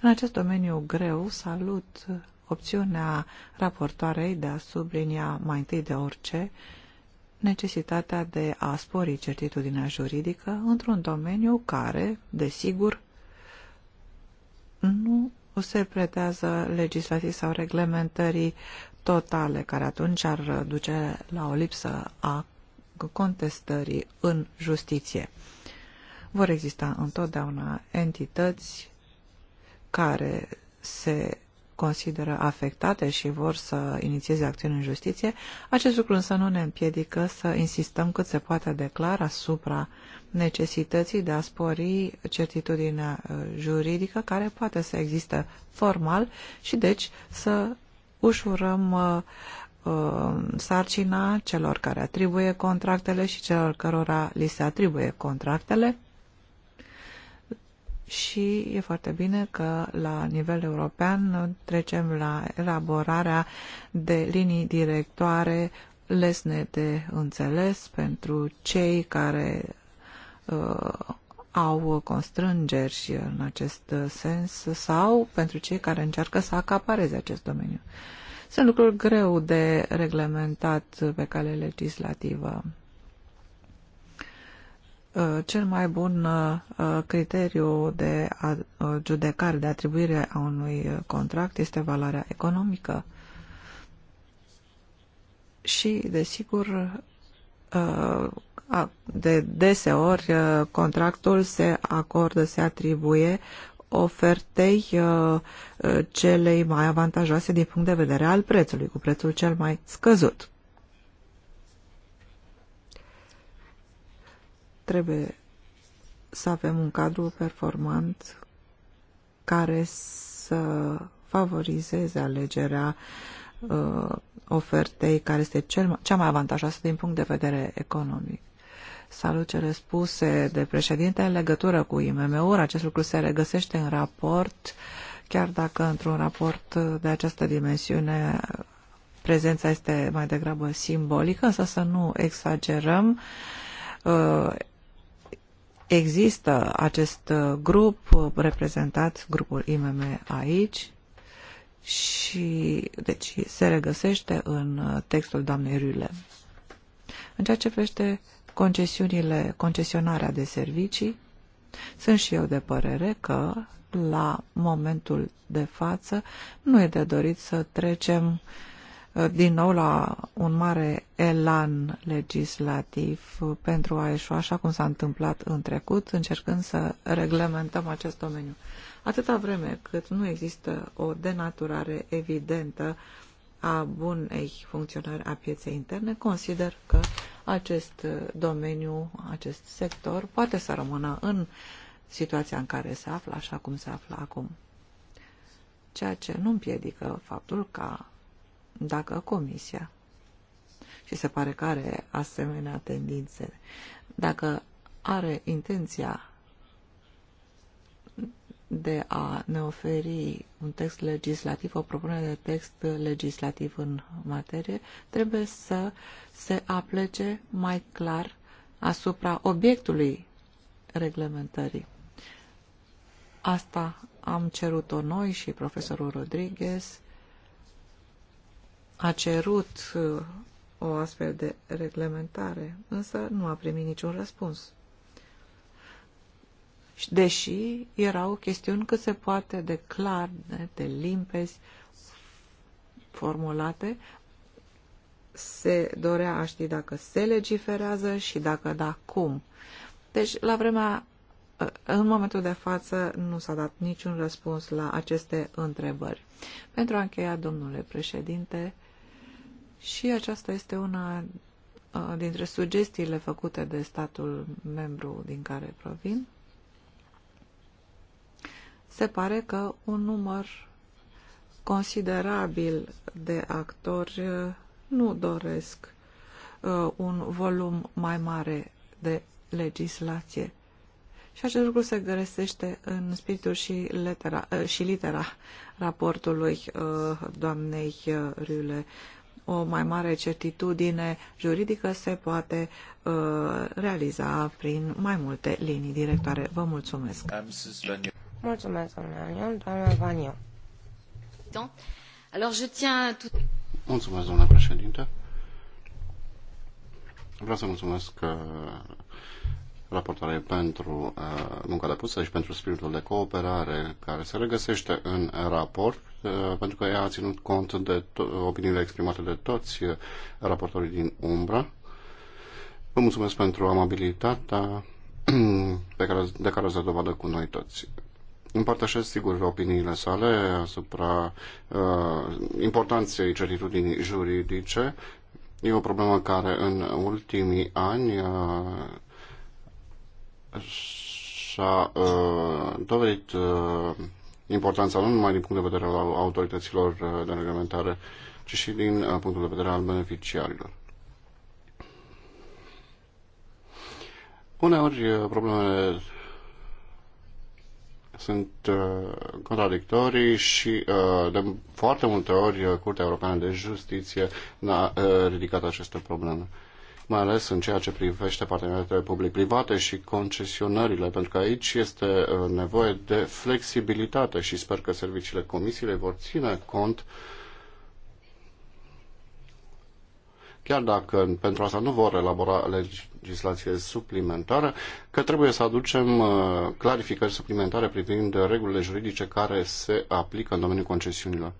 În acest domeniu greu salut opțiunea raportoarei de a sublinia mai întâi de orice necesitatea de a spori certitudinea juridică într-un domeniu care, desigur, nu se pretează legislații sau reglementării totale, care atunci ar duce la o lipsă a contestării în justiție. Vor exista întotdeauna entități care se consideră afectate și vor să inițieze acțiuni în justiție, acest lucru însă nu ne împiedică să insistăm cât se poate de clar asupra necesității de a spori certitudinea uh, juridică care poate să existe formal și deci să ușurăm uh, Uh, sarcina celor care atribuie contractele și celor cărora li se atribuie contractele și e foarte bine că la nivel european trecem la elaborarea de linii directoare lesne de înțeles pentru cei care uh, au constrângeri în acest sens sau pentru cei care încearcă să acapareze acest domeniu. Uh, sunt lucruri greu de reglementat pe cale legislativă. Uh, cel mai bun uh, criteriu de uh, judecare, de atribuire a unui contract este valoarea economică. Și, desigur, de deseori contractul se acordă, se atribuie ofertei uh, uh, celei mai avantajoase din punct de vedere al prețului, cu prețul cel mai scăzut. Trebuie să avem un cadru performant care să favorizeze alegerea uh, ofertei care este cel, cea mai avantajoasă din punct de vedere economic. Salut cele spuse de președinte în legătură cu IMM-uri. Acest lucru se regăsește în raport, chiar dacă într-un raport de această dimensiune prezența este mai degrabă simbolică, însă să nu exagerăm. Uh, există acest grup reprezentat, grupul IMM aici, și deci se regăsește în textul doamnei Rule. În ceea ce privește concesiunile, concesionarea de servicii, sunt și eu de părere că la momentul de față nu e de dorit să trecem uh, din nou la un mare elan legislativ uh, pentru a eșua, așa cum s-a întâmplat în trecut, încercând să reglementăm acest domeniu. Atâta vreme cât nu există o denaturare evidentă a bunei funcționări a pieței interne, consider că acest uh, domeniu, acest sector, poate să rămână în situația în care se află, așa cum se află acum. Ceea ce nu împiedică faptul ca dacă Comisia și se pare că are asemenea tendințe, dacă are intenția de a ne oferi un text legislativ, o propunere de text legislativ în materie, trebuie să se aplece mai clar asupra obiectului reglementării. Asta am cerut-o noi și profesorul Rodriguez a cerut uh, o astfel de reglementare, însă nu a primit niciun răspuns deși erau chestiuni cât se poate de clar, de limpezi, formulate, se dorea a ști dacă se legiferează și dacă da, cum. Deci, la vremea, în momentul de față, nu s-a dat niciun răspuns la aceste întrebări. Pentru a încheia, domnule președinte, și aceasta este una uh, dintre sugestiile făcute de statul membru din care provin, se pare că un număr considerabil de actori uh, nu doresc uh, un volum mai mare de legislație. Și acest lucru se găsește în spiritul și, letera, uh, și litera raportului doamnei Riule. O mai mare certitudine juridică se poate realiza prin mai multe linii directoare. Vă mulțumesc! Mulțumesc, domnule Anion. Doamna Vaniu. Alors, je tiens tout... Mulțumesc, doamna președinte. Vreau să mulțumesc uh, raportare pentru uh, munca depusă și pentru spiritul de cooperare care se regăsește în raport, uh, pentru că ea a ținut cont de opiniile exprimate de toți raportorii din umbra. Vă mulțumesc pentru amabilitatea pe care, de care ați dat dovadă cu noi toți împărtășesc sigur opiniile sale asupra uh, importanței certitudinii juridice. E o problemă care în ultimii ani uh, s a uh, dovedit uh, importanța nu numai din punct de vedere al autorităților uh, de reglementare, ci și din uh, punctul de vedere al beneficiarilor. Uneori uh, problemele sunt uh, contradictorii și uh, de foarte multe ori uh, Curtea Europeană de Justiție a ridicat aceste probleme mai ales în ceea ce privește parteneriatele public-private și concesionările, pentru că aici este nevoie de flexibilitate și sper că serviciile comisiei vor ține cont uh, chiar dacă pentru asta nu vor elabora legislație suplimentară, că trebuie să aducem uh, clarificări suplimentare privind regulile juridice care se aplică în domeniul concesiunilor.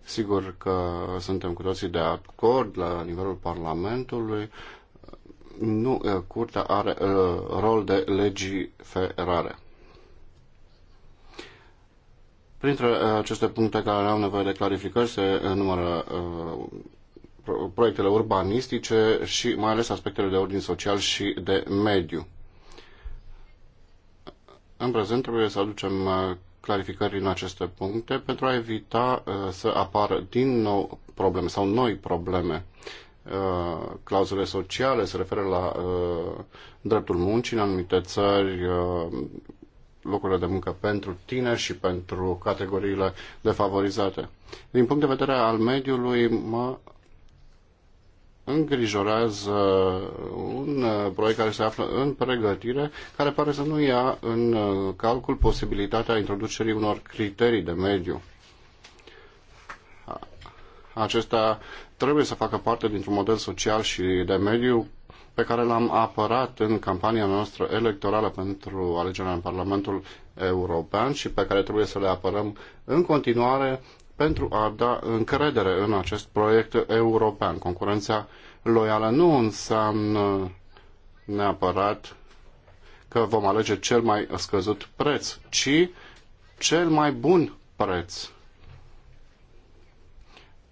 Sigur că suntem cu toții de acord la nivelul Parlamentului. Nu, uh, curtea are uh, rol de legiferare. Printre aceste puncte care au nevoie de clarificări se numără proiectele urbanistice și mai ales aspectele de ordin social și de mediu. În prezent trebuie să aducem uh, clarificări în aceste puncte pentru a evita uh, să apară din nou probleme sau noi probleme. Uh, clauzele sociale se referă la dreptul muncii în anumite țări, locurile de muncă pentru tineri și pentru categoriile defavorizate. Din punct de vedere al mediului, mă îngrijorează un uh, proiect care se află în pregătire, care pare să nu ia în uh, calcul posibilitatea introducerii unor criterii de mediu. Acesta trebuie să facă parte dintr-un model social și de mediu pe care l-am apărat în campania noastră electorală pentru alegerea în Parlamentul European și pe care trebuie să le apărăm în continuare pentru a da încredere în acest proiect european. Concurența loială nu înseamnă neapărat că vom alege cel mai scăzut preț, ci cel mai bun preț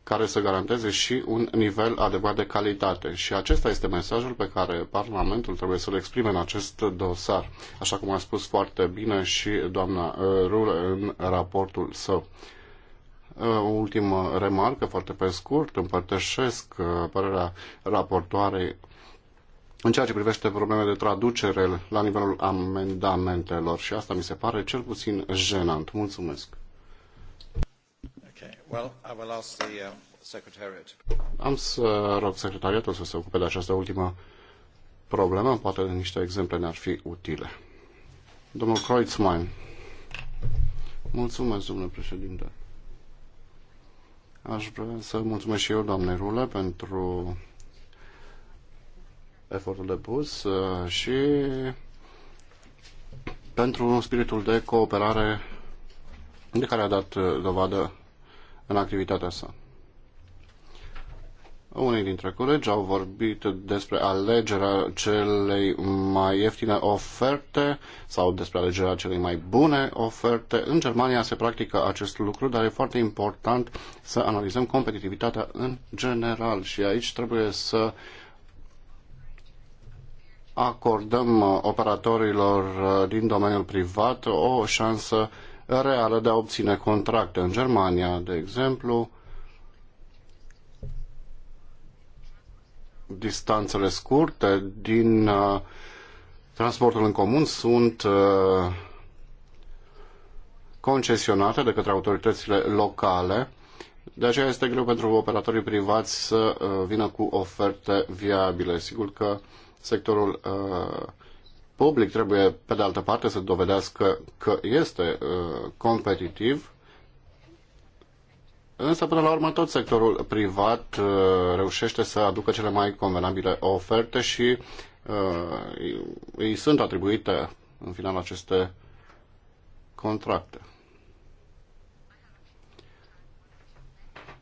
care să garanteze și un nivel adevărat de calitate. Și acesta este mesajul pe care Parlamentul trebuie să-l exprime în acest dosar, așa cum a spus foarte bine și doamna uh, Rule în raportul său. Uh, o ultimă remarcă, foarte pe scurt, împărtășesc uh, părerea raportoarei în ceea ce privește probleme de traducere la nivelul amendamentelor și asta mi se pare cel puțin jenant. Mulțumesc. Okay. Well, I will ask the, uh, secretariat. Am să rog secretariatul să se ocupe de această ultimă problemă, poate de niște exemple ne-ar fi utile. Domnul Kreutzmann. Mulțumesc, domnule președinte. Aș vrea să mulțumesc și eu, doamne Rulă, pentru efortul depus uh, și pentru spiritul de cooperare de care a dat uh, dovadă în activitatea sa. Unii dintre colegi au vorbit despre alegerea celei mai ieftine oferte sau despre alegerea celei mai bune oferte. În Germania se practică acest lucru, dar e foarte important să analizăm competitivitatea în general și aici trebuie să acordăm operatorilor din domeniul privat o șansă reală de a obține contracte. În Germania, de exemplu, distanțele scurte din uh, transportul în comun sunt uh, concesionate de către autoritățile locale. De aceea este greu pentru operatorii privați să uh, vină cu oferte viabile. Sigur că sectorul public trebuie, pe de altă parte, să dovedească că este competitiv Însă, până la urmă, tot sectorul privat uh, reușește să aducă cele mai convenabile oferte și uh, îi sunt atribuite, în final, aceste contracte.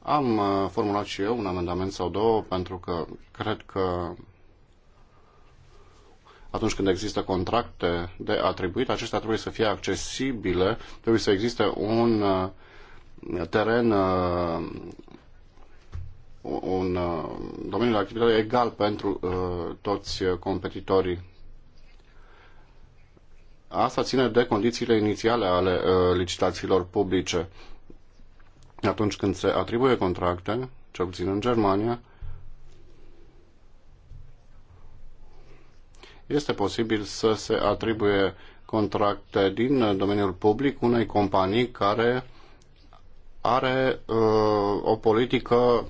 Am uh, formulat și eu un amendament sau două pentru că cred că atunci când există contracte de atribuit, acestea trebuie să fie accesibile, trebuie să existe un uh, teren uh, un uh, domeniu de activitate egal pentru uh, toți competitorii. Asta ține de condițiile inițiale ale licitațiilor publice. Atunci când se atribuie contracte, cel puțin în Germania, este posibil să se atribuie contracte din domeniul public unei companii care are uh, o politică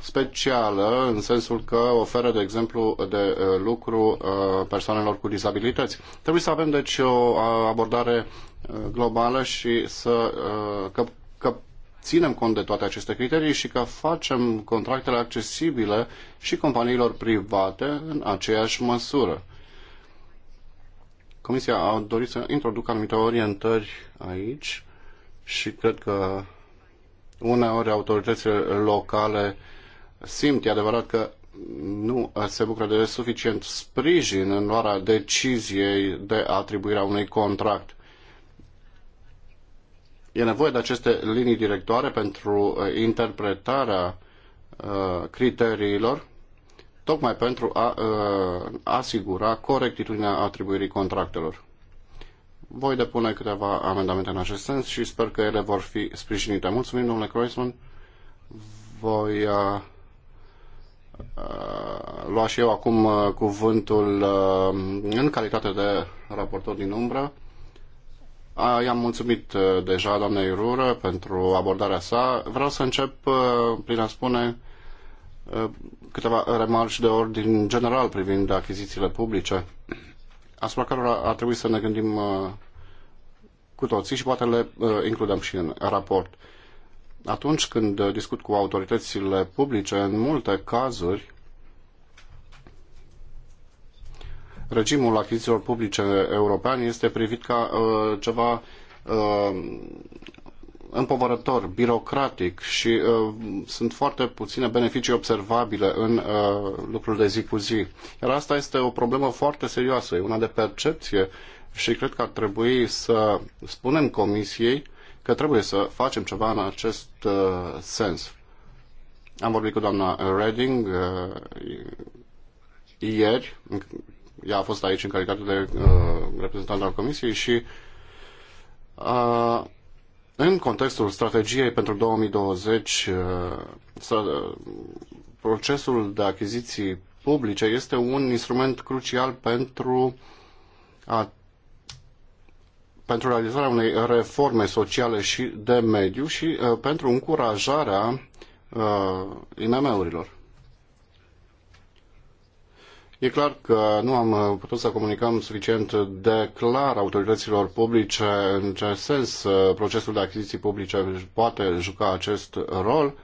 specială în sensul că oferă, de exemplu, de uh, lucru uh, persoanelor cu dizabilități. Trebuie să avem, deci, o abordare uh, globală și să uh, că, că ținem cont de toate aceste criterii și că facem contractele accesibile și companiilor private în aceeași măsură. Comisia a dorit să introducă anumite orientări aici și cred că uneori autoritățile locale simt, e adevărat că nu se bucură de suficient sprijin în luarea deciziei de atribuirea unui contract. E nevoie de aceste linii directoare pentru uh, interpretarea uh, criteriilor, tocmai pentru a uh, asigura corectitudinea atribuirii contractelor. Voi depune câteva amendamente în acest sens și sper că ele vor fi sprijinite. Mulțumim, domnule Croisman. Voi uh, uh lua și eu acum uh, cuvântul uh, în calitate de raportor din umbră. Uh, i-am mulțumit uh, deja doamnei Rură pentru abordarea sa. Vreau să încep uh, prin a spune uh, câteva remarci de ordin general privind achizițiile publice asupra cărora ar trebui să ne gândim uh, cu toții și poate le uh, includem și în raport. Atunci când uh, discut cu autoritățile publice, în multe cazuri, regimul achizițiilor publice european este privit ca uh, ceva uh, împovărător, birocratic și uh, sunt foarte puține beneficii observabile în uh, lucrul de zi cu zi. Iar asta este o problemă foarte serioasă, e una de percepție și cred că ar trebui să spunem Comisiei că trebuie să facem ceva în acest uh, sens. Am vorbit cu doamna Reding uh, ieri, ea a fost aici în calitate de uh, reprezentant al Comisiei și uh, în contextul strategiei pentru 2020, uh, uh, procesul de achiziții publice este un instrument crucial pentru a pentru realizarea unei reforme sociale și de mediu și uh, pentru încurajarea IMM-urilor. E clar că nu am uh, putut să comunicăm suficient de clar autorităților publice în ce sens uh, procesul de achiziții publice poate juca acest rol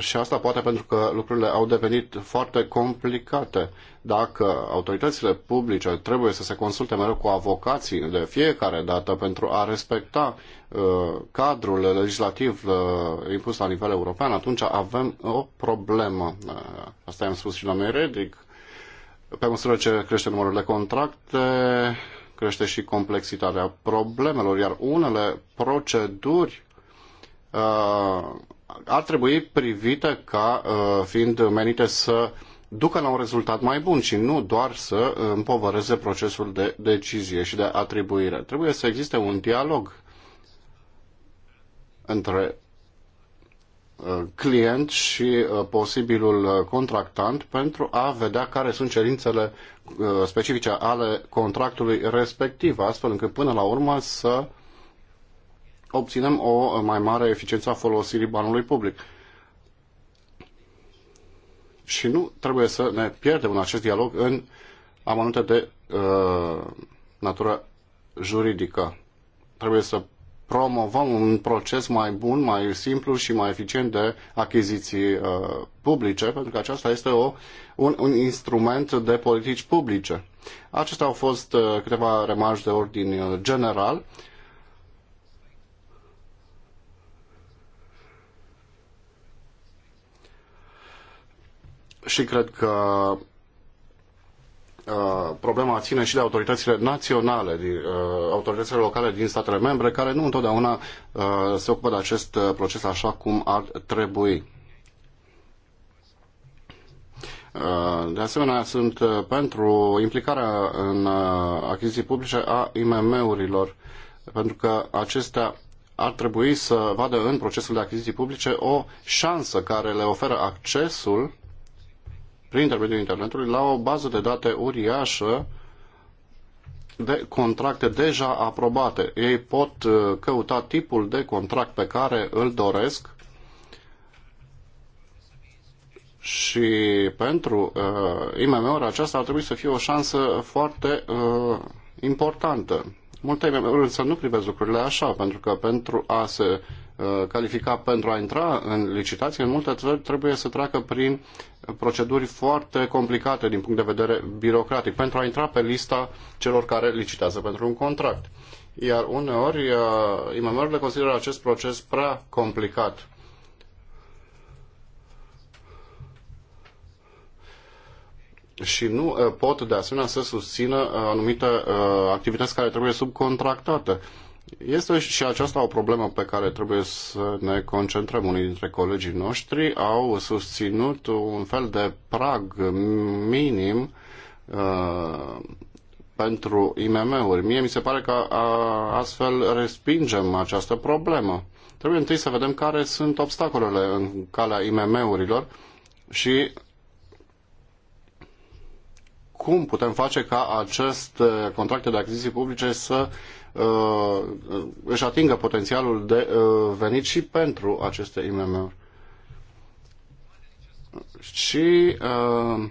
și asta poate pentru că lucrurile au devenit foarte complicate. Dacă autoritățile publice trebuie să se consulte mereu cu avocații de fiecare dată pentru a respecta uh, cadrul legislativ uh, impus la nivel european, atunci avem o problemă. Uh, asta i-am spus și la Meredic. Pe măsură ce crește numărul de contracte, crește și complexitatea problemelor, iar unele proceduri uh, ar trebui privită ca uh, fiind menite să ducă la un rezultat mai bun și nu doar să împovăreze procesul de decizie și de atribuire. Trebuie să existe un dialog între uh, client și uh, posibilul contractant pentru a vedea care sunt cerințele specifice ale contractului respectiv, astfel încât până la urmă să obținem o mai mare eficiență a folosirii banului public. Și nu trebuie să ne pierdem în acest dialog în amănunte de uh, natură juridică. Trebuie să promovăm un proces mai bun, mai simplu și mai eficient de achiziții uh, publice, pentru că aceasta este o, un, un instrument de politici publice. Acestea au fost uh, câteva remarci de ordin uh, general. Uh, și cred că uh, problema ține și de autoritățile naționale, uh, autoritățile locale din statele membre, care nu întotdeauna uh, se ocupă de acest proces așa cum ar trebui. De asemenea, sunt pentru implicarea în achiziții publice a IMM-urilor, pentru că acestea ar trebui să vadă în procesul de achiziții publice o șansă care le oferă accesul prin intermediul internetului, la o bază de date uriașă de contracte deja aprobate. Ei pot uh, căuta tipul de contract pe care îl doresc și pentru uh, IMM-uri aceasta ar trebui să fie o șansă foarte uh, importantă. Multe imm însă nu privesc lucrurile așa, pentru că pentru a se uh, califica pentru a intra în licitație, în multe țări trebuie să treacă prin proceduri foarte complicate din punct de vedere birocratic pentru a intra pe lista celor care licitează pentru un contract. Iar uneori uh, IMM-urile consideră acest proces prea complicat și nu uh, pot de asemenea să susțină uh, anumite uh, activități care trebuie subcontractate. Este și aceasta o problemă pe care trebuie să ne concentrăm. Unii dintre colegii noștri au susținut un fel de prag minim uh, pentru IMM-uri. Mie mi se pare că uh, astfel respingem această problemă. Trebuie întâi să vedem care sunt obstacolele în calea IMM-urilor și cum putem face ca aceste contracte de achiziții publice să uh, își atingă potențialul de uh, venit și pentru aceste IMM-uri. Și uh,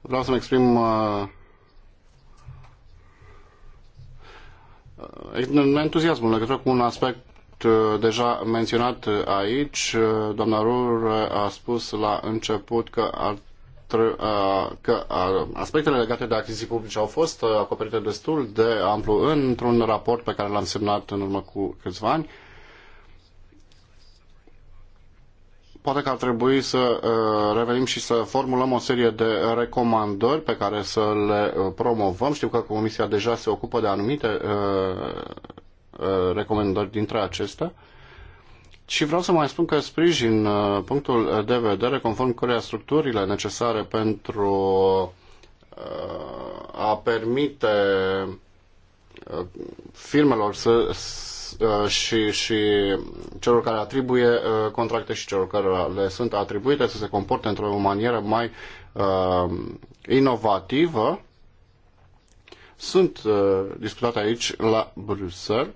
vreau să-mi exprim uh, uh entuziasmul în legătură cu un aspect uh, deja menționat aici. Uh, doamna Rur a spus la început că ar că aspectele legate de achiziții publice au fost acoperite destul de amplu într-un raport pe care l-am semnat în urmă cu câțiva ani. Poate că ar trebui să revenim și să formulăm o serie de recomandări pe care să le promovăm. Știu că Comisia deja se ocupă de anumite recomandări dintre acestea. Și vreau să mai spun că sprijin uh, punctul de vedere conform căreia structurile necesare pentru uh, a permite uh, firmelor să, și, și celor care atribuie contracte și celor care le sunt atribuite să se comporte într-o manieră mai inovativă sunt discutate aici la Bruxelles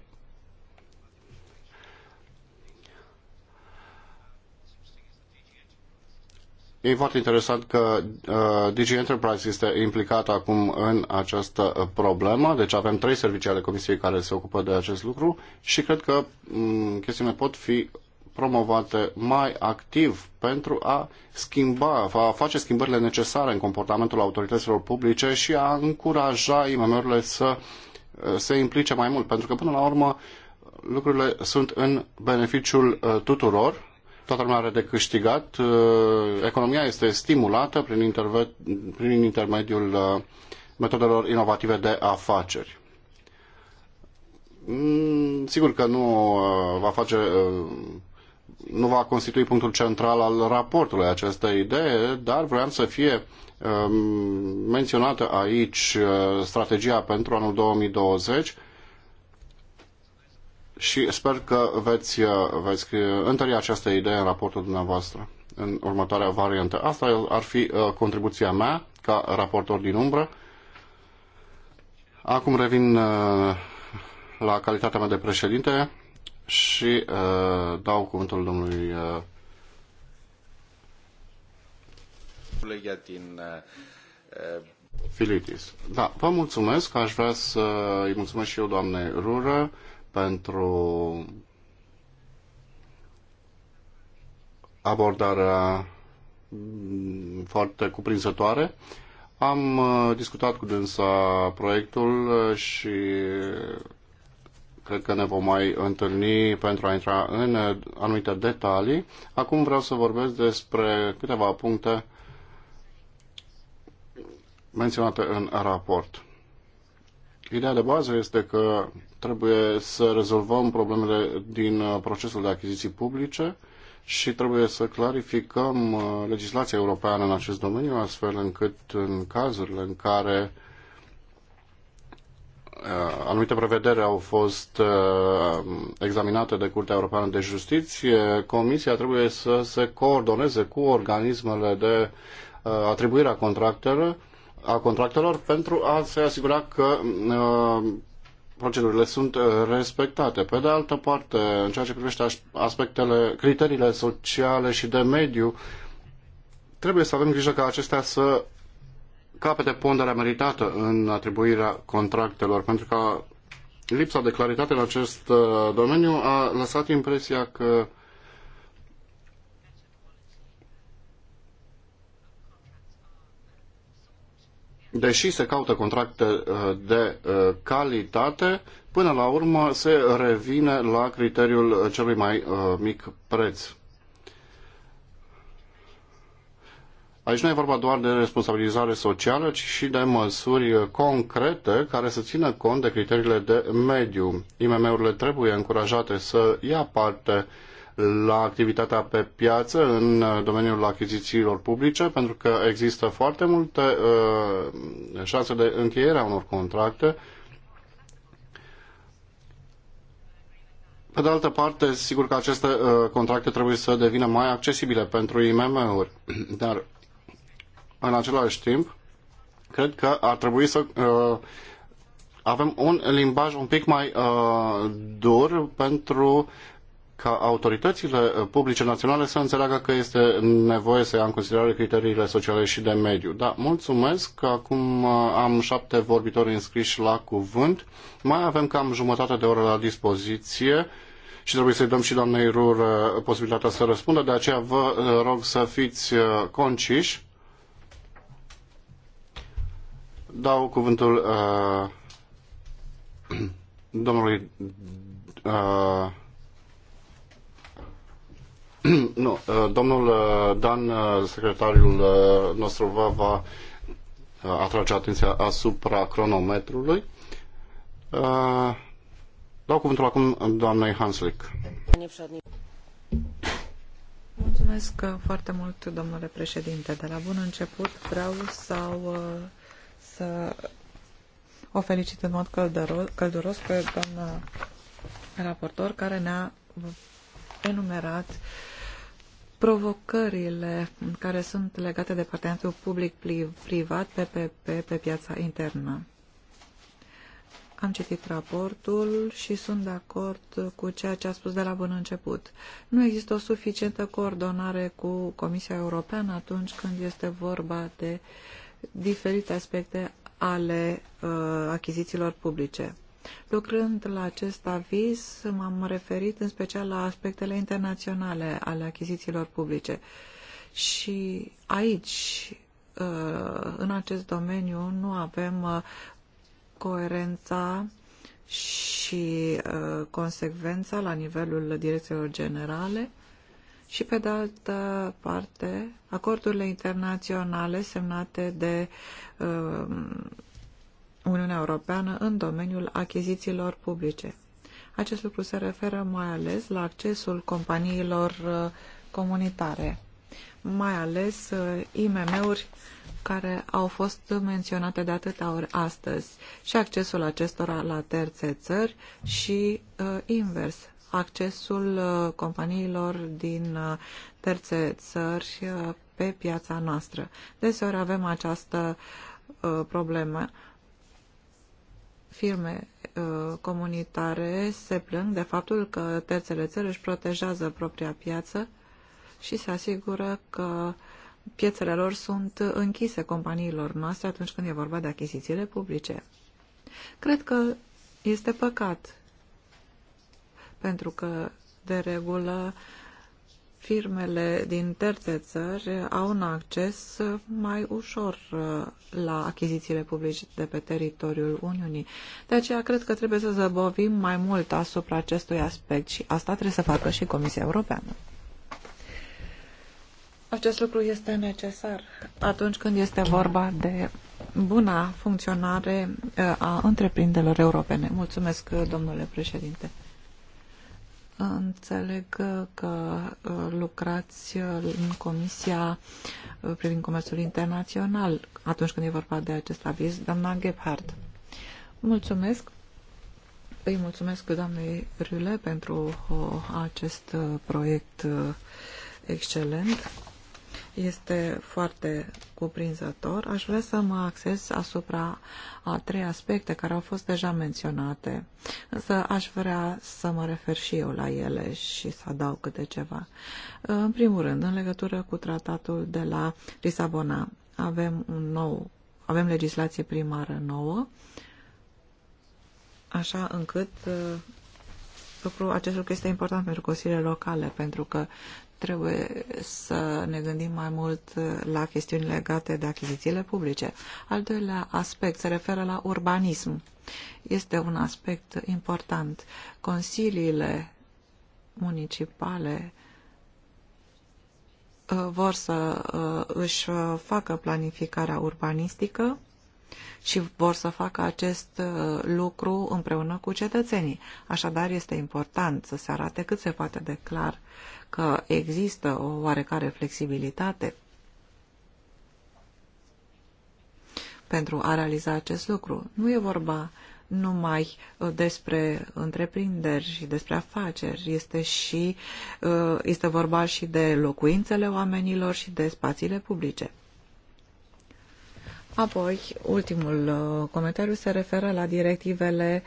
E foarte interesant că uh, Digi Enterprise este implicat acum în această problemă, deci avem trei servicii ale Comisiei care se ocupă de acest lucru și cred că um, chestiunile pot fi promovate mai activ pentru a schimba, a face schimbările necesare în comportamentul autorităților publice și a încuraja IMM-urile să uh, se implice mai mult, pentru că până la urmă lucrurile sunt în beneficiul uh, tuturor toată lumea are de câștigat. Uh, economia este stimulată prin, interve- prin intermediul uh, metodelor inovative de afaceri. Mm, sigur că nu uh, va face nu va constitui punctul central al raportului această idee, dar vreau să fie menționată aici strategia pentru anul 2020 și sper că veți, uh, veți întări această idee în raportul dumneavoastră, în următoarea variantă. Asta ar fi uh, contribuția mea ca raportor din umbră. Acum revin uh, la calitatea mea de președinte și uh, dau cuvântul domnului uh, Filitis. Da, vă mulțumesc, aș vrea să îi mulțumesc și eu, doamne Rură, pentru abordarea foarte cuprinzătoare. Am uh, discutat cu dânsa proiectul și cred că ne vom mai întâlni pentru a intra în anumite detalii. Acum vreau să vorbesc despre câteva puncte menționate în raport. Ideea de bază este că Trebuie să rezolvăm problemele din uh, procesul de achiziții publice și trebuie să clarificăm uh, legislația europeană în acest domeniu, astfel încât în cazurile în care uh, anumite prevederi au fost examinate de Curtea Europeană de Justiție, Comisia trebuie să se coordoneze cu organismele de atribuire a contractelor, a contractelor pentru a se asigura că procedurile sunt uh, respectate. Pe de altă parte, în ceea ce privește aspectele, criteriile sociale și de mediu, trebuie să avem grijă ca acestea să capete ponderea meritată în atribuirea contractelor, pentru că lipsa de claritate în acest uh, domeniu a lăsat impresia că deși se caută contracte uh, de uh, calitate, până la urmă se revine la criteriul uh, celui mai mic preț. Aici nu e vorba doar de responsabilizare socială, ci și de măsuri concrete care să țină cont de criteriile de mediu. IMM-urile trebuie încurajate să ia parte la activitatea pe piață în domeniul achizițiilor publice, pentru că există foarte multe uh, șanse de încheiere a unor contracte. Pe de altă parte, sigur că aceste uh, contracte trebuie să devină mai accesibile pentru IMM-uri, dar în același timp, cred că ar trebui să uh, avem un limbaj un pic mai uh, dur pentru ca autoritățile uh, publice naționale să înțeleagă că este nevoie să ia în considerare criteriile sociale și de mediu. Da, mulțumesc că acum uh, am șapte vorbitori înscriși la cuvânt. Mai avem cam jumătate de oră la dispoziție și trebuie să-i dăm și doamnei Rur uh, posibilitatea să răspundă, de aceea vă rog să fiți conciși. Dau cuvântul uh, domnului uh, nu, uh, domnul uh, Dan, uh, secretarul nostru, va, va atrage atenția asupra cronometrului. Dau cuvântul acum doamnei Hanslick. Mulțumesc foarte mult, domnule președinte. De la bun început vreau sau, să o felicit în mod călduros pe doamna raportor care ne-a enumerat uh, provocările care sunt legate de parteneriatul public-privat, PPP, pe piața internă. Am citit raportul și sunt de acord cu ceea ce a spus de la bun început. Nu există o suficientă coordonare cu Comisia Europeană atunci când este vorba de diferite aspecte ale uh, achizițiilor publice. Lucrând la acest aviz, m-am referit în special la aspectele internaționale ale achizițiilor publice. Și aici, uh, în acest domeniu, nu avem uh, coerența și uh, consecvența la nivelul direcțiilor generale și, pe de altă parte, acordurile internaționale semnate de Uniunea Europeană în domeniul achizițiilor publice. Acest lucru se referă mai ales la accesul companiilor uh, comunitare, mai ales uh, IMM-uri care au fost menționate de atâtea ori astăzi și accesul acestora la terțe țări și uh, invers, accesul uh, companiilor din uh, terțe țări uh, pe piața noastră. Deseori avem această uh, problemă firme uh, comunitare se plâng de faptul că terțele țări își protejează propria piață și se asigură că piețele lor sunt închise companiilor noastre atunci când e vorba de achizițiile publice. Cred că este păcat, pentru că, de regulă, uh, firmele din terțe țări au un acces mai ușor uh, la achizițiile publice de pe teritoriul Uniunii. De aceea cred că trebuie să zăbovim mai mult asupra acestui aspect și asta trebuie să facă și Comisia Europeană. Acest lucru este necesar atunci când este vorba de buna funcționare uh, a întreprinderilor europene. Mulțumesc, uh, domnule președinte. Înțeleg că uh, lucrați în Comisia uh, privind comerțul internațional atunci când e vorba de acest aviz, doamna Gebhardt. Mulțumesc. Îi mulțumesc doamnei Rule pentru uh, acest proiect excelent este foarte cuprinzător. Aș vrea să mă acces asupra a trei aspecte care au fost deja menționate, însă aș vrea să mă refer și eu la ele și să adaug câte ceva. În primul rând, în legătură cu tratatul de la Lisabona, avem un nou, avem legislație primară nouă, așa încât uh, lucru, acest lucru este important pentru consiliile locale, pentru că trebuie să ne gândim mai mult la chestiuni legate de achizițiile publice. Al doilea aspect se referă la urbanism. Este un aspect important. Consiliile municipale uh, vor să uh, își uh, facă planificarea urbanistică și vor să facă acest uh, lucru împreună cu cetățenii. Așadar, este important să se arate cât se poate de clar că există o oarecare flexibilitate pentru a realiza acest lucru. Nu e vorba numai uh, despre întreprinderi și despre afaceri, este și uh, este vorba și de locuințele oamenilor și de spațiile publice. Apoi, ultimul uh, comentariu se referă la directivele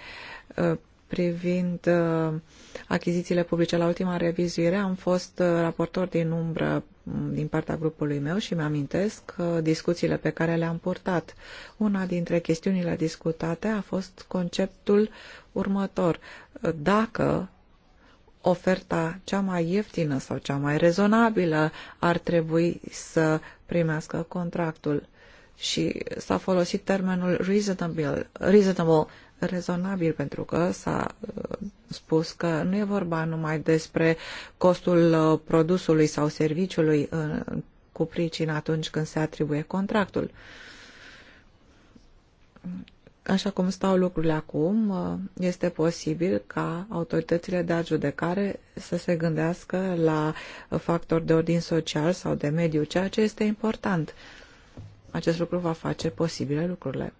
uh, privind uh, achizițiile publice. La ultima revizuire am fost raportor din umbră mm, din partea grupului meu și mi-amintesc discuțiile pe care le-am purtat. Una dintre chestiunile discutate a fost conceptul următor. Dacă oferta cea mai ieftină sau cea mai rezonabilă ar trebui să primească contractul și s-a folosit termenul reasonable, reasonable rezonabil pentru că s-a uh, spus că nu e vorba numai despre costul uh, produsului sau serviciului uh, cu pricina atunci când se atribuie contractul. Așa cum stau lucrurile acum, este posibil ca autoritățile de adjudecare să se gândească la factori de ordin social sau de mediu, ceea ce este important. Uh, acest lucru va face posibile lucrurile.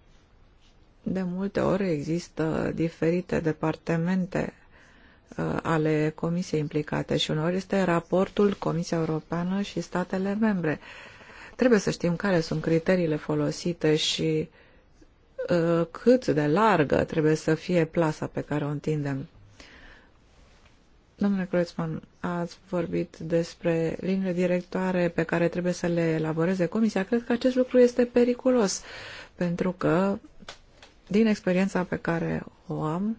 De multe ori există diferite departamente uh, ale Comisiei implicate și uneori este raportul Comisia Europeană și statele membre. Trebuie să știm care sunt criteriile folosite și uh, cât de largă trebuie să fie plasa pe care o întindem. Domnule Croțman, ați vorbit despre linile directoare pe care trebuie să le elaboreze Comisia. Cred că acest lucru este periculos, pentru că, din experiența pe care o am,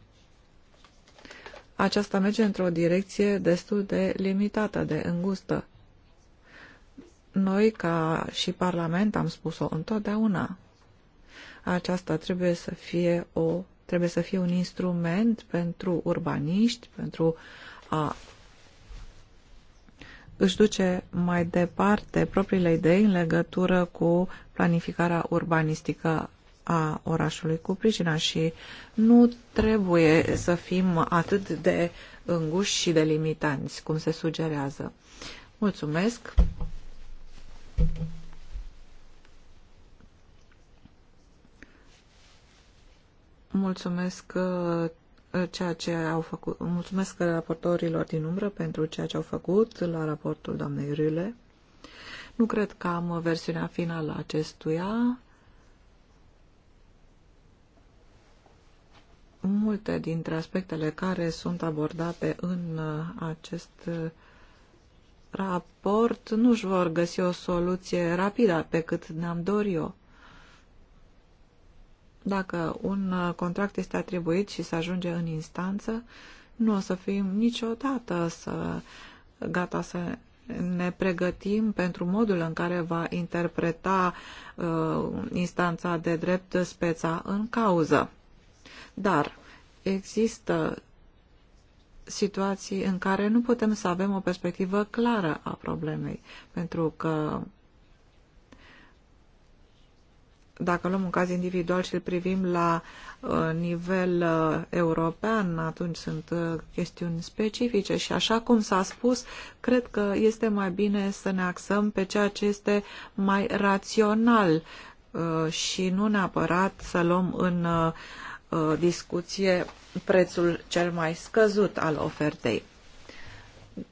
aceasta merge într-o direcție destul de limitată, de îngustă. Noi, ca și Parlament, am spus-o întotdeauna. Aceasta trebuie să fie o trebuie să fie un instrument pentru urbaniști, pentru a își duce mai departe propriile idei în legătură cu planificarea urbanistică a orașului cu pricina și nu trebuie să fim atât de înguși și de limitanți, cum se sugerează. Mulțumesc! Mulțumesc uh, Uh, ceea ce au făcut. Mulțumesc raportorilor din umbră pentru ceea ce au făcut la raportul doamnei Rile. Nu cred că am versiunea finală a acestuia. Multe dintre aspectele care sunt abordate în uh, acest uh, raport nu-și vor găsi o soluție rapidă pe cât ne-am dorit eu dacă un uh, contract este atribuit și se ajunge în instanță, nu o să fim niciodată să, gata să ne pregătim pentru modul în care va interpreta uh, instanța de drept speța în cauză. Dar există situații în care nu putem să avem o perspectivă clară a problemei, pentru că dacă luăm un caz individual și îl privim la uh, nivel uh, european, atunci sunt uh, chestiuni specifice și așa cum s-a spus, cred că este mai bine să ne axăm pe ceea ce este mai rațional și nu neapărat să luăm în discuție prețul cel mai scăzut al ofertei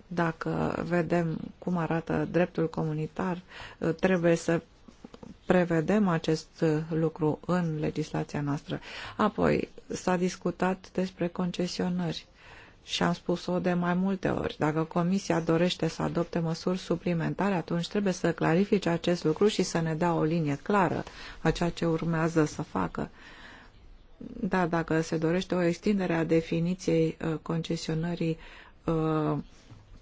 dacă vedem cum arată dreptul comunitar, trebuie să prevedem acest lucru în legislația noastră. Apoi, s-a discutat despre concesionări și am spus-o de mai multe ori. Dacă Comisia dorește să adopte măsuri suplimentare, atunci trebuie să clarifice acest lucru și să ne dea o linie clară a ceea ce urmează să facă. Da, dacă se dorește o extindere a definiției uh, concesionării uh,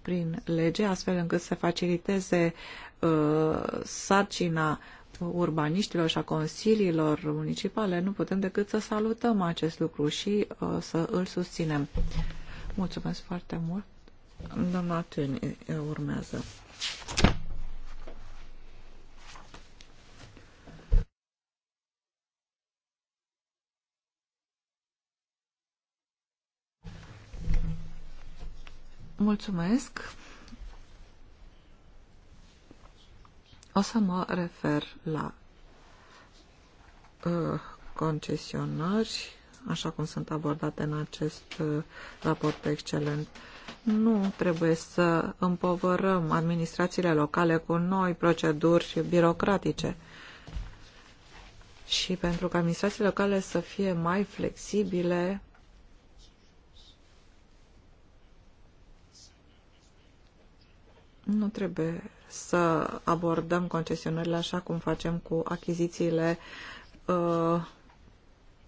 prin lege, astfel încât să faciliteze uh, sarcina urbaniștilor și a consiliilor municipale, nu putem decât să salutăm acest lucru și uh, să îl susținem. Mulțumesc foarte mult. Doamna Tâni uh, urmează. Mulțumesc. O să mă refer la uh, concesionări, așa cum sunt abordate în acest uh, raport excelent. Nu trebuie să împovărăm administrațiile locale cu noi proceduri birocratice. Și pentru că administrațiile locale să fie mai flexibile, nu trebuie să abordăm concesionările așa cum facem cu achizițiile uh,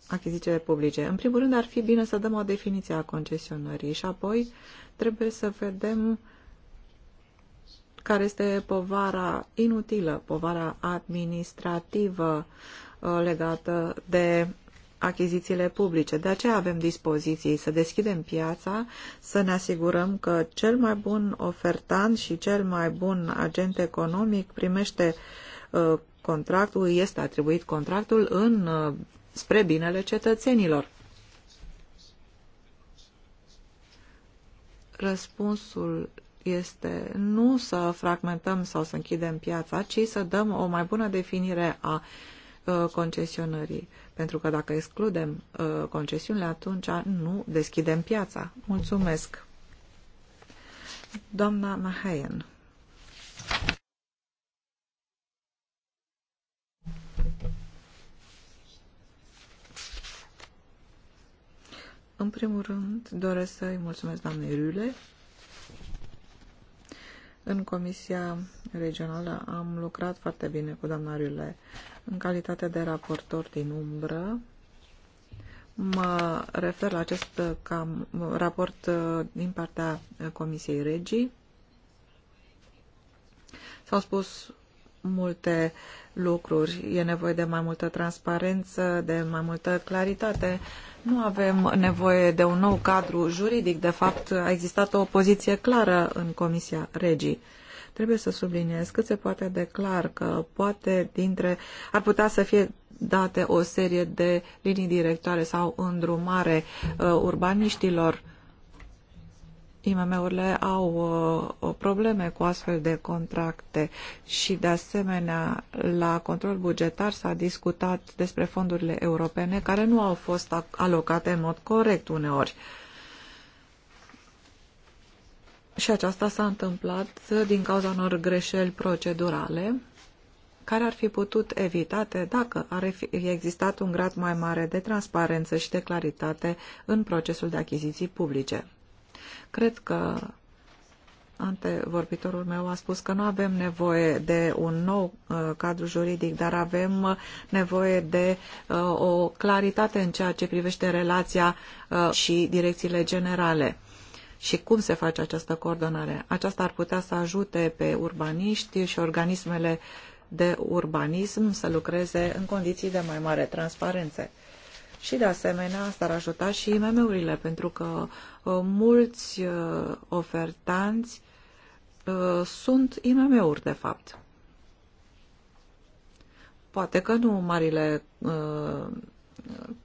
achizițiile publice. În primul rând, ar fi bine să dăm o definiție a concesionării și apoi trebuie să vedem care este povara inutilă, povara administrativă uh, legată de achizițiile publice. De aceea avem dispoziții să deschidem piața, să ne asigurăm că cel mai bun ofertant și cel mai bun agent economic primește uh, contractul, este atribuit contractul în, uh, spre binele cetățenilor. Răspunsul este nu să fragmentăm sau să închidem piața, ci să dăm o mai bună definire a uh, concesionării. Pentru că dacă excludem uh, concesiunile, atunci nu deschidem piața. Mulțumesc. Doamna Mahaien. În primul rând, doresc să-i mulțumesc doamnei Rule în Comisia Regională am lucrat foarte bine cu doamna Riule. În calitate de raportor din umbră, mă refer la acest cam, raport uh, din partea Comisiei Regii. S-au spus multe lucruri. E nevoie de mai multă transparență, de mai multă claritate. Nu avem nevoie de un nou cadru juridic. De fapt, a existat o poziție clară în Comisia Regii. Trebuie să subliniez cât se poate de clar că poate dintre... ar putea să fie date o serie de linii directoare sau îndrumare uh, urbaniștilor IMM-urile au uh, probleme cu astfel de contracte și, de asemenea, la control bugetar s-a discutat despre fondurile europene care nu au fost alocate în mod corect uneori. Și aceasta s-a întâmplat din cauza unor greșeli procedurale care ar fi putut evitate dacă ar fi existat un grad mai mare de transparență și de claritate în procesul de achiziții publice. Cred că antevorbitorul meu a spus că nu avem nevoie de un nou uh, cadru juridic, dar avem uh, nevoie de uh, o claritate în ceea ce privește relația uh, și direcțiile generale. Și cum se face această coordonare? Aceasta ar putea să ajute pe urbaniști și organismele de urbanism să lucreze în condiții de mai mare transparență. Și de asemenea, asta ar ajuta și IMM-urile, pentru că uh, mulți uh, ofertanți uh, sunt IMM-uri, de fapt. Poate că nu marile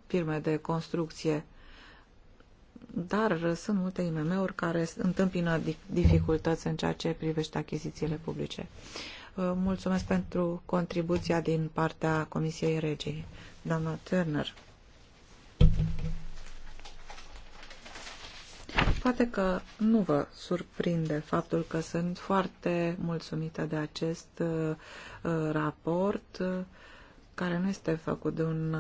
firme de construcție, dar sunt multe IMM-uri care întâmpină dificultăți în ceea ce privește achizițiile publice. Mulțumesc pentru contribuția din partea Comisiei Regii, doamna Turner. Poate că nu vă surprinde faptul că sunt foarte mulțumită de acest uh, raport, uh, care nu este făcut de un,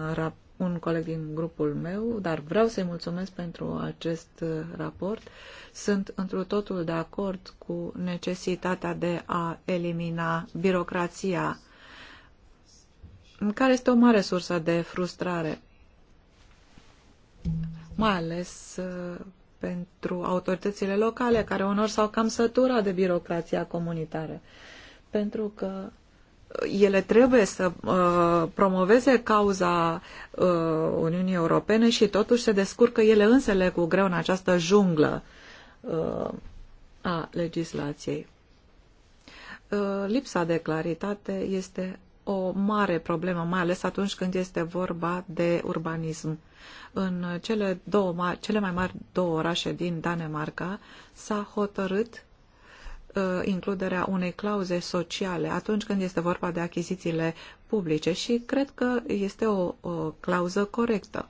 un coleg din grupul meu, dar vreau să-i mulțumesc pentru acest uh, raport. Sunt întru totul de acord cu necesitatea de a elimina birocrația, care este o mare sursă de frustrare mai ales uh, pentru autoritățile locale, care unor s-au cam săturat de birocrația comunitară. Pentru că uh, ele trebuie să uh, promoveze cauza uh, Uniunii Europene și totuși se descurcă ele însele cu greu în această junglă uh, a legislației. Uh, lipsa de claritate este o mare problemă, mai ales atunci când este vorba de urbanism. În cele, două cele mai mari două orașe din Danemarca s-a hotărât uh, includerea unei clauze sociale atunci când este vorba de achizițiile publice și cred că este o, o clauză corectă.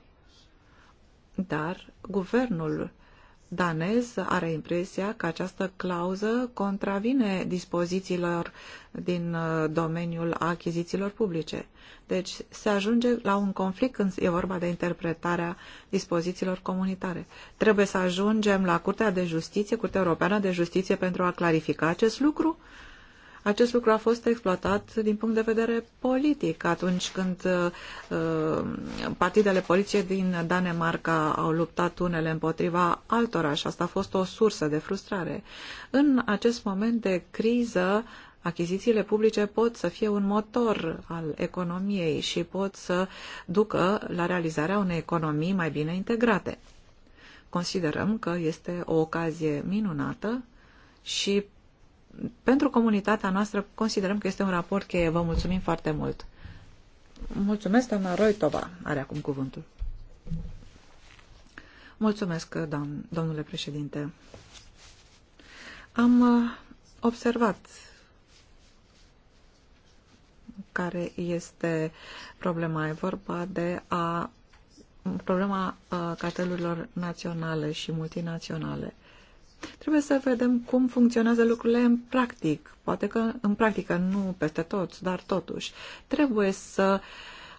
Dar guvernul uh, danez are impresia că această clauză contravine dispozițiilor din uh, domeniul achizițiilor publice. Deci se ajunge la un conflict când e vorba de interpretarea dispozițiilor comunitare. Trebuie să ajungem la Curtea de Justiție, Curtea Europeană de Justiție pentru a clarifica acest lucru acest lucru a fost exploatat din punct de vedere politic atunci când uh, partidele politice din Danemarca au luptat unele împotriva altora și asta a fost o sursă de frustrare. În acest moment de criză, achizițiile publice pot să fie un motor al economiei și pot să ducă la realizarea unei economii mai bine integrate. Considerăm că este o ocazie minunată și pentru comunitatea noastră considerăm că este un raport cheie. Vă mulțumim foarte mult. Mulțumesc, doamna Roitova. Are acum cuvântul. Mulțumesc, doam, domnule președinte. Am uh, observat care este problema. E vorba de a problema uh, cartelurilor naționale și multinaționale. Trebuie să vedem cum funcționează lucrurile în practic. Poate că în practică nu peste tot, dar totuși. Trebuie să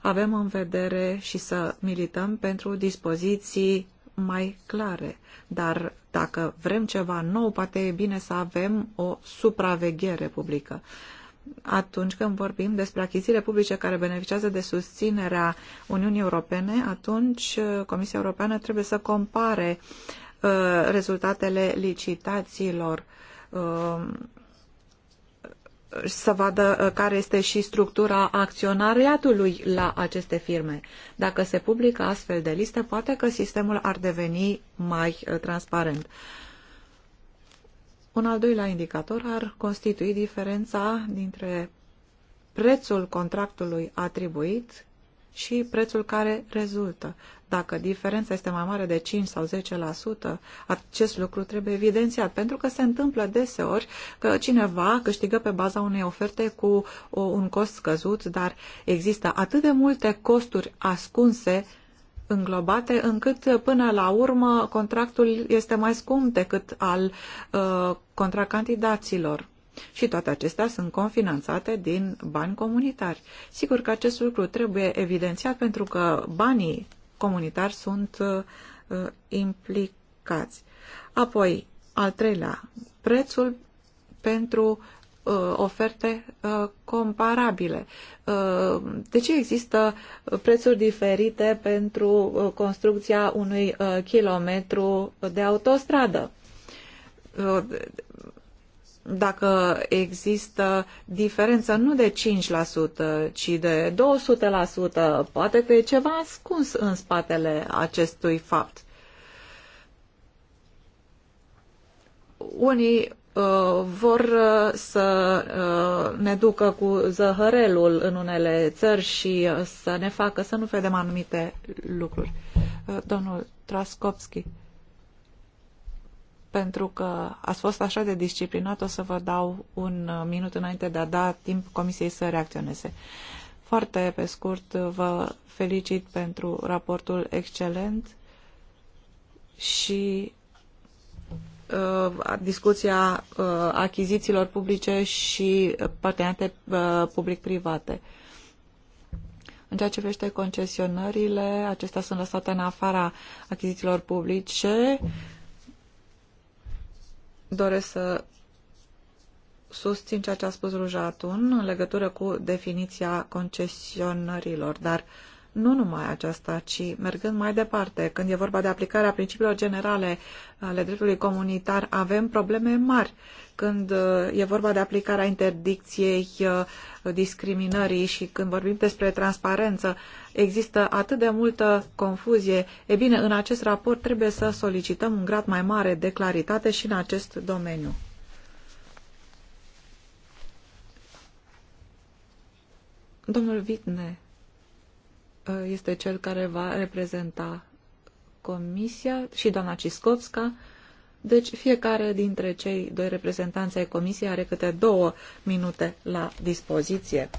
avem în vedere și să milităm pentru dispoziții mai clare. Dar dacă vrem ceva nou, poate e bine să avem o supraveghere publică. Atunci când vorbim despre achizițiile publice care beneficiază de susținerea Uniunii Europene, atunci Comisia Europeană trebuie să compare Uh, rezultatele licitațiilor uh, să vadă uh, care este și structura acționariatului la aceste firme. Dacă se publică astfel de liste, poate că sistemul ar deveni mai transparent. Un al doilea indicator ar constitui diferența dintre prețul contractului atribuit și prețul care rezultă. Dacă diferența este mai mare de 5 sau 10%, acest lucru trebuie evidențiat, pentru că se întâmplă deseori că cineva câștigă pe baza unei oferte cu un cost scăzut, dar există atât de multe costuri ascunse înglobate, încât până la urmă contractul este mai scump decât al uh, contracandidaților. Și toate acestea sunt confinanțate din bani comunitari. Sigur că acest lucru trebuie evidențiat pentru că banii comunitari sunt uh, uh, implicați. Apoi, al treilea, prețul pentru uh, oferte uh, comparabile. Uh, de ce există prețuri diferite pentru uh, construcția unui uh, kilometru de autostradă? Uh, dacă există diferență nu de 5%, ci de 200%, poate că e ceva ascuns în spatele acestui fapt. Unii uh, vor uh, să uh, ne ducă cu zăhărelul în unele țări și uh, să ne facă să nu vedem anumite lucruri. Uh, domnul Uh, pentru că ați fost așa de disciplinat, o să vă dau un uh, minut înainte de a da timp Comisiei să reacționeze. Foarte pe scurt, uh, vă felicit pentru raportul excelent și uh, discuția uh, achizițiilor publice și uh, parteneriate uh, public-private. În ceea ce privește concesionările, acestea sunt lăsate în afara achizițiilor publice. Uh, doresc să susțin ceea ce a spus Ruja Atun în legătură cu definiția concesionărilor, dar uh, nu numai aceasta, ci mergând mai departe, când e vorba de aplicarea principiilor generale ale dreptului comunitar, avem probleme mari. Când uh, e vorba de aplicarea interdicției, uh, discriminării și când vorbim despre transparență, există atât de multă confuzie. E bine, în acest raport trebuie să solicităm un grad mai mare de claritate și în acest domeniu. Domnul Vitne Ă, este cel care va reprezenta Comisia și doamna Ciscovska. Deci fiecare dintre cei doi reprezentanți ai Comisiei are câte două minute la dispoziție,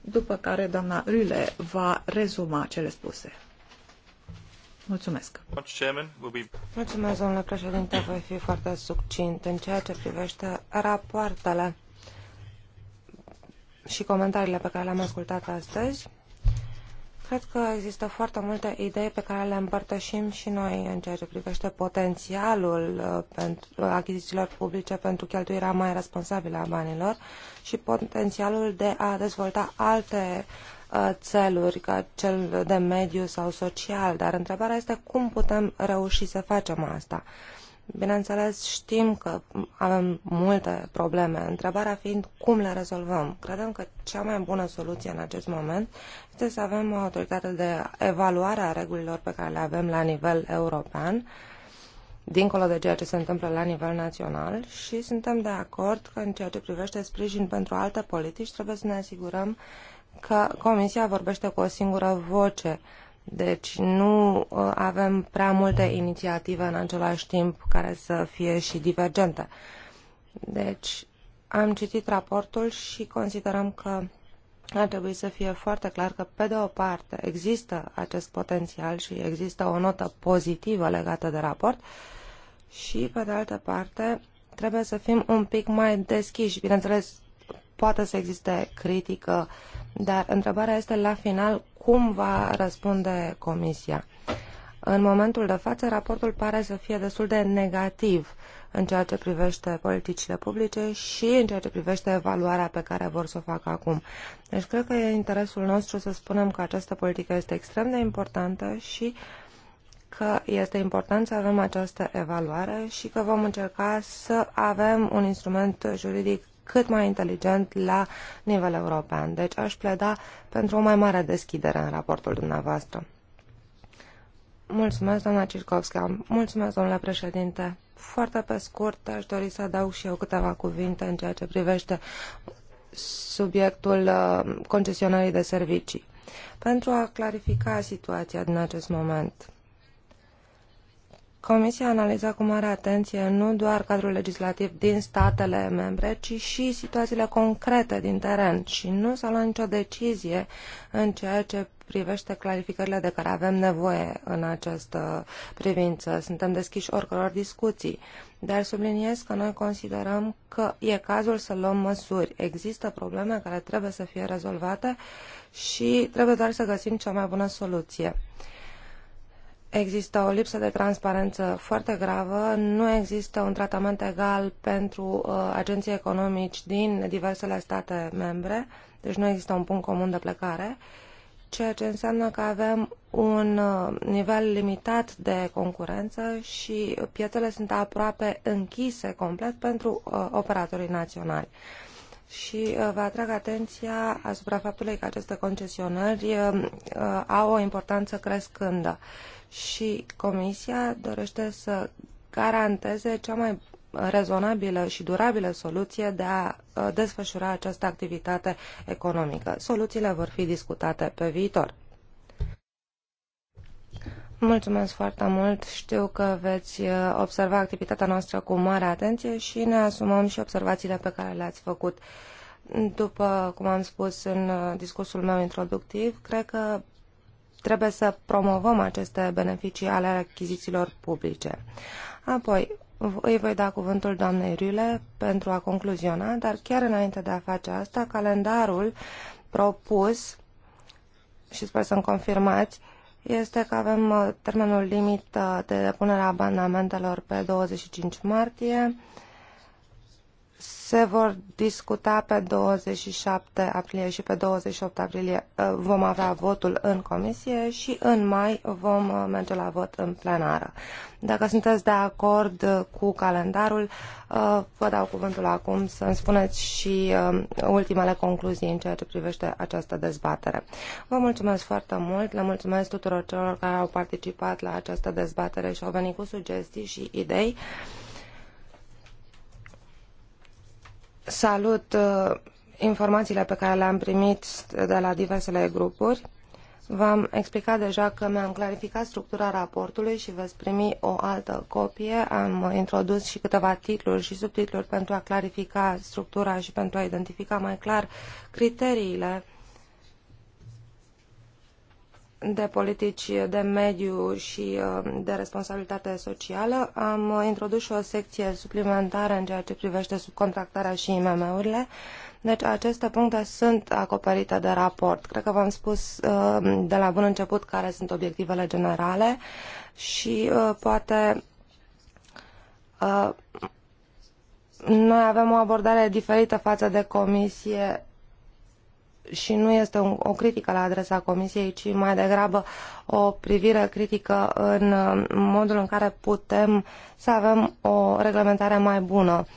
după care doamna Rüle va rezuma cele spuse. Mulțumesc. Mulțumesc, domnule președinte, voi fi foarte succint în ceea ce privește rapoartele și comentariile pe care le-am ascultat astăzi. Cred că există foarte multe idei pe care le împărtășim și noi în ceea ce privește potențialul uh, pentru uh, achizițiilor publice pentru cheltuirea mai responsabilă a banilor și potențialul de a dezvolta alte uh, țeluri ca cel de mediu sau social, dar întrebarea este cum putem reuși să facem asta. Bineînțeles, știm că avem multe probleme, întrebarea fiind cum le rezolvăm. Credem că cea mai bună soluție în acest moment este să avem o autoritate de evaluare a regulilor pe care le avem la nivel european, dincolo de ceea ce se întâmplă la nivel național și suntem de acord că în ceea ce privește sprijin pentru alte politici trebuie să ne asigurăm că Comisia vorbește cu o singură voce uh, deci nu uh, avem prea multe inițiative în același timp care să fie și divergente. Deci am citit raportul și considerăm că ar trebui să fie foarte clar că, pe de o parte, există acest potențial și există o notă pozitivă legată de raport și, pe de altă parte, trebuie să fim un pic mai deschiși. Bineînțeles, poate să existe critică, dar întrebarea este la final cum va răspunde Comisia. În momentul de față, raportul pare să fie destul de negativ în ceea ce privește politicile publice și în ceea ce privește evaluarea pe care vor să o facă acum. Deci cred că e interesul nostru să spunem că această politică este extrem de importantă și că este important să avem această evaluare și că vom încerca să avem un instrument juridic cât mai inteligent la nivel european. Deci aș pleda pentru o mai mare deschidere în raportul dumneavoastră. Mulțumesc, doamna Circovska. Mulțumesc, domnule președinte. Foarte pe scurt, aș dori să adaug și eu câteva cuvinte în ceea ce privește subiectul uh, concesionării de servicii. Pentru a clarifica situația din acest moment, Comisia analiza cu mare atenție nu doar cadrul legislativ din statele membre, ci și situațiile concrete din teren și nu s-a luat nicio decizie în ceea ce privește clarificările de care avem nevoie în această privință. Suntem deschiși oricăror discuții, dar subliniez că noi considerăm că e cazul să luăm măsuri. Există probleme care trebuie să fie rezolvate și trebuie doar să găsim cea mai bună soluție există o lipsă de transparență foarte gravă, nu există un tratament egal pentru uh, agenții economici din diversele state membre, deci nu există un punct comun de plecare, ceea ce înseamnă că avem un uh, nivel limitat de concurență și piețele sunt aproape închise complet pentru uh, operatorii naționali și uh, vă atrag atenția asupra faptului că aceste concesionări uh, uh, au o importanță crescândă și Comisia dorește să garanteze cea mai rezonabilă și durabilă soluție de a uh, desfășura această activitate economică. Soluțiile vor fi discutate pe viitor. Mulțumesc foarte mult. Știu că veți uh, observa activitatea noastră cu mare atenție și ne asumăm și observațiile pe care le-ați făcut. După cum am spus în uh, discursul meu introductiv, cred că trebuie să promovăm aceste beneficii ale achizițiilor publice. Apoi, îi voi da cuvântul doamnei Rüle pentru a concluziona, dar chiar înainte de a face asta, calendarul propus, și sper să-mi confirmați, este că avem uh, termenul limit uh, de punere a amendamentelor pe 25 martie, se vor discuta pe 27 aprilie și pe 28 aprilie uh, vom avea votul în comisie și în mai vom uh, merge la vot în plenară. Dacă sunteți de acord uh, cu calendarul, vă dau cuvântul acum să îmi spuneți și ultimele concluzii în ceea ce privește această dezbatere. Vă mulțumesc foarte mult, le mulțumesc tuturor celor care au participat la această dezbatere și au venit cu sugestii și idei. Salut uh, informațiile pe care le-am primit de la diversele grupuri. V-am explicat deja că mi-am clarificat structura raportului și veți primi o altă copie. Am introdus și câteva titluri și subtitluri pentru a clarifica structura și pentru a identifica mai clar criteriile de politici de mediu și uh, de responsabilitate socială, am introdus și o secție suplimentară în ceea ce privește subcontractarea și IMM-urile. Deci aceste puncte sunt acoperite de raport. Cred că v-am spus uh, de la bun început care sunt obiectivele generale și uh, poate noi avem o abordare diferită față de comisie și nu este un, o critică la adresa Comisiei, ci mai degrabă o privire critică în uh, modul în care putem să avem o reglementare mai bună. Uh,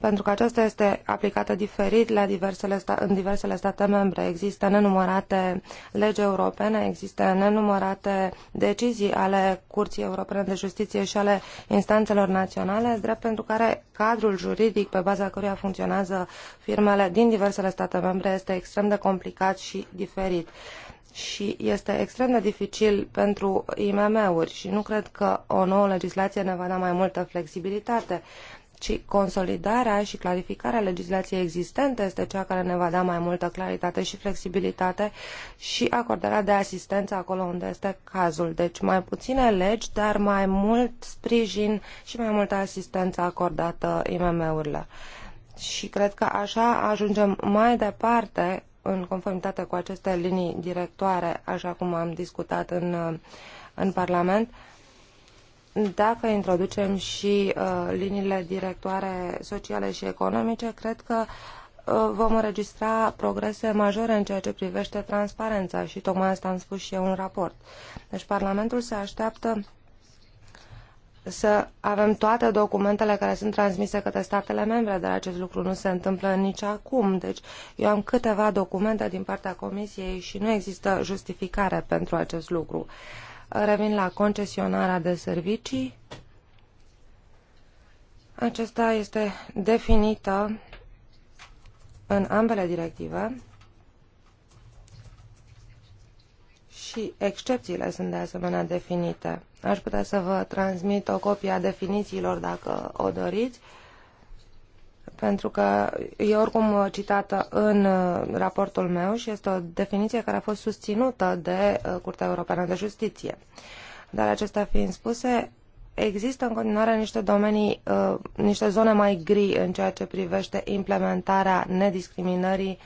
pentru că aceasta este aplicată diferit la diversele sta- în diversele state membre. Există nenumărate legi europene, există nenumărate decizii ale Curții Europene de Justiție și ale instanțelor naționale, drept pentru care cadrul juridic pe baza căruia funcționează firmele din diversele state membre este extrem de complicat și diferit și este extrem de dificil pentru IMM-uri și nu cred că o nouă legislație ne va da mai multă flexibilitate ci consolidarea și clarificarea legislației existente este cea care ne va da mai multă claritate și flexibilitate și acordarea de asistență acolo unde este cazul. Deci mai puține legi, dar mai mult sprijin și mai multă asistență acordată IMM-urilor. Și cred că așa ajungem mai departe în conformitate cu aceste linii directoare, așa cum am discutat în, în Parlament, uh, dacă introducem și uh, liniile directoare sociale și economice, cred că uh, vom înregistra progrese majore în ceea ce privește transparența și tocmai asta am spus și eu în raport. Deci Parlamentul se așteaptă să avem toate documentele care sunt transmise către statele membre, dar acest lucru nu se întâmplă nici acum. Deci eu am câteva documente din partea Comisiei și nu există justificare pentru acest lucru. Uh, Revin la concesionarea de servicii. Acesta este definită în ambele directive și excepțiile sunt de asemenea definite. Aș putea să vă transmit o copie a definițiilor dacă o doriți pentru că e oricum citată în uh, raportul meu și este o definiție care a fost susținută de uh, Curtea Europeană de Justiție. Dar acestea fiind spuse, există în continuare niște domenii, uh, niște zone mai gri în ceea ce privește implementarea nediscriminării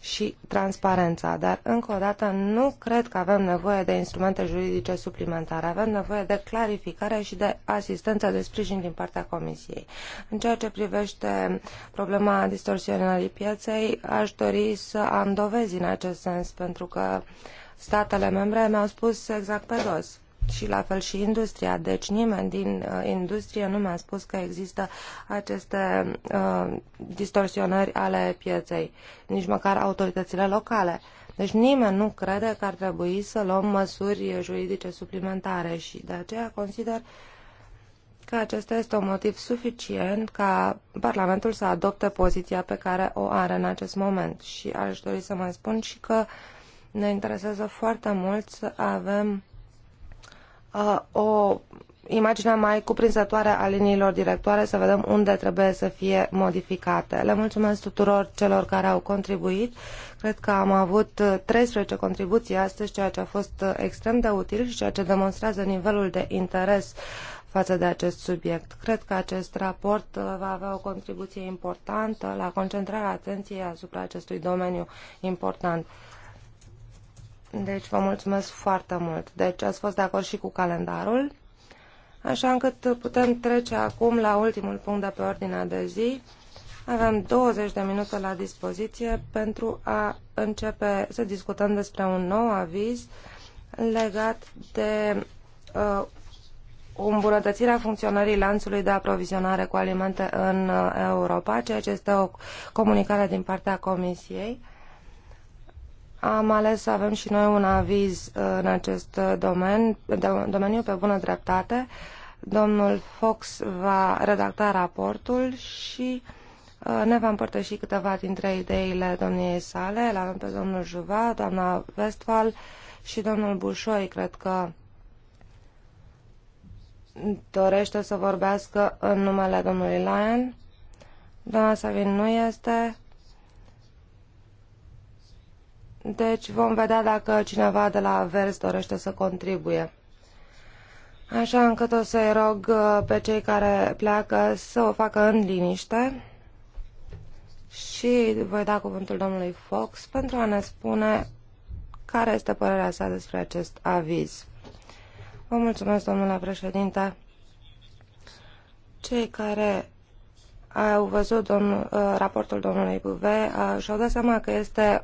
și transparența, dar încă o dată nu cred că avem nevoie de instrumente juridice suplimentare, avem nevoie de clarificare și de asistență de sprijin din partea Comisiei. În ceea ce privește problema distorsionării pieței, aș dori să am dovezi în acest sens, pentru că statele membre mi-au spus exact pe dos și la fel și industria. Deci nimeni din uh, industrie nu mi-a spus că există aceste uh, distorsionări ale pieței, nici măcar autoritățile locale. Deci nimeni nu crede că ar trebui să luăm măsuri juridice suplimentare și de aceea consider că acesta este un motiv suficient ca Parlamentul să adopte poziția pe care o are în acest moment. Și aș dori să mai spun și că ne interesează foarte mult să avem Uh, o imagine mai cuprinzătoare a liniilor directoare, să vedem unde trebuie să fie modificate. Le mulțumesc tuturor celor care au contribuit. Cred că am avut 13 contribuții astăzi, ceea ce a fost extrem de util și ceea ce demonstrează nivelul de interes față de acest subiect. Cred că acest raport uh, va avea o contribuție importantă la concentrarea atenției asupra acestui domeniu important. Deci vă mulțumesc foarte mult. Deci ați fost de acord și cu calendarul, așa încât putem trece acum la ultimul punct de pe ordinea de zi. Avem 20 de minute la dispoziție pentru a începe să discutăm despre un nou aviz legat de uh, îmbunătățirea funcționării lanțului de aprovizionare cu alimente în uh, Europa, ceea ce este o comunicare din partea Comisiei am ales să avem și noi un aviz uh, în acest uh, domeniu, domeniu pe bună dreptate. Domnul Fox va redacta raportul și uh, ne va împărtăși câteva dintre ideile domniei sale. La avem pe domnul Juva, doamna Westphal și domnul Bușoi, cred că dorește să vorbească în numele domnului Lyon. Doamna Savin nu este. Deci vom vedea dacă cineva de la Vers dorește să contribuie. Așa încât o să-i rog uh, pe cei care pleacă să o facă în liniște și voi da cuvântul domnului Fox pentru a ne spune care este părerea sa despre acest aviz. Vă mulțumesc, domnule președinte. Cei care au văzut domn, uh, raportul domnului Buve uh, și-au dat seama că este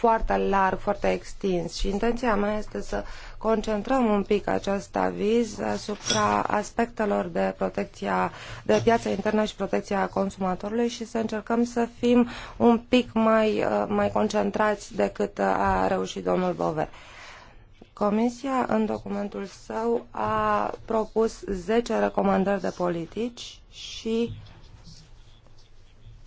foarte larg, foarte extins și intenția mea este să concentrăm un pic acest aviz asupra aspectelor de protecția de piața internă și protecția consumatorului și să încercăm să fim un pic mai, uh, mai concentrați decât a reușit domnul Bover. Comisia, în documentul său, a propus 10 recomandări de politici și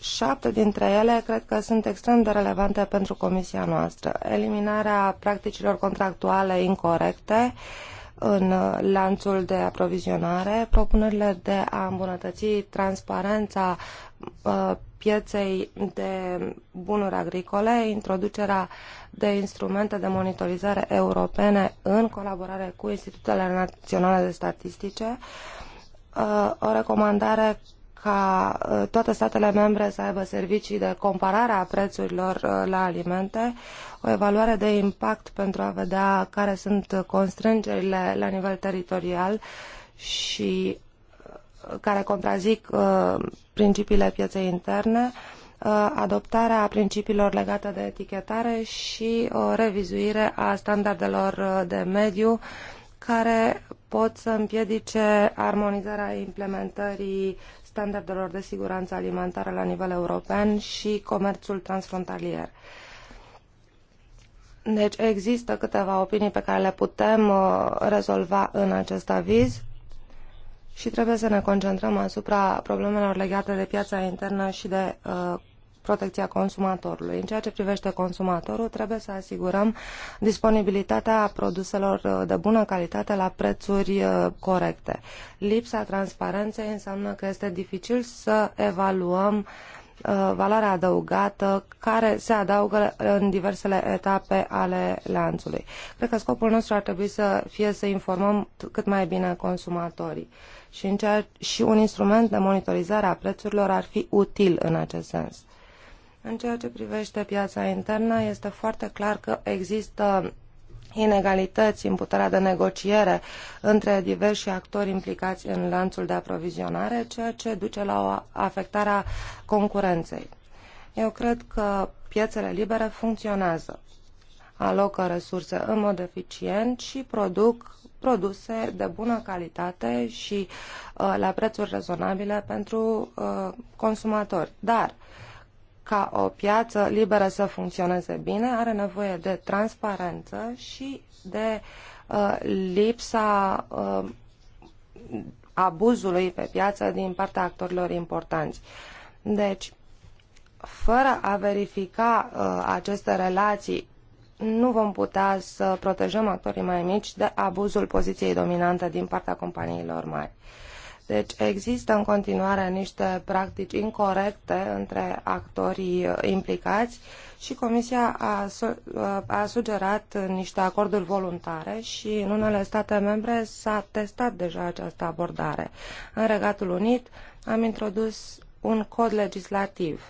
șapte dintre ele cred că sunt extrem de relevante pentru comisia noastră. Eliminarea practicilor contractuale incorrecte în uh, lanțul de aprovizionare, propunerile de a îmbunătăți transparența uh, pieței de bunuri agricole, introducerea de instrumente de monitorizare europene în colaborare cu institutele naționale de statistice, uh, o recomandare ca uh, toate statele membre să aibă servicii de comparare a prețurilor uh, la alimente, o evaluare de impact pentru a vedea care sunt constrângerile la nivel teritorial și uh, care contrazic principiile pieței interne, adoptarea principiilor legate de etichetare și o revizuire a standardelor de mediu care pot să împiedice armonizarea implementării standardelor de siguranță alimentară la nivel european și comerțul transfrontalier. Deci există câteva opinii pe care le putem uh, rezolva în acest aviz și trebuie să ne concentrăm asupra problemelor legate de piața internă și de uh, protecția consumatorului. În ceea ce privește consumatorul, trebuie să asigurăm disponibilitatea produselor uh, de bună calitate la prețuri uh, corecte. Lipsa transparenței înseamnă că este dificil să evaluăm uh, valoarea adăugată care se adaugă în diversele etape ale lanțului. Cred că scopul nostru ar trebui să fie să informăm cât mai bine consumatorii și, în și un instrument de monitorizare a prețurilor ar fi util în acest sens. În ceea ce privește piața internă, este foarte clar că există inegalități în puterea de negociere între diversi actori implicați în lanțul de aprovizionare, ceea ce duce la o afectare a concurenței. Eu cred că piețele libere funcționează, alocă resurse în mod eficient și produc produse de bună calitate și uh, la prețuri rezonabile pentru uh, consumatori. Dar uh, ca o piață liberă să funcționeze bine, are nevoie de transparență și de uh, lipsa uh, abuzului pe piață din partea actorilor importanți. Deci, fără a verifica uh, aceste relații, nu vom putea să protejăm actorii mai mici de abuzul poziției dominante din partea companiilor mari. Uh, deci există în continuare niște practici incorrecte între actorii implicați și Comisia a, a sugerat niște acorduri voluntare și în unele state membre s-a testat deja această abordare. În Regatul Unit am introdus un cod legislativ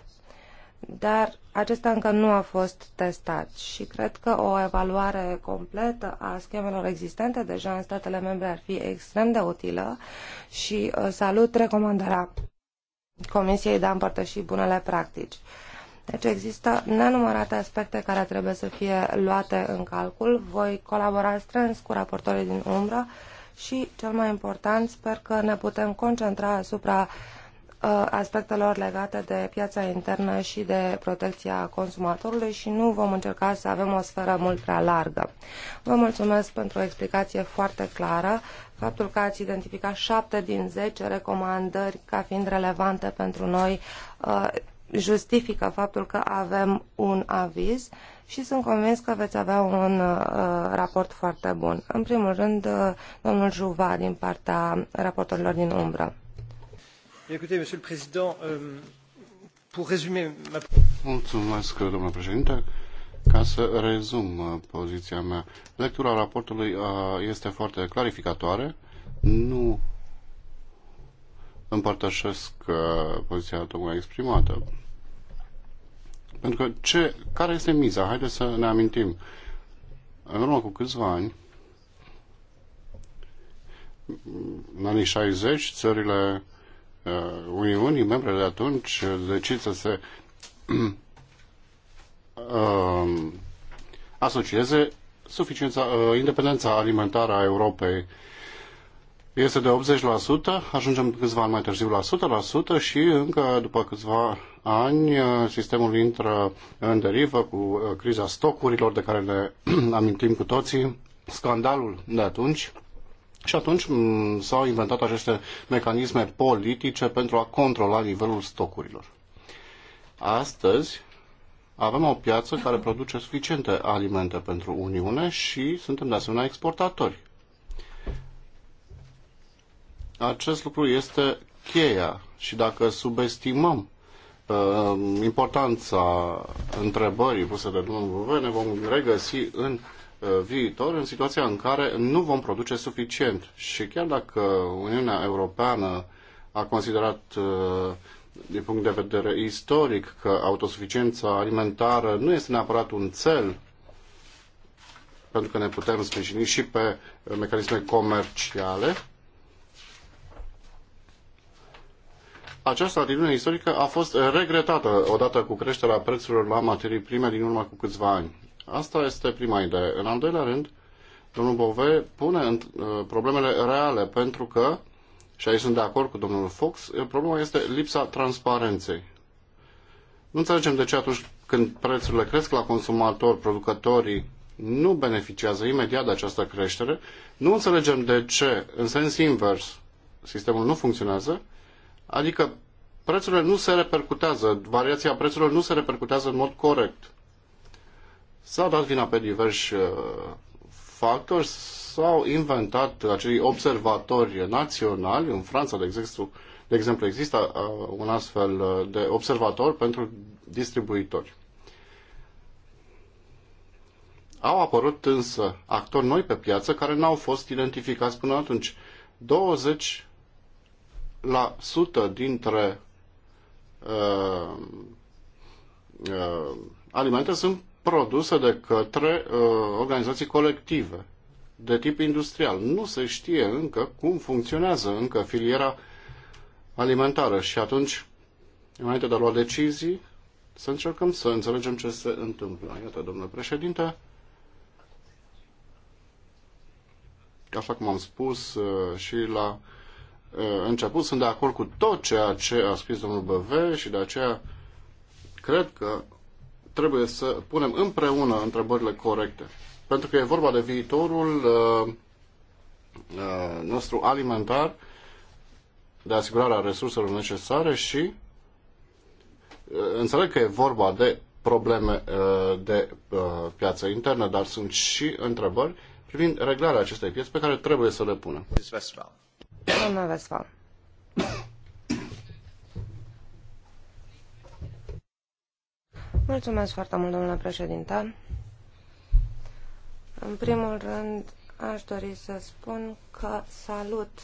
dar acesta încă nu a fost testat și cred că o evaluare completă a schemelor existente deja în statele membre ar fi extrem de utilă și uh, salut recomandarea Comisiei de a împărtăși bunele practici. Deci există nenumărate aspecte care trebuie să fie luate în calcul. Voi colabora strâns cu raportorii din umbră și, cel mai important, sper că ne putem concentra asupra uh, Uh, aspectelor legate de piața internă și de protecția consumatorului și nu vom încerca să avem o sferă mult prea largă. Vă mulțumesc pentru o explicație foarte clară. Faptul că ați identificat 7 din 10 recomandări ca fiind relevante pentru noi uh, justifică faptul că avem un aviz și sunt convins că veți avea un uh, raport foarte bun. În primul rând, uh, domnul Juva din partea raportorilor din umbră. Écoutez, Monsieur le Président, euh, pour résumer ma... Mulțumesc, domnule președinte. Ca să rezum uh, poziția mea, lectura raportului uh, este foarte clarificatoare. Nu împărtășesc uh, poziția tocmai exprimată. Pentru că ce, care este miza? Haideți să ne amintim. În urmă cu câțiva ani, în anii 60, țările Uh, Uniunii, membre de atunci uh, decid să se um, asocieze suficiența, uh, independența alimentară a Europei este de 80%, ajungem câțiva ani mai târziu la 100% și încă după câțiva ani sistemul intră în derivă cu criza stocurilor de care ne amintim cu toții, scandalul de atunci și atunci mm, s-au inventat aceste mecanisme politice pentru a controla nivelul stocurilor. Astăzi avem o piață care produce suficiente alimente pentru Uniune și suntem de asemenea exportatori. Acest lucru este cheia și dacă subestimăm uh, importanța întrebării puse de domnul Buve, ne vom regăsi în uh, Uh, viitor în situația în care nu vom produce suficient. Și chiar dacă Uniunea Europeană a considerat uh, din punct de vedere istoric că autosuficiența alimentară nu este neapărat un cel pentru că ne putem sprijini și pe mecanisme comerciale. Această atitudine istorică a fost regretată odată cu creșterea prețurilor la materii prime din urmă cu câțiva ani. Asta este prima idee. În al doilea rând, domnul Bove pune uh, problemele reale, pentru că, și aici sunt de acord cu domnul Fox, problema este lipsa transparenței. Nu înțelegem de ce atunci când prețurile cresc la consumator, producătorii nu beneficiază imediat de această creștere, nu înțelegem de ce, în sens invers, sistemul nu funcționează, adică prețurile nu se repercutează, variația prețurilor nu se repercutează în mod corect s au dat vina pe diversi uh, factori, s-au inventat acei observatori naționali. În Franța, de exemplu, de exemplu există uh, un astfel uh, de observator pentru distribuitori. Au apărut însă actori noi pe piață care n-au fost identificați până atunci. 20 la sută dintre uh, uh, alimente sunt produse de către uh, organizații colective de tip industrial. Nu se știe încă cum funcționează încă filiera alimentară și atunci, înainte de a lua decizii, să încercăm să înțelegem ce se întâmplă. Iată, domnule președinte, așa cum am spus uh, și la uh, început, sunt de acord cu tot ceea ce a scris domnul Bv și de aceea cred că trebuie să punem împreună întrebările corecte. Pentru că e vorba de viitorul uh, uh, nostru alimentar, de asigurarea resurselor necesare și uh, înțeleg că e vorba de probleme de piață internă, dar sunt și întrebări privind reglarea acestei piețe pe care trebuie să le punem. Domnul Vesval. Mulțumesc foarte mult, domnule președinte. În primul rând, aș dori să spun că salut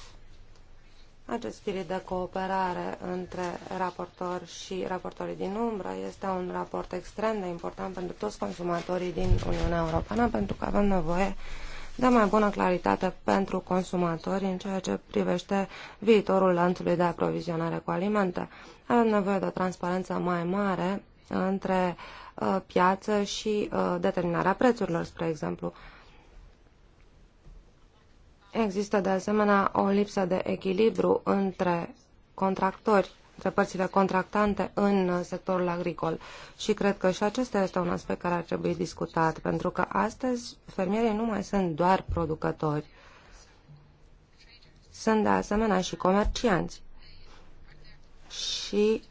acest spirit de cooperare între raportor și raportorii din umbră este un raport extrem de important pentru toți consumatorii din Uniunea Europeană, pentru că avem nevoie de mai bună claritate pentru consumatori în ceea ce privește viitorul lanțului de aprovizionare cu alimente. Avem nevoie de o transparență mai mare între uh, piață și uh, determinarea prețurilor, spre exemplu. Există de asemenea o lipsă de echilibru între contractori, între părțile contractante în uh, sectorul agricol. Și cred că și acesta este un aspect care ar trebui discutat, pentru că astăzi fermierii nu mai sunt doar producători. Sunt de asemenea și comercianți. Și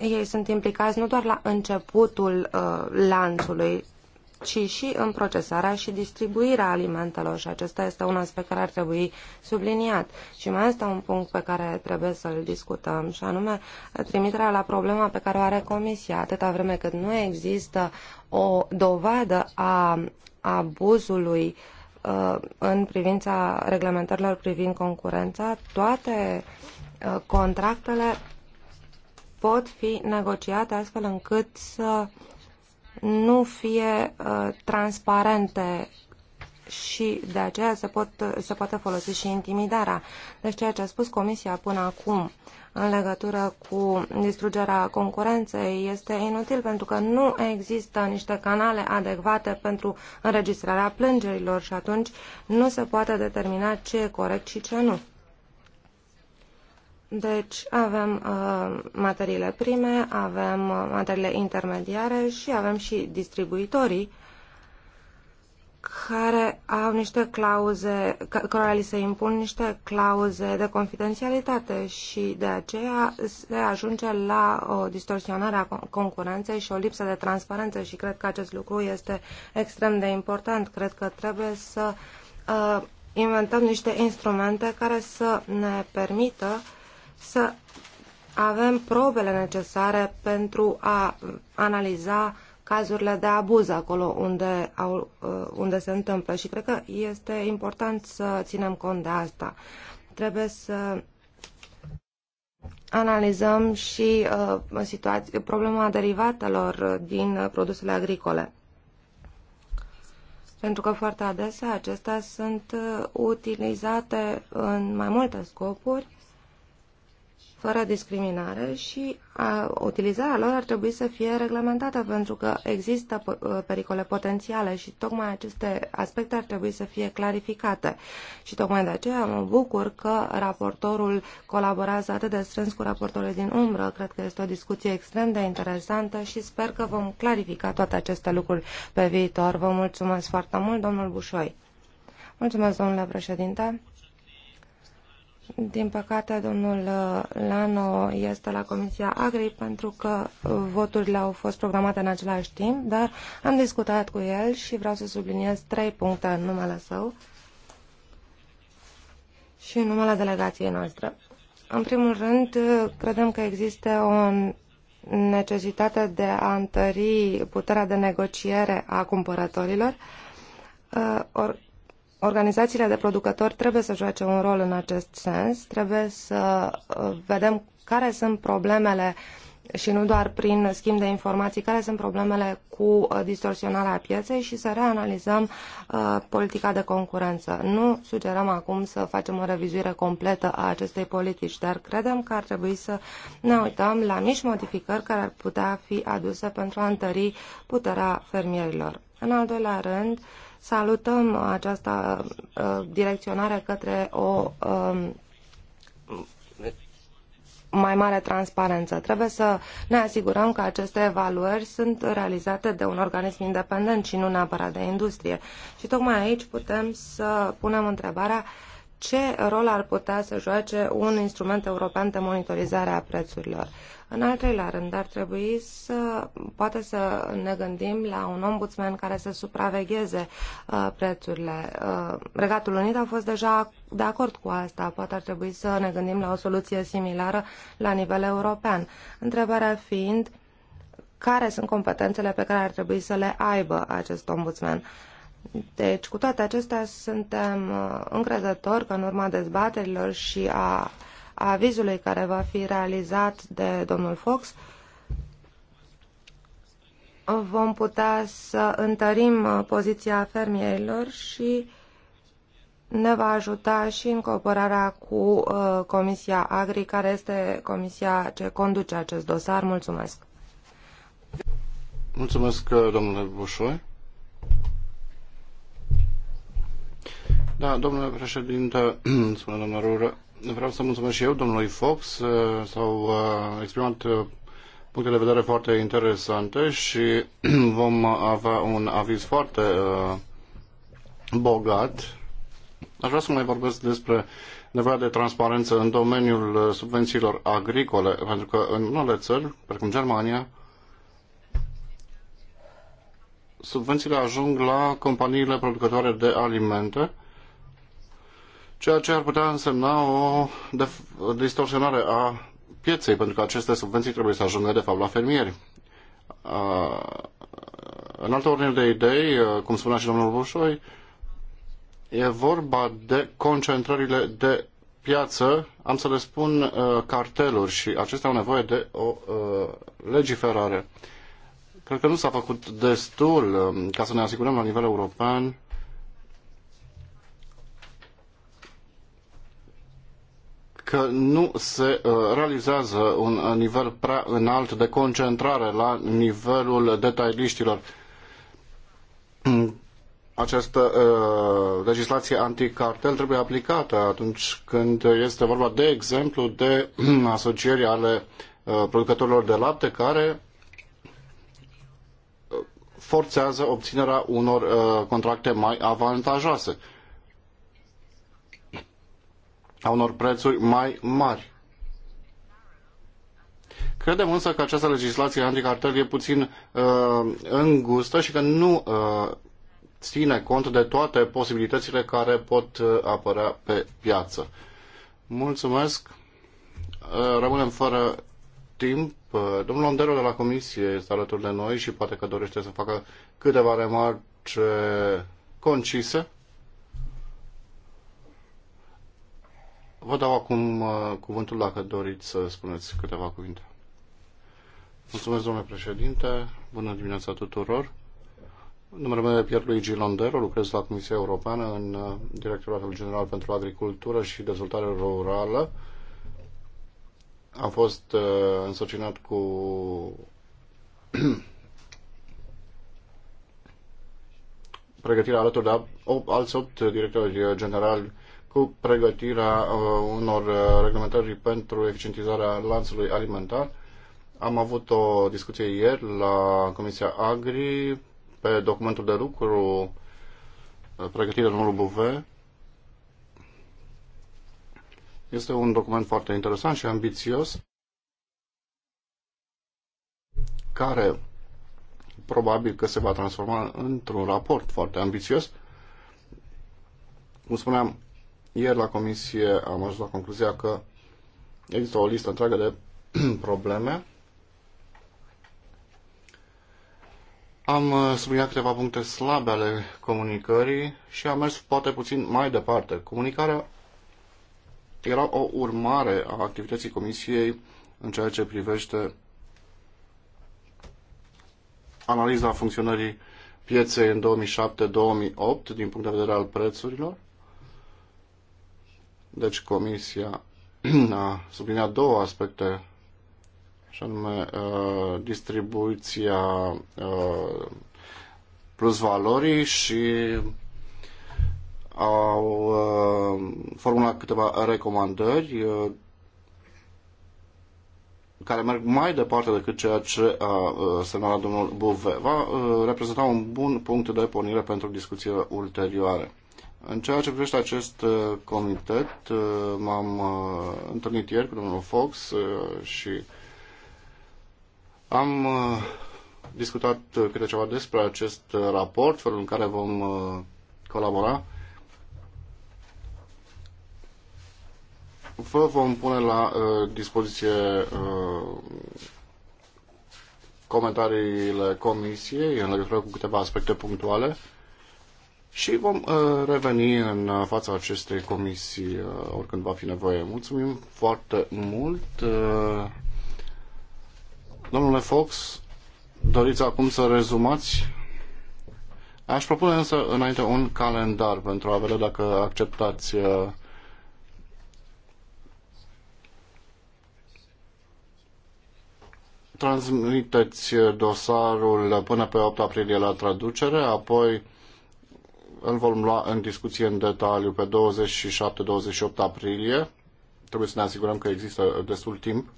ei sunt implicați nu doar la începutul uh, lanțului, ci și în procesarea și distribuirea alimentelor și acesta este un aspect care ar trebui subliniat. Și mai este un punct pe care trebuie să-l discutăm și anume trimiterea la problema pe care o are Comisia. Atâta vreme cât nu există o dovadă a abuzului uh, în privința reglementărilor privind concurența, toate uh, contractele pot fi negociate astfel încât să nu fie uh, transparente și de aceea se, pot, se poate folosi și intimidarea. Deci ceea ce a spus Comisia până acum în legătură cu distrugerea concurenței este inutil pentru că nu există niște canale adecvate pentru înregistrarea plângerilor și atunci nu se poate determina ce e corect și ce nu. Deci avem uh, materiile prime, avem uh, materiile intermediare și avem și distribuitorii care au niște clauze, care li se impun niște clauze de confidențialitate și de aceea se ajunge la o distorsionare a concurenței și o lipsă de transparență și cred că acest lucru este extrem de important. Cred că trebuie să uh, inventăm niște instrumente care să ne permită uh, să avem probele necesare pentru a analiza cazurile de abuz acolo unde, au, uh, unde se întâmplă și cred că este important să ținem cont de asta. Trebuie să analizăm și uh, situație, problema derivatelor din produsele agricole. Pentru că foarte adesea acestea sunt uh, utilizate în mai multe scopuri fără discriminare și a, utilizarea lor ar trebui să fie reglementată pentru că există uh, pericole potențiale și tocmai aceste aspecte ar trebui să fie clarificate. Și tocmai de aceea mă bucur că raportorul colaborează atât de strâns cu raportorul din umbră. Cred că este o discuție extrem de interesantă și sper că vom clarifica toate aceste lucruri pe viitor. Vă mulțumesc foarte mult, domnul Bușoi. Mulțumesc, domnule președinte. Din păcate, domnul uh, Lano este la Comisia Agri pentru că uh, voturile au fost programate în același timp, dar am discutat cu el și vreau să subliniez trei puncte în numele său și în numele delegației noastre. În primul rând, uh, credem că există o necesitate de a întări puterea de negociere a cumpărătorilor organizațiile de producători trebuie să joace un rol în acest sens, trebuie să uh, vedem care sunt problemele și nu doar prin schimb de informații, care sunt problemele cu uh, distorsionarea pieței și să reanalizăm uh, politica de concurență. Nu sugerăm acum să facem o revizuire completă a acestei politici, dar credem că ar trebui să ne uităm la mici modificări care ar putea fi aduse pentru a întări puterea fermierilor. În al doilea rând, uh, Salutăm această uh, direcționare către o uh, mai mare transparență. Trebuie să ne asigurăm că aceste evaluări sunt realizate de un organism independent și nu neapărat de industrie. Și tocmai aici putem să punem întrebarea uh, ce rol ar putea să joace un instrument european de monitorizare a prețurilor. În al treilea rând, ar trebui să poate să ne gândim la un ombudsman care să supravegheze uh, prețurile. Uh, Regatul Unit a fost deja de acord cu asta. Poate ar trebui să ne gândim la o soluție similară la nivel european. Întrebarea fiind care sunt competențele pe care ar trebui să le aibă acest ombudsman. Uh, deci, cu toate acestea, suntem uh, încrezători că în urma dezbaterilor și a avizului care va fi realizat de domnul Fox, vom putea să întărim uh, poziția fermierilor și ne va ajuta și în cooperarea cu uh, Comisia Agri, care este comisia ce conduce acest dosar. Mulțumesc! Mulțumesc, domnule Bușoi. Da, domnule președinte, spune doamna Rură, vreau să mulțumesc și eu domnului Fox. Uh, s-au uh, exprimat uh, puncte de vedere foarte interesante și vom avea un aviz foarte bogat. Aș vrea să mai vorbesc despre nevoia de transparență în domeniul subvențiilor agricole, pentru că în unele țări, precum Germania, subvențiile ajung la companiile producătoare de alimente ceea ce ar putea însemna o distorsionare a pieței, pentru că aceste subvenții trebuie să ajungă de fapt la fermieri. În altă ordine de idei, cum spunea și domnul Bușoi, e vorba de concentrările de piață, am să le spun carteluri și acestea au nevoie de o legiferare. Cred că nu s-a făcut destul ca să ne asigurăm la nivel european că nu se uh, realizează un uh, nivel prea înalt de concentrare la nivelul detailiștilor. Mm, această uh, legislație anticartel trebuie aplicată atunci când este vorba, de exemplu, de mm, asocieri ale uh, producătorilor de lapte care uh, forțează obținerea unor uh, contracte mai avantajoase. Uh, a unor prețuri mai mari. Credem însă că această legislație anticartel e puțin uh, îngustă și că nu uh, ține cont de toate posibilitățile care pot uh, apărea pe piață. Mulțumesc. Uh, rămânem fără timp. Uh, domnul Ondero de la Comisie este alături de noi și poate că dorește să facă câteva remarci concise. Vă dau acum uh, cuvântul dacă doriți să spuneți câteva cuvinte. Mulțumesc, domnule președinte. Bună dimineața tuturor. Numele meu e Luigi Londero, lucrez la Comisia Europeană în uh, Directoratul General pentru Agricultură și Dezvoltare Rurală. Am fost uh, însărcinat cu pregătirea alături de alți opt directori generali cu pregătirea uh, unor uh, reglementări pentru eficientizarea lanțului alimentar. Am avut o discuție ieri la Comisia Agri pe documentul de lucru uh, pregătirea domnului Buve. Este un document foarte interesant și ambițios care probabil că se va transforma într-un raport foarte ambițios. Cum spuneam, ieri la comisie am ajuns la concluzia că există o listă întreagă de probleme. Am uh, subliniat câteva puncte slabe ale comunicării și am mers poate puțin mai departe. Comunicarea era o urmare a activității comisiei în ceea ce privește analiza funcționării pieței în 2007-2008 din punct de vedere al prețurilor deci Comisia a subliniat două aspecte, și anume uh, distribuția uh, plus valorii și au uh, formulat câteva recomandări care merg mai departe decât ceea ce a semnalat domnul Buve. Va reprezenta un bun punct de pornire pentru discuțiile ulterioare. În ceea ce privește acest uh, comitet, uh, m-am uh, întâlnit ieri cu domnul Fox și am discutat câte ceva despre acest raport, felul în care vom colabora. Vă vom pune la dispoziție comentariile comisiei în legătură cu câteva aspecte punctuale și vom uh, reveni în fața acestei comisii uh, oricând va fi nevoie. Mulțumim foarte mult. Uh, domnule Fox, doriți acum să rezumați? Aș propune însă înainte un calendar pentru a vedea dacă acceptați transmiteți dosarul până pe 8 aprilie la traducere, apoi îl vom lua în discuție în detaliu pe 27-28 aprilie. Trebuie să ne asigurăm că există destul timp.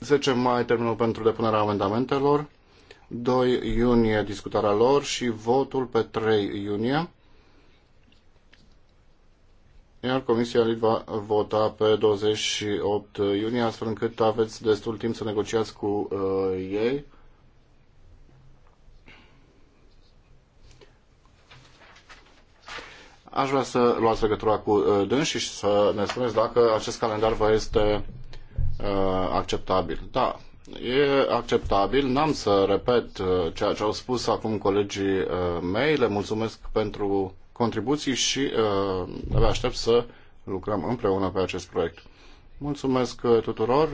10 mai terminul pentru depunerea amendamentelor, 2 iunie discutarea lor și votul pe 3 iunie. Iar Comisia va vota pe 28 iunie, astfel încât aveți destul timp să negociați cu uh, ei Aș vrea să luați legătura cu uh, dânsi și să ne spuneți dacă acest calendar vă este uh, acceptabil. Da, e acceptabil. N-am să repet uh, ceea ce au spus acum colegii mei. Le mulțumesc pentru contribuții și abia aștept să lucrăm împreună pe acest proiect. Mulțumesc tuturor.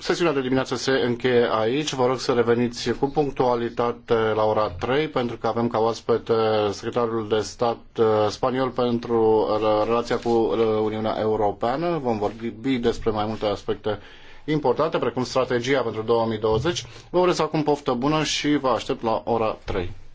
Sesiunea de dimineață se încheie aici. Vă rog să reveniți cu punctualitate la ora 3, pentru că avem ca oaspete secretarul de stat uh, spaniol pentru uh, relația cu uh, Uniunea Europeană. Vom vorbi despre mai multe aspecte importante, precum strategia pentru 2020. Vă urez acum poftă bună și vă aștept la ora 3.